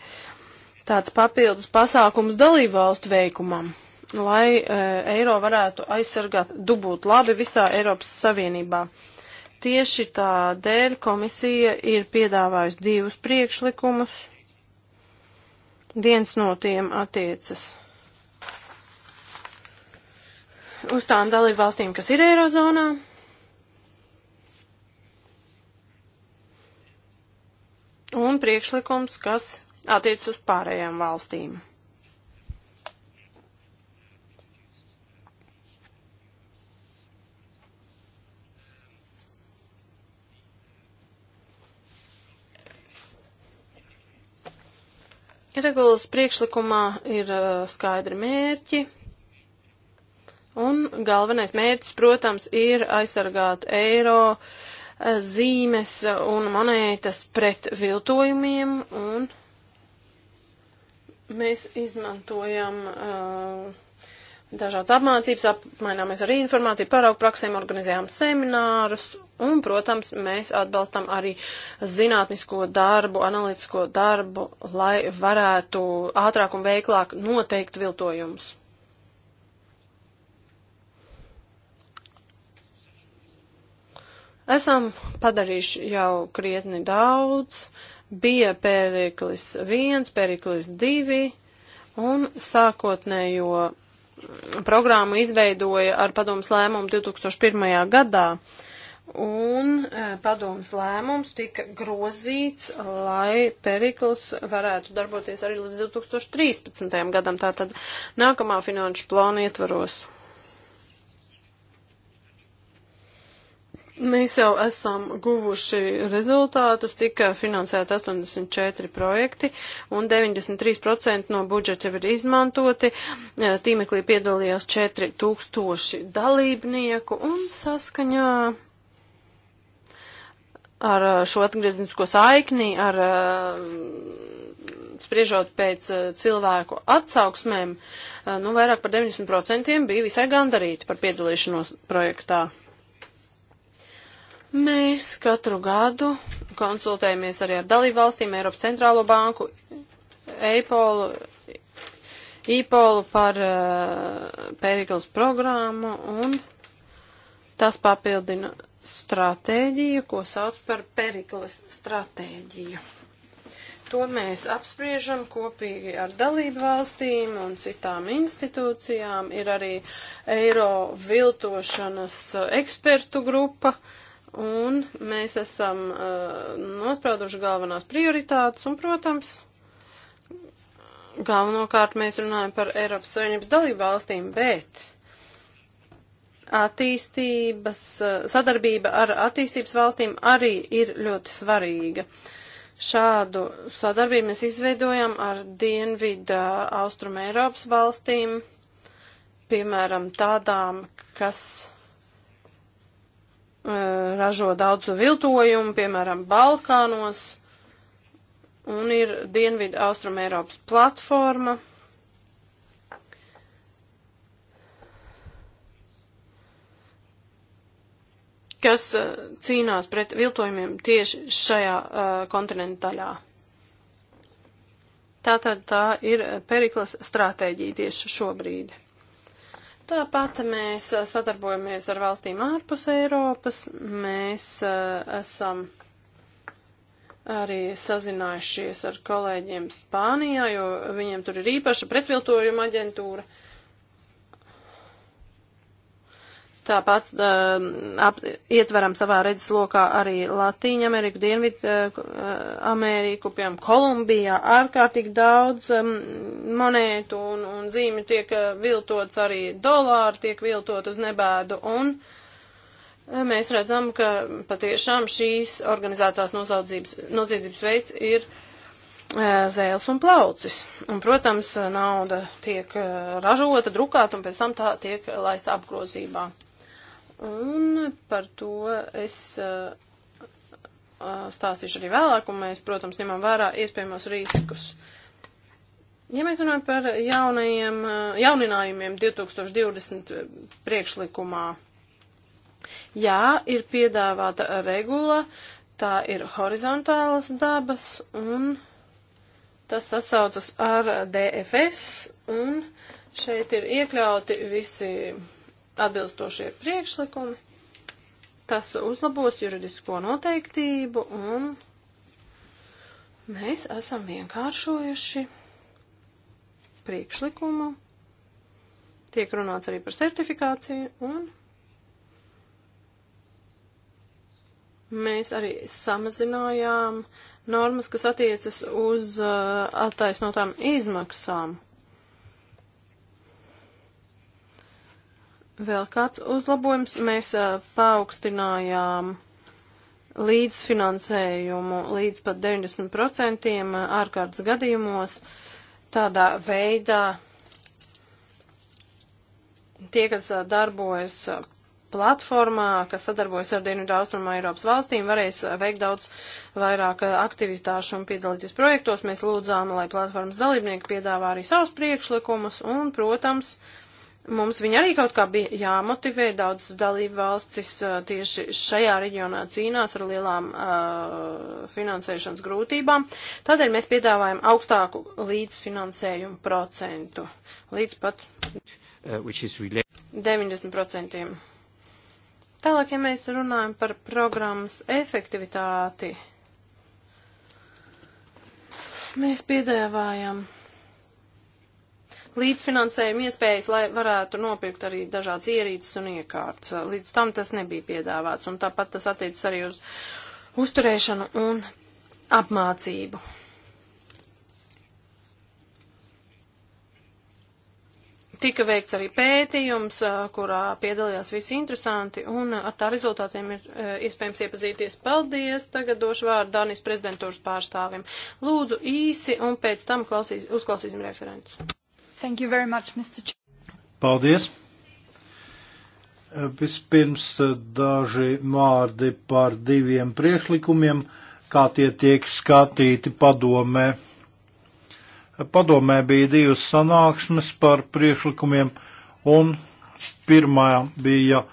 tāds papildus pasākums dalību valstu veikumam, lai e, eiro varētu aizsargāt dubult labi visā Eiropas Savienībā. Tieši tādēļ komisija ir piedāvājusi divus priekšlikumus. Viens no tiem attiecas uz tām dalībvalstīm, kas ir Eirozonā, un priekšlikums, kas attiec uz pārējām valstīm. Regulas priekšlikumā ir uh, skaidri mērķi, un galvenais mērķis, protams, ir aizsargāt eiro, uh, zīmes un monētas pret viltojumiem, un mēs izmantojam uh, dažādas apmācības, apmaināmies ar informāciju, paraugu praksēm, organizējām seminārus, un, protams, mēs atbalstam arī zinātnisko darbu, analītisko darbu, lai varētu ātrāk un veiklāk noteikt viltojumus. Esam padarījuši jau krietni daudz, bija pēriklis 1, pēriklis 2 un sākotnējo programmu izveidoja ar padomus lēmumu 2001. gadā. Un e, padomus lēmums tika grozīts, lai perikls varētu darboties arī līdz 2013. gadam, tātad nākamā finanšu plāna ietvaros. Mēs jau esam guvuši rezultātus, tika finansēti 84 projekti un 93% no budžeta jau ir izmantoti. Eh, tīmeklī piedalījās 4000 dalībnieku un saskaņā ar eh, šo atgrieznisko saikni, ar eh, spriežot pēc cilvēku atsauksmēm, nu vairāk par 90% bija visai gandarīti par piedalīšanos projektā. Mēs katru gadu konsultējamies arī ar dalībvalstīm, Eiropas centrālo banku, EIPOLu, IPOLu par uh, eh, Pērikls programmu un tas papildina stratēģiju, ko sauc par Perikles stratēģiju. To mēs apspriežam kopīgi ar dalību valstīm un citām institūcijām. Ir arī eiro viltošanas ekspertu grupa, uh, un mēs esam uh, nosprauduši galvenās prioritātes, un, protams, galvenokārt mēs runājam par Eiropas Savienības dalību valstīm, bet attīstības, uh, sadarbība ar attīstības valstīm arī ir ļoti svarīga. Šādu sadarbību mēs izveidojam ar Dienvidā uh, Austrum Eiropas valstīm, piemēram, tādām, kas Eh, ražo daudzu viltojumu, piemēram, Balkānos, un ir Dienvidu Austrum Eiropas platforma. kas eh, cīnās pret viltojumiem tieši šajā uh, eh, kontinentu daļā. Tātad tā ir Periklas stratēģija tieši šobrīd. Tāpat mēs uh, sadarbojamies ar valstīm ārpus Eiropas. Mēs uh, esam arī sazinājušies ar kolēģiem Spānijā, jo viņiem tur ir īpaša pretviltojuma aģentūra. Uh, Tāpat uh, ap, ietveram savā redzeslokā arī Latīņu Ameriku, Dienvidu uh, Ameriku, piemēram, Kolumbijā ārkārtīgi daudz um, monētu un, un zīmju tiek uh, viltots arī dolāri, tiek viltot uz nebēdu un uh, mēs redzam, ka patiešām šīs organizētās noziedzības veids ir uh, zēles un plaucis. Un, protams, nauda tiek uh, ražota, drukāta un pēc tam tā tiek laista apgrozībā. Un par to es uh, uh, stāstīšu arī vēlāk, un mēs, protams, ņemam vērā iespējamos riskus. Ja mēs runājam par jaunajiem, uh, jauninājumiem 2020 priekšlikumā, jā, ir piedāvāta regula, tā ir horizontālas dabas, un tas sasaucas ar DFS, un šeit ir iekļauti visi atbilstošie priekšlikumi. Tas uzlabos juridisko noteiktību un mēs esam vienkāršojuši priekšlikumu. Tiek runāts arī par certifikāciju un mēs arī samazinājām normas, kas attiecas uz uh, attaisnotām izmaksām. Vēl kāds uzlabojums. Mēs uh, paaugstinājām līdzfinansējumu līdz pat 90% ārkārtas gadījumos. Tādā veidā tie, kas uh, darbojas platformā, kas sadarbojas ar Dienvidu Austrumā Eiropas valstīm, varēs veikt daudz vairāk aktivitāšu un piedalīties projektos. Mēs lūdzām, lai platformas dalībnieki piedāvā arī savus priekšlikumus un, protams, uh, mums viņi arī kaut kā bija jāmotivē. Daudzas dalība valstis uh, tieši šajā reģionā cīnās ar lielām uh, finansēšanas grūtībām. Tādēļ mēs piedāvājam augstāku līdzfinansējumu procentu. Līdz pat 90%. Uh, Tālāk, ja mēs runājam par programmas efektivitāti, mēs piedāvājam līdzfinansējuma iespējas, lai varētu nopirkt arī dažādas ierīces un iekārtas. Līdz tam tas nebija piedāvāts, un tāpat tas attiecas arī uz uzturēšanu un apmācību. Tika veikts arī pētījums, kurā piedalījās visi interesanti, un ar tā rezultātiem ir iespējams iepazīties. Paldies! Tagad došu vārdu Dānijas prezidentūras pārstāvim. Lūdzu īsi, un pēc tam klausīs, uzklausīsim referentus. Thank you very much, Mr. Ch Paldies. Vispirms eh, daži vārdi par diviem priekšlikumiem, kā tie tiek skatīti padomē. Padomē bija divas sanāksmes par priekšlikumiem, un pirmā bija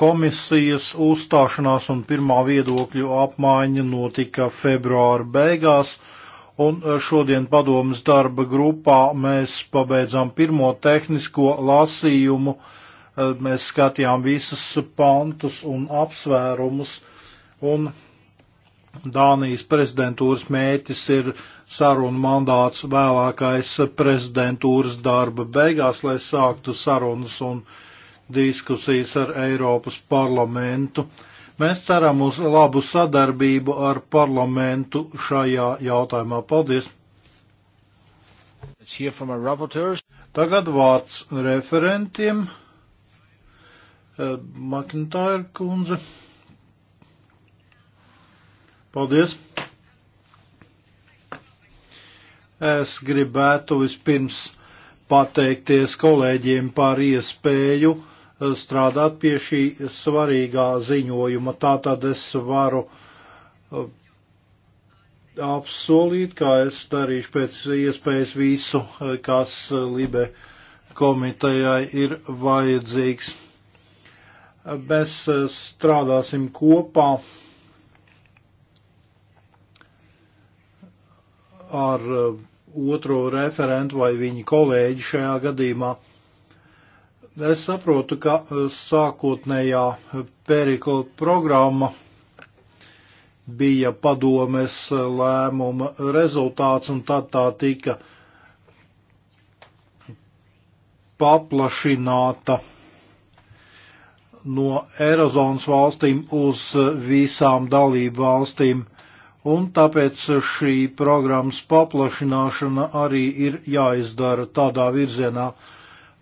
komisijas uzstāšanās, un pirmā viedokļu apmaiņa notika februāra beigās Un eh, šodien padomas darba grupā mēs pabeidzām pirmo tehnisko lasījumu. Eh, mēs skatījām visus pantus un apsvērumus. Un Dānijas prezidentūras mēķis ir sarunu mandāts vēlākais prezidentūras darba beigās, lai sāktu sarunas un diskusijas ar Eiropas parlamentu. Uh, Mēs ceram uz labu sadarbību ar parlamentu šajā jautājumā. Paldies! Tagad vārds referentiem. Eh, Makintāra kundze. Paldies! Es gribētu vispirms pateikties kolēģiem par iespēju strādāt pie šī svarīgā ziņojuma. Tātad es varu uh, apsolīt, ka es darīšu pēc iespējas visu, uh, kas uh, Libe komitejai ir vajadzīgs. Mēs strādāsim kopā ar otro referentu vai viņa kolēģi šajā gadījumā Es saprotu, ka eh, sākotnējā eh, perikla programma bija padomes eh, lēmuma rezultāts un tad tā tika paplašināta no Eirozonas valstīm uz visām dalību valstīm, un tāpēc šī programmas paplašināšana arī ir jāizdara tādā virzienā, uh,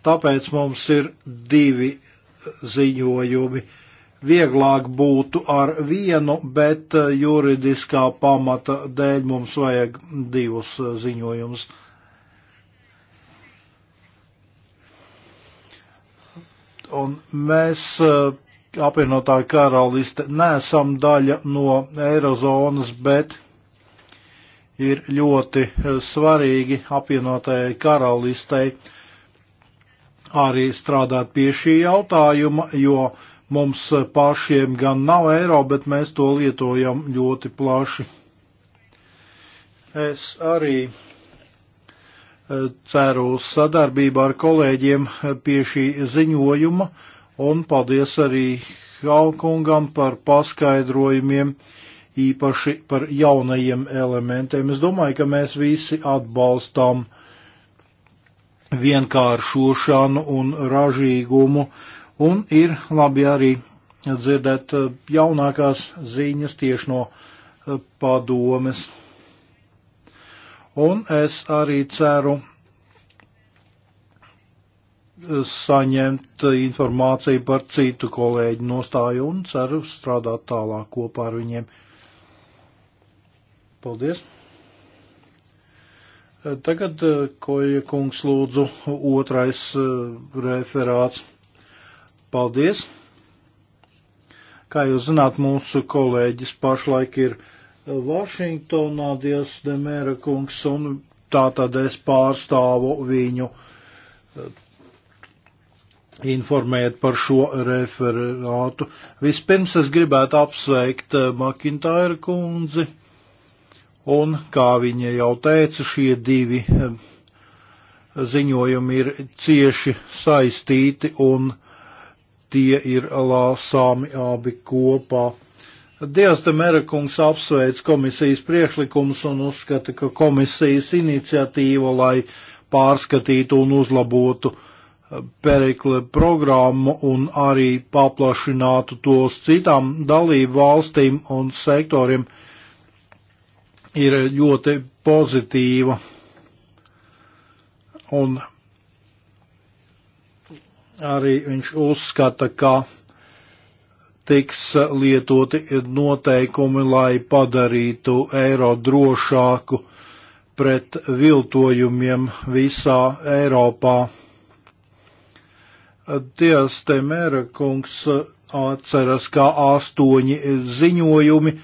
Tāpēc mums ir divi ziņojumi. Vieglāk būtu ar vienu, bet eh, juridiskā pamata dēļ mums vajag divus eh, ziņojumus. Un mēs eh, apvienotā karaliste nesam daļa no Eirozonas, bet ir ļoti svarīgi apvienotajai karalistei arī strādāt pie šī jautājuma, jo mums pašiem gan nav eiro, bet mēs to lietojam ļoti plaši. Es arī eh, ceru uz sadarbību ar kolēģiem eh, pie šī ziņojuma un paldies arī Halkungam par paskaidrojumiem, īpaši par jaunajiem elementiem. Es domāju, ka mēs visi atbalstām uh, vienkāršošanu un ražīgumu, un ir labi arī dzirdēt eh, jaunākās ziņas tieši no eh, padomes. Un es arī ceru eh, saņemt informāciju par citu kolēģu nostāju un ceru strādāt tālāk kopā ar viņiem. Paldies! Tagad, eh, ko iekungs lūdzu, otrais eh, referāts. Paldies! Kā jūs zināt, mūsu kolēģis pašlaik ir eh, Vašingtonā, Dievs Demēra kungs, un tā tad es pārstāvu viņu informēt par šo referātu. Vispirms es gribētu apsveikt Makintāra kundzi Un, kā viņa jau teica, šie divi eh, ziņojumi ir cieši saistīti un tie ir lāsāmi abi kopā. Dievs de Merakungs apsveic komisijas priekšlikumus un uzskata, ka komisijas iniciatīva, lai pārskatītu un uzlabotu eh, perikle programmu un arī paplašinātu tos citām dalību valstīm un sektoriem, uh, ir ļoti pozitīva. Un arī viņš uzskata, ka tiks lietoti noteikumi, lai padarītu eiro drošāku pret viltojumiem visā Eiropā. Tiesa, te mēra kungs atceras, ka astoņi ziņojumi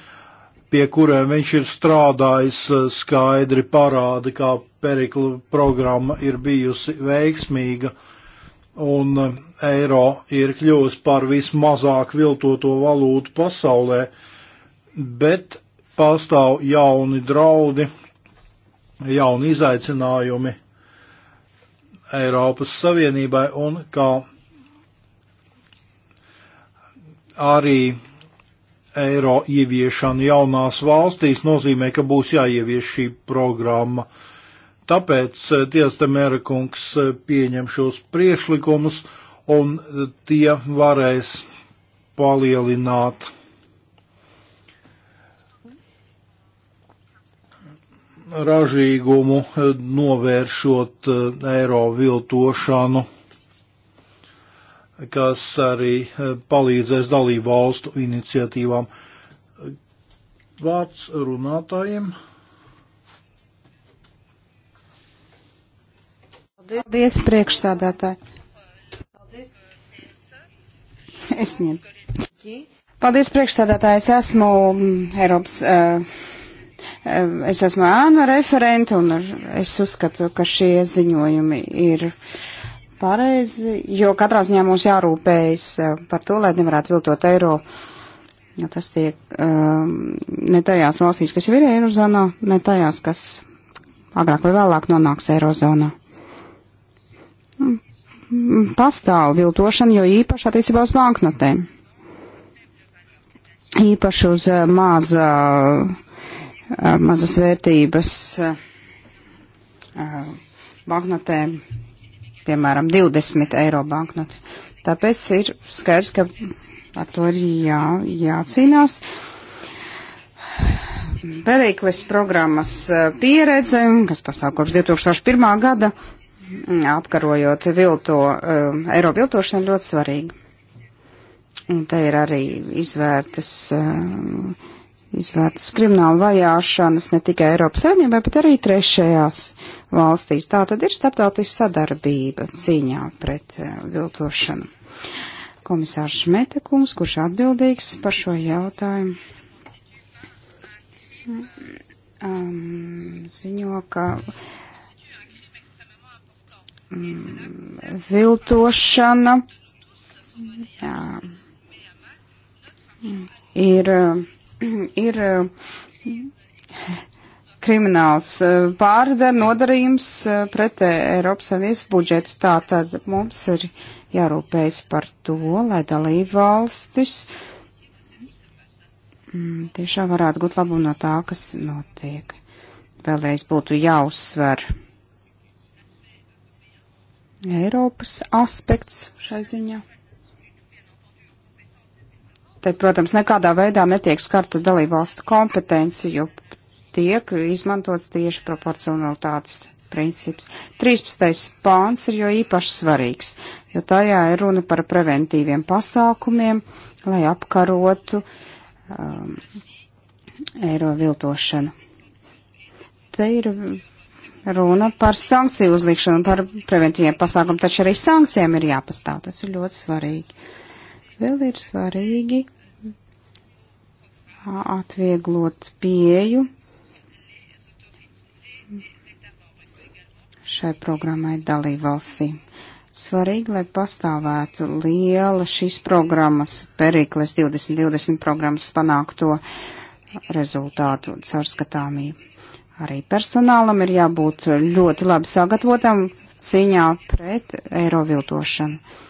pie kuriem viņš ir strādājis, e, skaidri parāda, kā perikla programma ir bijusi veiksmīga, un e, eiro ir kļuvusi par vismazāk viltoto valūtu pasaulē, bet pastāv jauni draudi, jauni izaicinājumi Eiropas Savienībai, un kā arī eiro ieviešanu jaunās valstīs nozīmē, ka būs jāievieš šī programma. Tāpēc tiesa eh, Mērkungs eh, pieņem šos priekšlikumus un eh, tie varēs palielināt ražīgumu, novēršot eiro viltošanu kas arī e, palīdzēs dalību valstu iniciatīvām. Vārds runātājiem. Paldies, priekšsādātāji. Es ņemu. Paldies, priekšsādātāji. Es esmu mm, Eiropas. Uh, Es esmu ēna referente un es uzskatu, ka šie ziņojumi ir uh, pareizi, jo katrā ziņā mums jārūpējas eh, par to, lai nevarētu viltot eiro. Jo tas tiek um, ne tajās valstīs, kas jau ir eirozonā, ne tajās, kas agrāk vai vēlāk nonāks eirozonā. Mm, mm, pastāv viltošana, jo īpaši attiecībā uz banknotēm. Īpaši uz eh, maza, eh, mazas vērtības banknotēm piemēram, 20 eiro banknoti. Tāpēc ir skaidrs, ka ar to ir jā, jācīnās. Perikles programmas e, pieredze, kas pastāv kopš 2001. gada, apkarojot vilto, e, eiro viltošanu, ļoti svarīga. Un te ir arī izvērtas, e, izvērtas krimināla vajāšanas ne tikai Eiropas Savienībā, bet arī trešajās valstīs. Tā tad ir starptautiska sadarbība cīņā pret eh, viltošanu. Komisārs Šmetekums, kurš atbildīgs par šo jautājumu, um, ziņo, ka um, viltošana jā, ir, ir krimināls eh, pārdar nodarījums eh, pret eh, Eiropas Savienības budžetu. Tātad mums ir jārūpējas par to, lai dalība valstis mm, tiešām varētu būt labu no tā, kas notiek. Vēlreiz būtu jāuzsver Eiropas aspekts šai ziņā. Te, protams, nekādā veidā netiek skarta dalībvalstu kompetenci, jo tiek izmantots tieši proporcionalitātes princips. 13. pāns ir jo īpaši svarīgs, jo tajā ir runa par preventīviem pasākumiem, lai apkarotu um, eiro viltošanu. Te ir runa par sankciju uzlikšanu, par preventīviem pasākumiem, taču arī sankcijām ir jāpastāv. Tas ir ļoti svarīgi. Vēl ir svarīgi atvieglot pieju šai programmai dalībvalstīm. Svarīgi, lai pastāvētu liela šīs programmas, Perikles 2020 programmas panākto rezultātu caurskatāmību. Arī personālam ir jābūt ļoti labi sagatavotam cīņā pret eiroviltošanu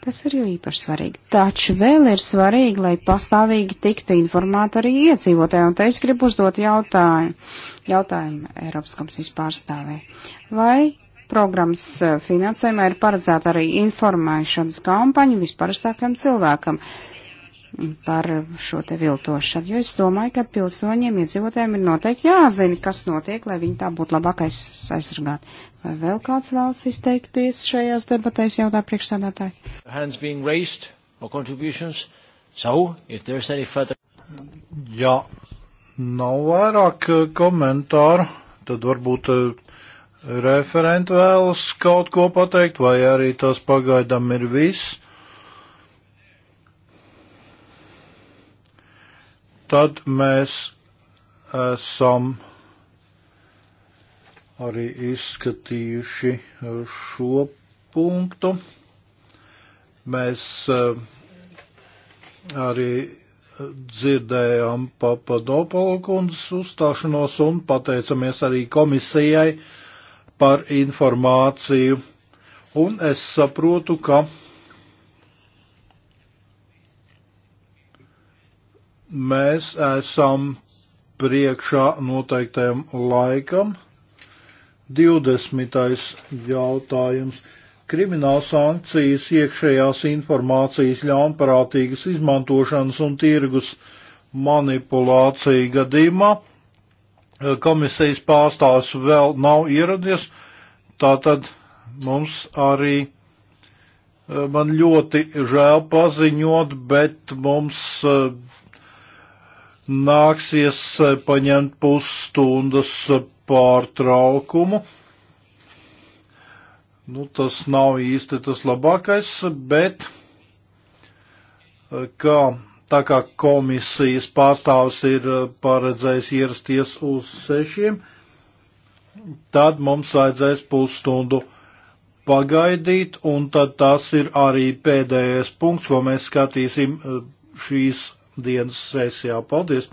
Tas ir jo īpaši svarīgi. Taču vēl ir svarīgi, lai pastāvīgi tiktu informēti arī iedzīvotāji, un te es gribu uzdot jautājumu, jautājumu Eiropas komisijas pārstāvē. Vai programmas e, finansējumā ir paredzēta arī informēšanas kampaņa visparastākam cilvēkam par šo te viltošanu, jo es domāju, ka pilsoņiem, iedzīvotājiem ir noteikti jāzina, kas notiek, lai viņi tā būtu labākais aizsargāti. Vai vēl kāds vēlas izteikties šajās debatēs, jautā priekšsādātāji? So, further... Ja nav vairāk eh, komentāru, tad varbūt eh, referenti vēlas kaut ko pateikt, vai arī tas pagaidām ir viss. Tad mēs esam. Um, arī izskatījuši šo punktu. Mēs eh, arī dzirdējām Papadopola kundzes uzstāšanos un pateicamies arī komisijai par informāciju. Un es saprotu, ka mēs esam priekšā noteiktajam laikam. 20. jautājums. Krimināla sankcijas iekšējās informācijas ļaunprātīgas izmantošanas un tirgus manipulācija gadījumā. Komisijas pārstāvis vēl nav ieradies, tātad mums arī eh, man ļoti žēl paziņot, bet mums eh, nāksies eh, paņemt pusstundas pārtraukumu. Nu, tas nav īsti tas labākais, bet kā, tā kā komisijas pārstāvs ir paredzējis ierasties uz sešiem, tad mums vajadzēs pusstundu pagaidīt, un tad tas ir arī pēdējais punkts, ko mēs skatīsim eh, šīs dienas sesijā. Paldies!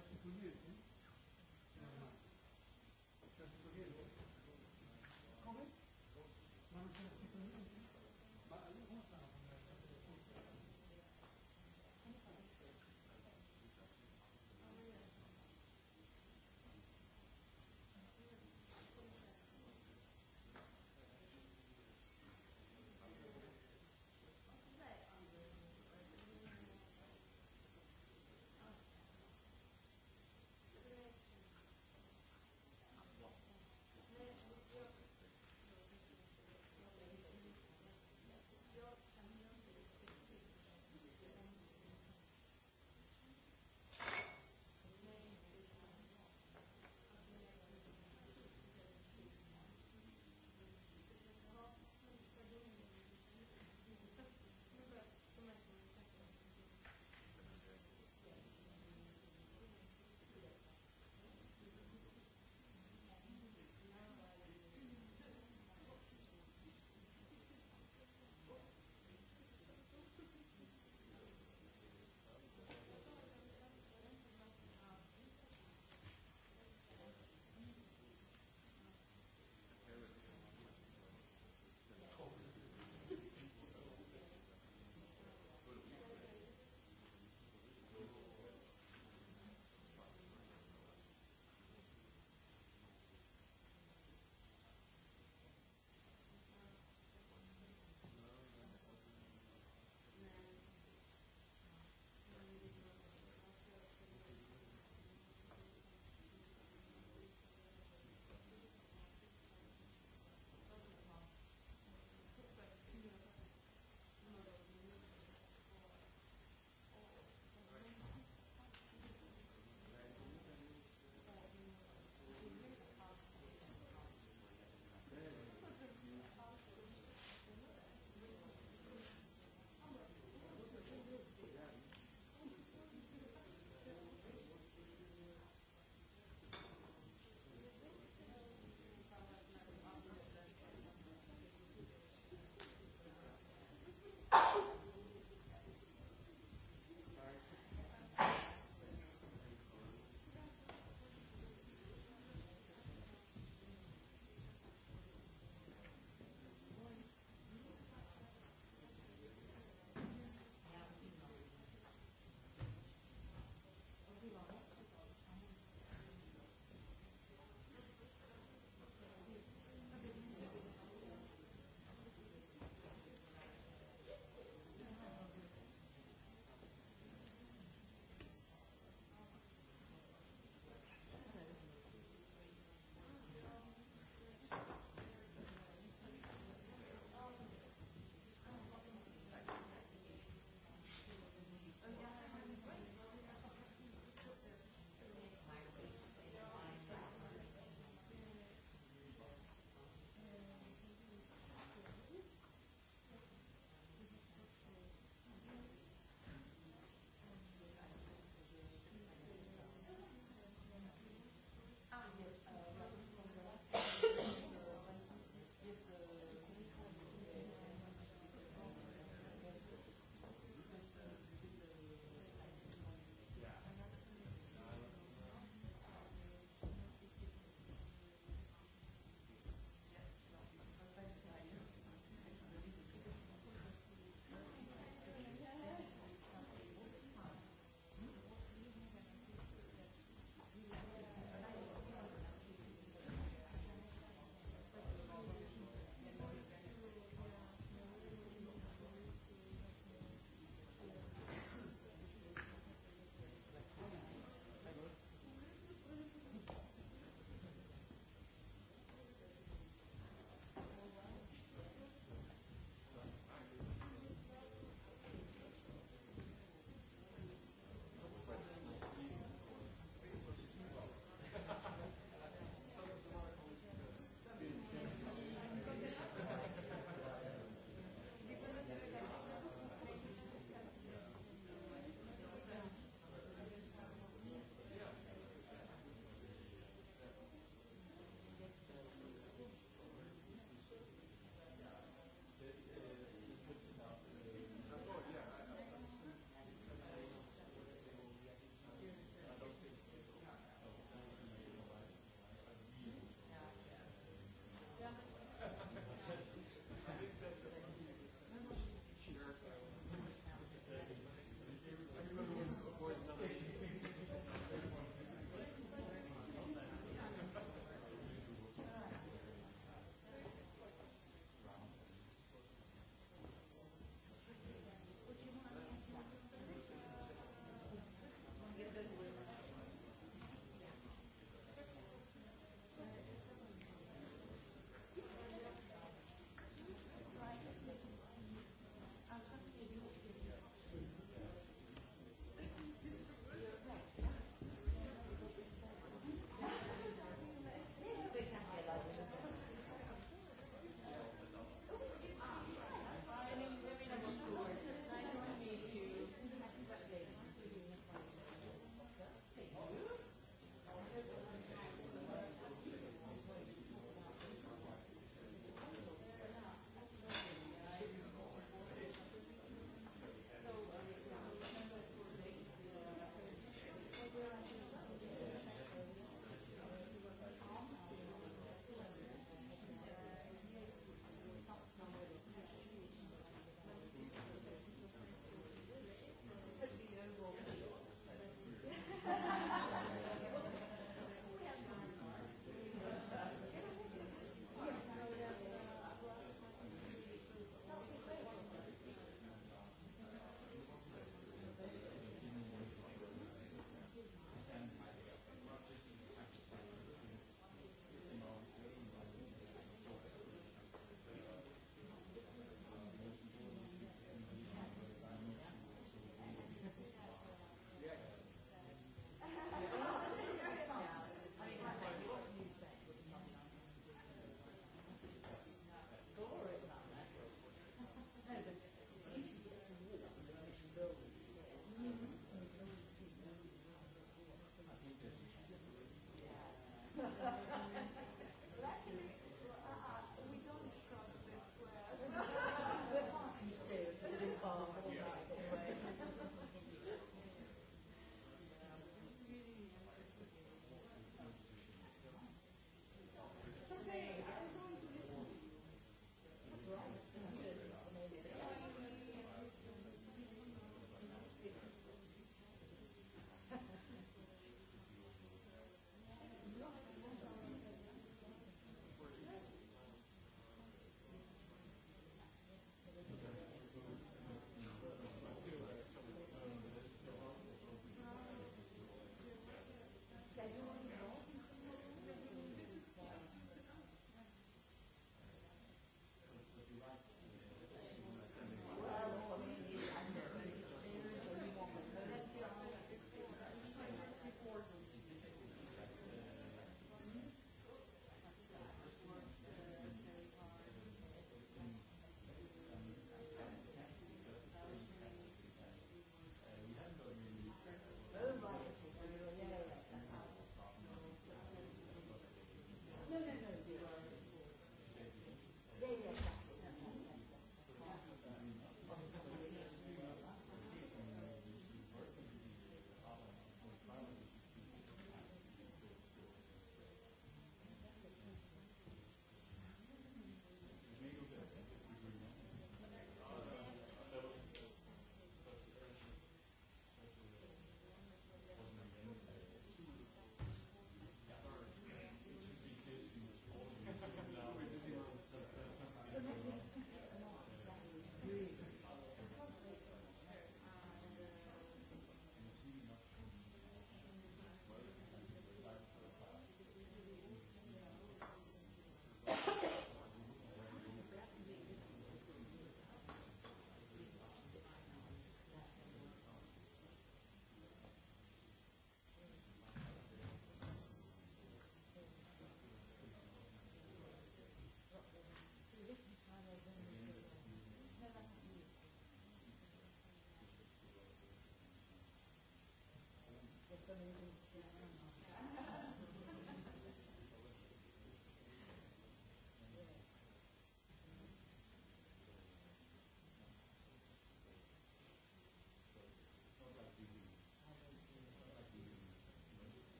das kontrolliert. Ne?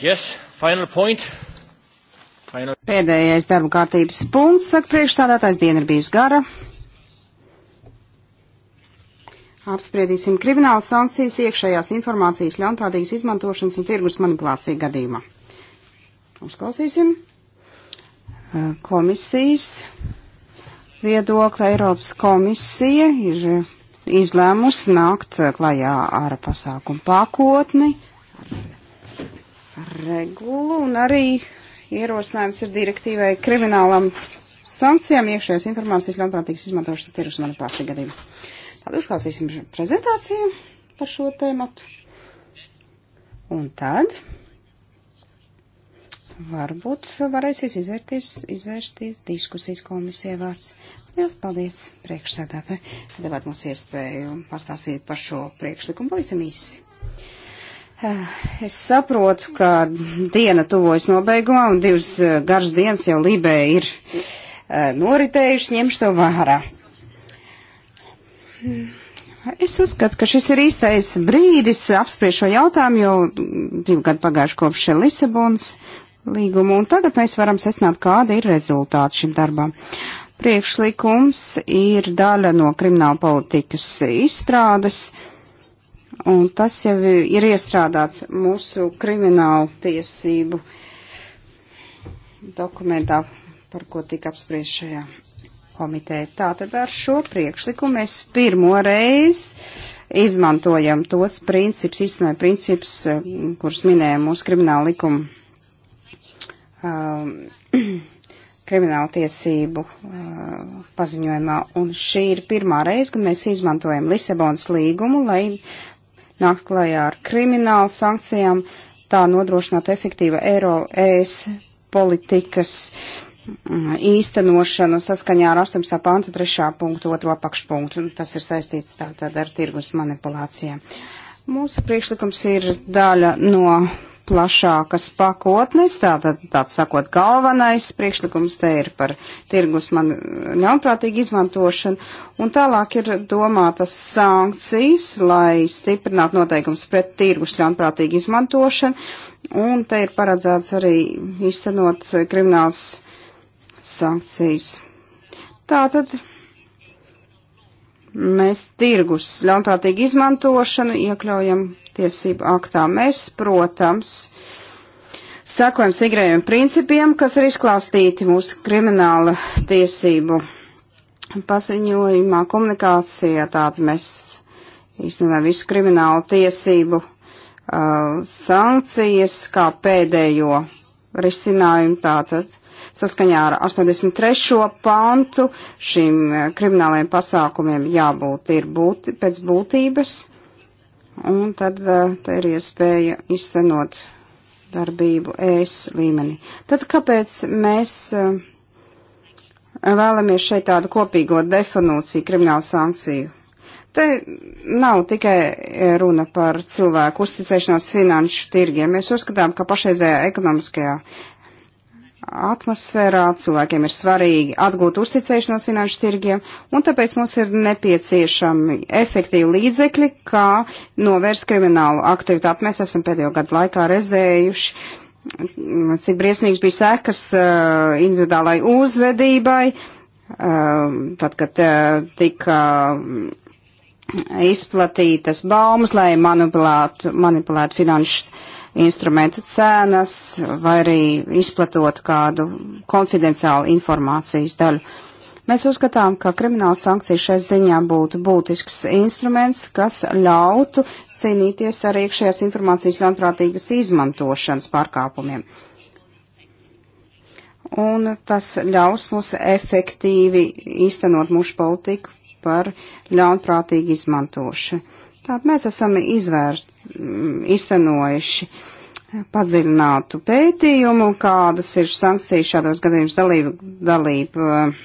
Yes, final point. Final. Pēdējais darba kārtības punkts, saka priekšstādātājs, diena ir bijusi gara. Apspriedīsim kriminālas sankcijas iekšējās informācijas ļaunprātīgas izmantošanas un tirgus manipulācija gadījumā. Uzklausīsim eh, komisijas viedokli. Eiropas komisija ir izlēmusi nākt eh, klajā ar pasākumu pakotni regulu un arī ierosinājums ir direktīvai kriminālam sankcijām iekšējās informācijas ļaunprātīgas izmantošanas tirus un manipulāciju gadījumu. Tad uzklausīsim prezentāciju par šo tēmatu. Un tad varbūt varēsies izvērties, izvērsties diskusijas komisija vārds. Liels paldies priekšsēdētāji, ka devāt mums iespēju pastāstīt par šo priekšlikumu pavisam īsi. Eh, es saprotu, ka diena tuvojas nobeigumā un divas eh, garas dienas jau Lībē ir eh, noritējuši, ņemšu to vērā. Es uzskatu, ka šis ir īstais brīdis apspriest šo jautājumu, jo divi gadi pagājuši kopš Lisabonas līguma, un tagad mēs varam sesināt, kāda ir rezultāta šim darbam. Priekšlikums ir daļa no krimināla politikas izstrādes. Uh, un tas jau ir iestrādāts mūsu kriminālu tiesību dokumentā, par ko tika apspriest šajā komitē. Tātad ar šo priekšlikumu mēs pirmo reizi izmantojam tos principus, īstenojam principus, kurus minēja mūsu krimināla likuma, um, krimināla tiesību uh, paziņojumā. Un šī ir pirmā reize, kad mēs izmantojam Lisabonas līgumu, lai nākt klajā ar kriminālu sankcijām, tā nodrošināt efektīva Eiro ES politikas mm, īstenošanu saskaņā ar 18. pantu 3. punktu 2. pakšpunktu. Tas ir saistīts tātad ar tirgus manipulācijām. Mūsu priekšlikums ir daļa no plašākas pakotnes, tātad, tāds sakot, galvenais priekšlikums te ir par tirgus man ļaunprātīgu izmantošanu, un tālāk ir domātas sankcijas, lai stiprinātu noteikums pret tirgus ļaunprātīgu izmantošanu, un te ir paredzēts arī iztenot krimināls sankcijas. Tātad mēs tirgus ļaunprātīgu izmantošanu iekļaujam tiesību aktā. Mēs, protams, sekojam stingrajiem principiem, kas ir izklāstīti mūsu krimināla tiesību paziņojumā komunikācijā. Tātad mēs īstenībā visu kriminālu tiesību uh, sankcijas kā pēdējo risinājumu tātad saskaņā ar 83. pantu šīm uh, krimināliem pasākumiem jābūt ir būti, pēc būtības un tad eh, te ir iespēja iztenot darbību ES līmenī. Tad kāpēc mēs eh, vēlamies šeit tādu kopīgo definīciju kriminālu sankciju? Te nav tikai eh, runa par cilvēku uzticēšanos finanšu tirgiem. Mēs uzskatām, ka pašreizējā ekonomiskajā atmosfērā, cilvēkiem ir svarīgi atgūt uzticēšanos finanšu tirgiem, un tāpēc mums ir nepieciešami efektīvi līdzekļi, kā novērst kriminālu aktivitāti. Mēs esam pēdējo gadu laikā redzējuši, cik briesmīgs bija sekas uh, individuālai uzvedībai, uh, tad, kad uh, tika um, izplatītas baumas, lai manipulētu, manipulētu finanšu instrumentu cenas vai arī izplatot kādu konfidenciālu informācijas daļu. Mēs uzskatām, ka krimināla sankcija šai ziņā būtu būtisks instruments, kas ļautu cīnīties ar iekšējās informācijas ļaunprātīgas izmantošanas pārkāpumiem. Un tas ļaus mums efektīvi īstenot mūsu politiku par ļaunprātīgu izmantošanu. Tātad mēs esam izvērt, mm, iztenojuši padziļinātu pētījumu, kādas ir sankcijas šādos gadījumos dalību, dalību eh,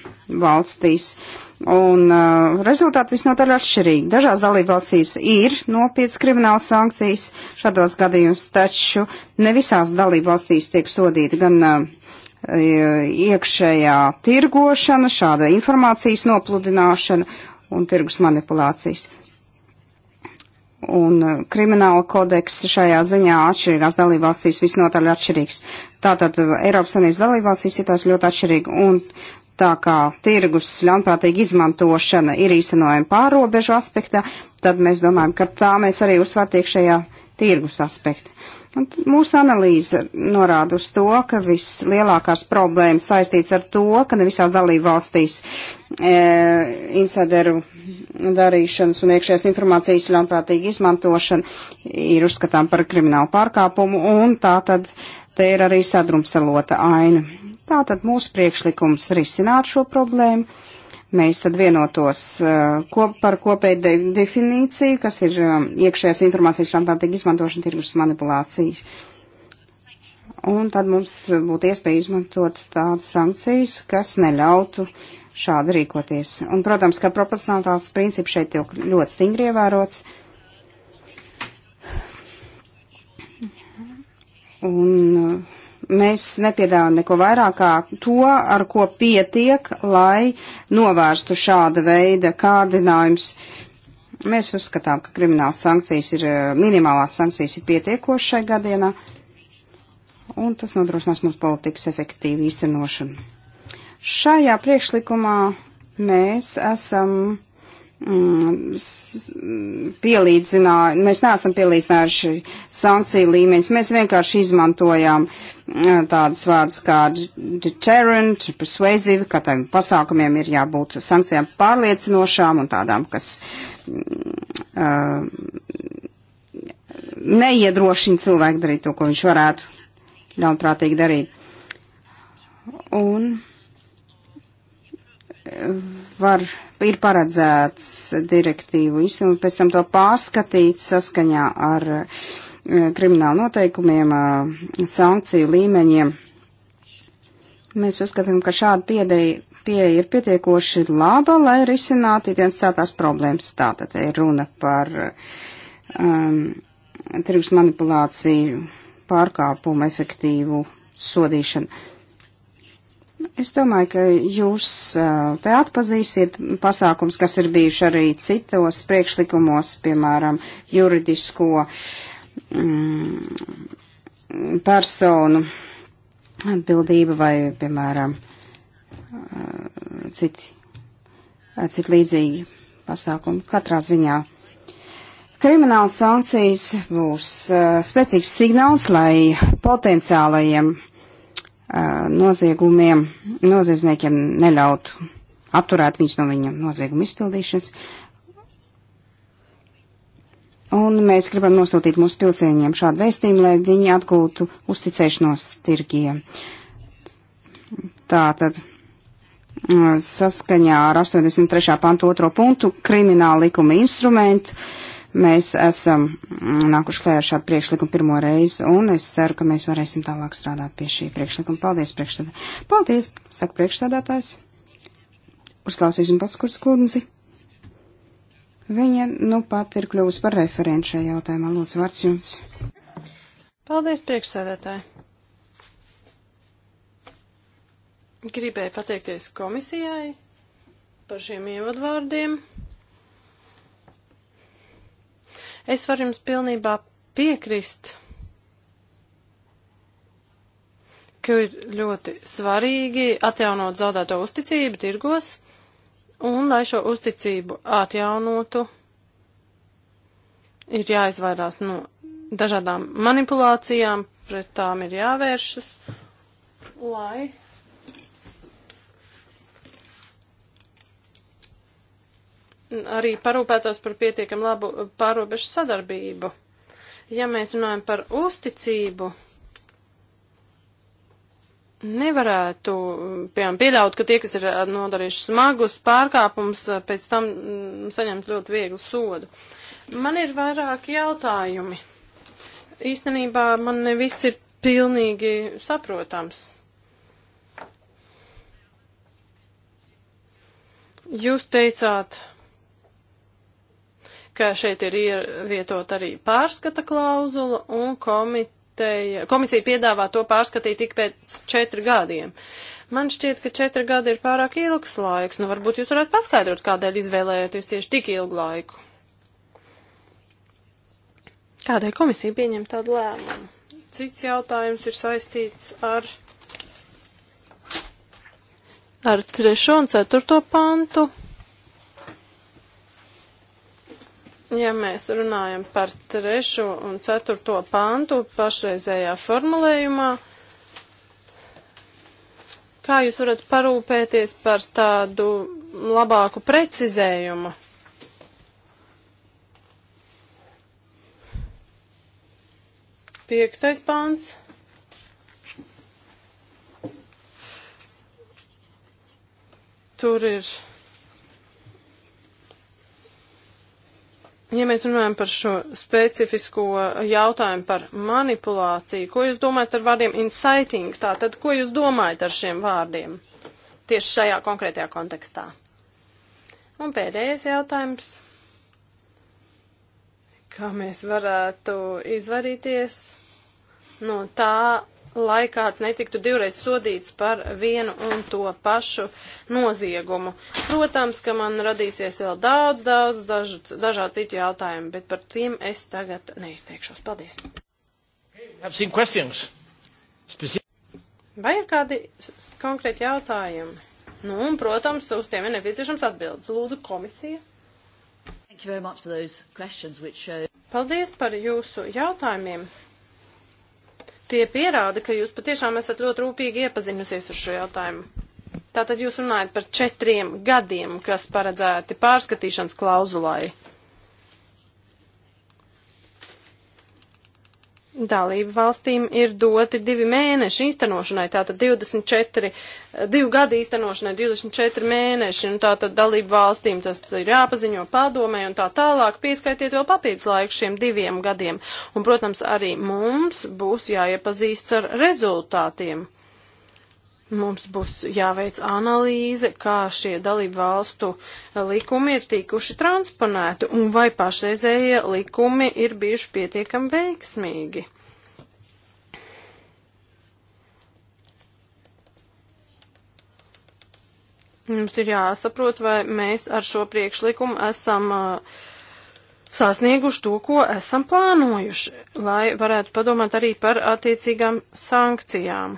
valstīs. Un uh, rezultāti visnotaļ atšķirīgi. Dažās dalību valstīs ir nopietnas krimināla sankcijas šādos gadījumos, taču ne visās dalību valstīs tiek sodīti gan uh, iekšējā tirgošana, šāda informācijas nopludināšana un tirgus manipulācijas un uh, krimināla kodeks šajā ziņā atšķirīgās dalībvalstīs visnotaļ atšķirīgs. Tātad uh, Eiropas Savienības dalībvalstīs situācija ļoti atšķirīga, un tā kā tirgus ļaunprātīga izmantošana ir īstenojama pārobežu aspektā, tad mēs domājam, ka tā mēs arī uzsvērtiek šajā tirgus aspekta. Un mūsu analīze norāda uz to, ka vislielākās problēmas saistīts ar to, ka ne visās dalībvalstīs e, insideru darīšanas un iekšējās informācijas ļaunprātīga izmantošana ir uzskatām par kriminālu pārkāpumu, un tā tad te ir arī sadrumstalota aina. Tā tad mūsu priekšlikums risināt šo problēmu. Mēs tad vienotos uh, kop, par kopēju de definīciju, kas ir um, iekšējās informācijas ļaunprātīga izmantošana tirgus manipulācijas. Un tad mums būtu iespēja izmantot tādas sankcijas, kas neļautu uh, šādi rīkoties. Un, protams, ka proporcionālitātes princips šeit tiek ļoti stingri ievērots. Un uh, mēs nepiedāvājam neko vairāk kā to, ar ko pietiek, lai novērstu šāda veida kārdinājums. Mēs uzskatām, ka kriminālas sankcijas ir, uh, minimālās sankcijas ir pietiekošas šai gadienā, un tas nodrošinās mums politikas efektīvu īstenošanu. Šajā priekšlikumā mēs esam mm, pielīdzinājuši, mēs neesam pielīdzinājuši sankciju līmeņus, mēs vienkārši izmantojām mm, tādus vārdus kā deterrent, persuasive, ka tam pasākumiem ir jābūt sankcijām pārliecinošām un tādām, kas mm, uh, neiedrošina cilvēku darīt to, ko viņš varētu ļaunprātīgi darīt. Un var, ir paredzēts direktīvu īstenot, pēc tam to pārskatīt saskaņā ar eh, kriminālu noteikumiem, eh, sankciju līmeņiem. Mēs uzskatām, ka šāda pieeja pie ir pietiekoši laba, lai risinātu identitātās problēmas. Tātad ir runa par um, tirgus manipulāciju, pārkāpumu efektīvu sodīšanu. Es domāju, ka jūs te atpazīsiet pasākums, kas ir bijuši arī citos priekšlikumos, piemēram, juridisko mm, personu atbildība vai, piemēram, citi, citi līdzīgi pasākumi katrā ziņā. Krimināla sankcijas būs spēcīgs signāls, lai potenciālajiem noziegumiem, noziedzniekiem neļautu apturēt viņus no viņa nozieguma izpildīšanas. Un mēs gribam nosūtīt mūsu pilsēņiem šādu vēstījumu, lai viņi atgūtu uzticēšanos tirgiem. Tātad saskaņā ar 83. pantu otro punktu krimināla likuma instrumentu. Uh, Mēs esam mm, nākuši klēr šādu priekšlikumu pirmo reizi, un es ceru, ka mēs varēsim tālāk strādāt pie šī priekšlikuma. Paldies, priekšstādātājs. Paldies, saka priekšstādātājs. Uzklausīsim paskurs kundzi. Viņa nu pat ir kļuvusi par referentu šajā jautājumā. Lūdzu, vārds jums. Paldies, priekšstādātāji. Gribēju pateikties komisijai par šiem ievadvārdiem. Es varu jums pilnībā piekrist, ka ir ļoti svarīgi atjaunot zaudēto uzticību tirgos, un lai šo uzticību atjaunotu, ir jāizvairās no dažādām manipulācijām, pret tām ir jāvēršas, lai arī parūpētos par pietiekam labu pārobežu sadarbību. Ja mēs runājam par uzticību, nevarētu, piemēram, pieļaut, ka tie, kas ir eh, nodarījuši smagus pārkāpumus, eh, pēc tam mm, saņemt ļoti vieglu sodu. Man ir vairāki jautājumi. Īstenībā man ne viss ir pilnīgi saprotams. Jūs teicāt, ka šeit ir ievietot arī pārskata klauzula un komiteja, komisija piedāvā to pārskatīt tik pēc četri gadiem. Man šķiet, ka četri gadi ir pārāk ilgs laiks. Nu, varbūt jūs varētu paskaidrot, kādēļ izvēlējāties tieši tik ilgu laiku. Kādēļ komisija pieņem tādu lēmumu? Cits jautājums ir saistīts ar ar 3. un 4. pantu. Ja mēs runājam par trešo un ceturto pāntu pašreizējā formulējumā, kā jūs varat parūpēties par tādu labāku precizējumu? Piektais pāns. Tur ir ja mēs runājam par šo specifisko jautājumu par manipulāciju, ko jūs domājat ar vārdiem inciting? Tātad, ko jūs domājat ar šiem vārdiem tieši šajā konkrētajā kontekstā? Un pēdējais jautājums. Kā mēs varētu izvarīties no tā, lai kāds netiktu divreiz sodīts par vienu un to pašu noziegumu. Protams, ka man radīsies vēl daudz, daudz daž, dažādu citu jautājumu, bet par tiem es tagad neizteikšos. Paldies! Vai ir kādi konkrēti jautājumi? Nu, un, protams, uz tiem ir nepieciešams atbildes. Lūdzu, komisija. Which, uh... Paldies par jūsu jautājumiem tie pierāda, ka jūs patiešām esat ļoti rūpīgi iepazinusies ar šo jautājumu. Tātad jūs runājat par četriem gadiem, kas paredzēti pārskatīšanas klauzulai. dalību valstīm ir doti divi mēneši īstenošanai, tātad 24, divu gadu īstenošanai 24 mēneši, un tātad dalību valstīm tas ir jāpaziņo padomē un tā tālāk, pieskaitiet vēl papīdz laiku šiem diviem gadiem. Un, protams, arī mums būs jāiepazīsts ar rezultātiem. Mums būs jāveic analīze, kā šie dalību valstu likumi ir tikuši transponēti un vai pašreizējie likumi ir bijuši pietiekami veiksmīgi. Mums ir jāsaprot, vai mēs ar šo priekšlikumu esam uh, sasnieguši to, ko esam plānojuši, lai varētu padomāt arī par attiecīgām sankcijām.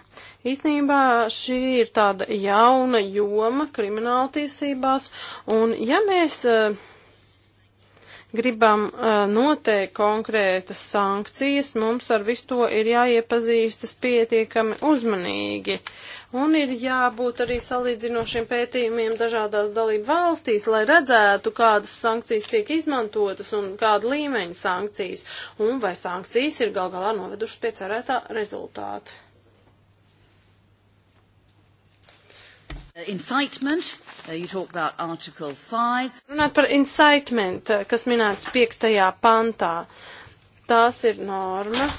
Īstenībā šī ir tāda jauna joma krimināltiesībās, un ja mēs uh, gribam uh, noteikt konkrētas sankcijas, mums ar visu to ir jāiepazīstas pietiekami uzmanīgi. Un ir jābūt arī salīdzinošiem pētījumiem dažādās dalību valstīs, lai redzētu, kādas sankcijas tiek izmantotas un kāda līmeņa sankcijas, un vai sankcijas ir gal galā novedušas pie cerētā rezultāta. Uh, incitement, uh, you talk about Article 5. Runāt par incitement, uh, kas minēts 5. pantā. Tās ir normas,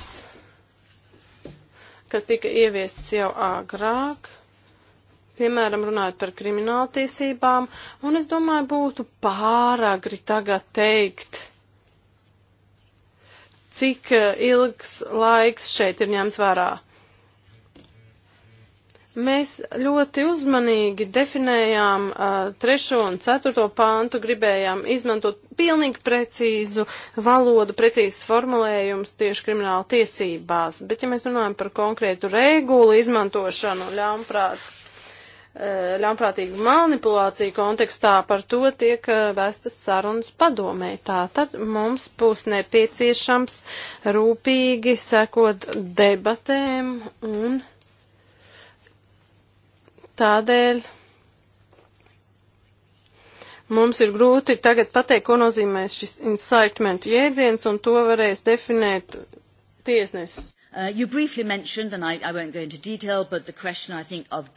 kas tika ieviestas jau agrāk piemēram, runājot par krimināltiesībām, un es domāju, būtu pāragri tagad teikt, cik ilgs laiks šeit ir ņemts vērā. Mēs ļoti uzmanīgi definējām uh, trešo un ceturto pāntu, gribējām izmantot pilnīgi precīzu valodu, precīzes formulējumus tieši krimināla tiesībās. Bet, ja mēs runājam par konkrētu regulu izmantošanu ļaunprāt, uh, ļaunprātīgu manipulāciju kontekstā, par to tiek uh, vestas sarunas padomē. Tātad mums būs nepieciešams rūpīgi sekot debatēm un Tādēļ mums ir grūti tagad pateikt, ko nozīmē šis incitement jēdziens, un to varēs definēt tiesnesis. Uh, you briefly mentioned, and I, I won't go into detail, but the question, I think, of...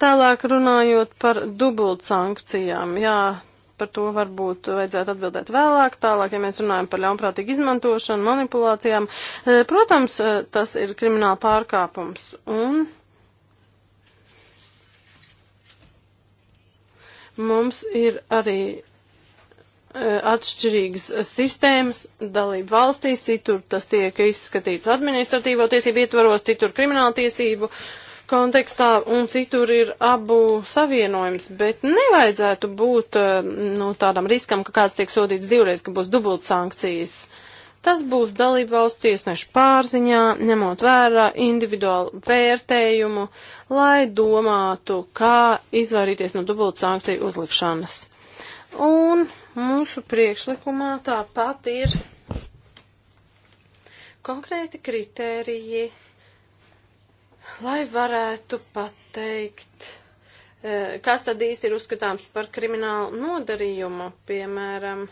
Tālāk runājot par dubult sankcijām, jā, par to varbūt vajadzētu atbildēt vēlāk. Tālāk, ja mēs runājam par ļaunprātīgu izmantošanu, manipulācijām, eh, protams, eh, tas ir krimināla pārkāpums. Un Mums ir arī e, atšķirīgas sistēmas dalību valstīs, citur tas tiek izskatīts administratīvo tiesību ietvaros, citur krimināla tiesību kontekstā, un citur ir abu savienojums, bet nevajadzētu būt e, nu, tādam riskam, ka kāds tiek sodīts divreiz, ka būs dubult sankcijas. Uh, Tas būs dalību valstu tiesnešu pārziņā, ņemot vērā individuālu vērtējumu, lai domātu, kā izvairīties no dubultu sankciju uzlikšanas. Un mūsu priekšlikumā tāpat ir konkrēti kritēriji, lai varētu pateikt, eh, kas tad īsti ir uzskatāms par kriminālu nodarījumu, piemēram,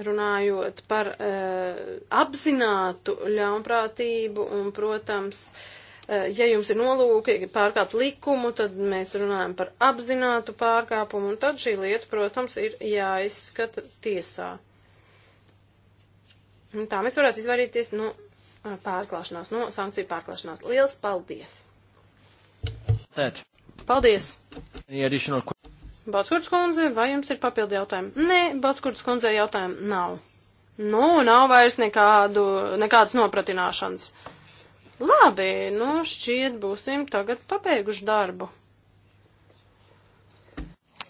runājot par uh, apzinātu ļaunprātību un, protams, uh, ja jums ir nolūki pārkāpt likumu, tad mēs runājam par apzinātu pārkāpumu, un tad šī lieta, protams, ir jāizskata tiesā. Un tā mēs varētu izvairīties no uh, pārklāšanās, no sankciju pārklāšanās. Liels paldies! That. Paldies! Any additional... Balskurds kundze, vai jums ir papildi jautājumi? Nē, Balskurds kundze jautājumu nav. Nu, nav vairs nekādu, nekādas nopratināšanas. Labi, nu šķiet būsim tagad pabeiguši darbu.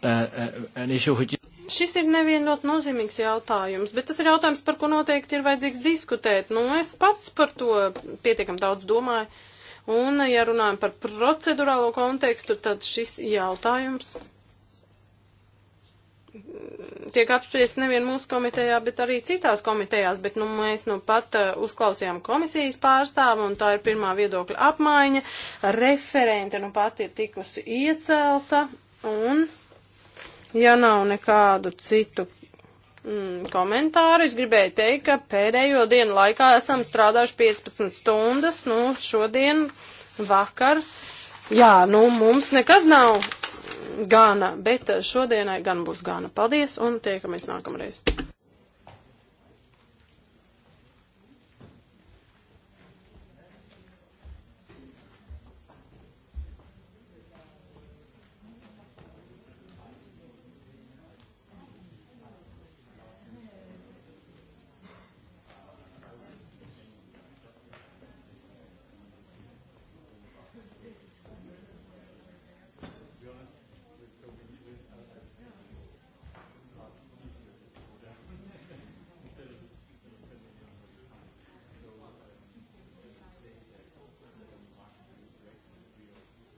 Eh, eh, eh, šis ir nevien ļoti nozīmīgs jautājums, bet tas ir jautājums, par ko noteikti ir vajadzīgs diskutēt. Nu, es pats par to pietiekam daudz domāju. Un, ja runājam par procedurālo kontekstu, tad šis jautājums tiek apspriest nevien mūsu komitejā, bet arī citās komitejās, bet nu, mēs nu pat uh, uzklausījām komisijas pārstāvu un tā ir pirmā viedokļa apmaiņa. Referente nu pat ir tikusi iecelta un, ja nav nekādu citu mm, komentāru, es gribēju teikt, ka pēdējo dienu laikā esam strādājuši 15 stundas, nu šodien vakar. Jā, nu mums nekad nav gana, bet šodienai gan būs gana. Paldies un tiekamies nākamreiz.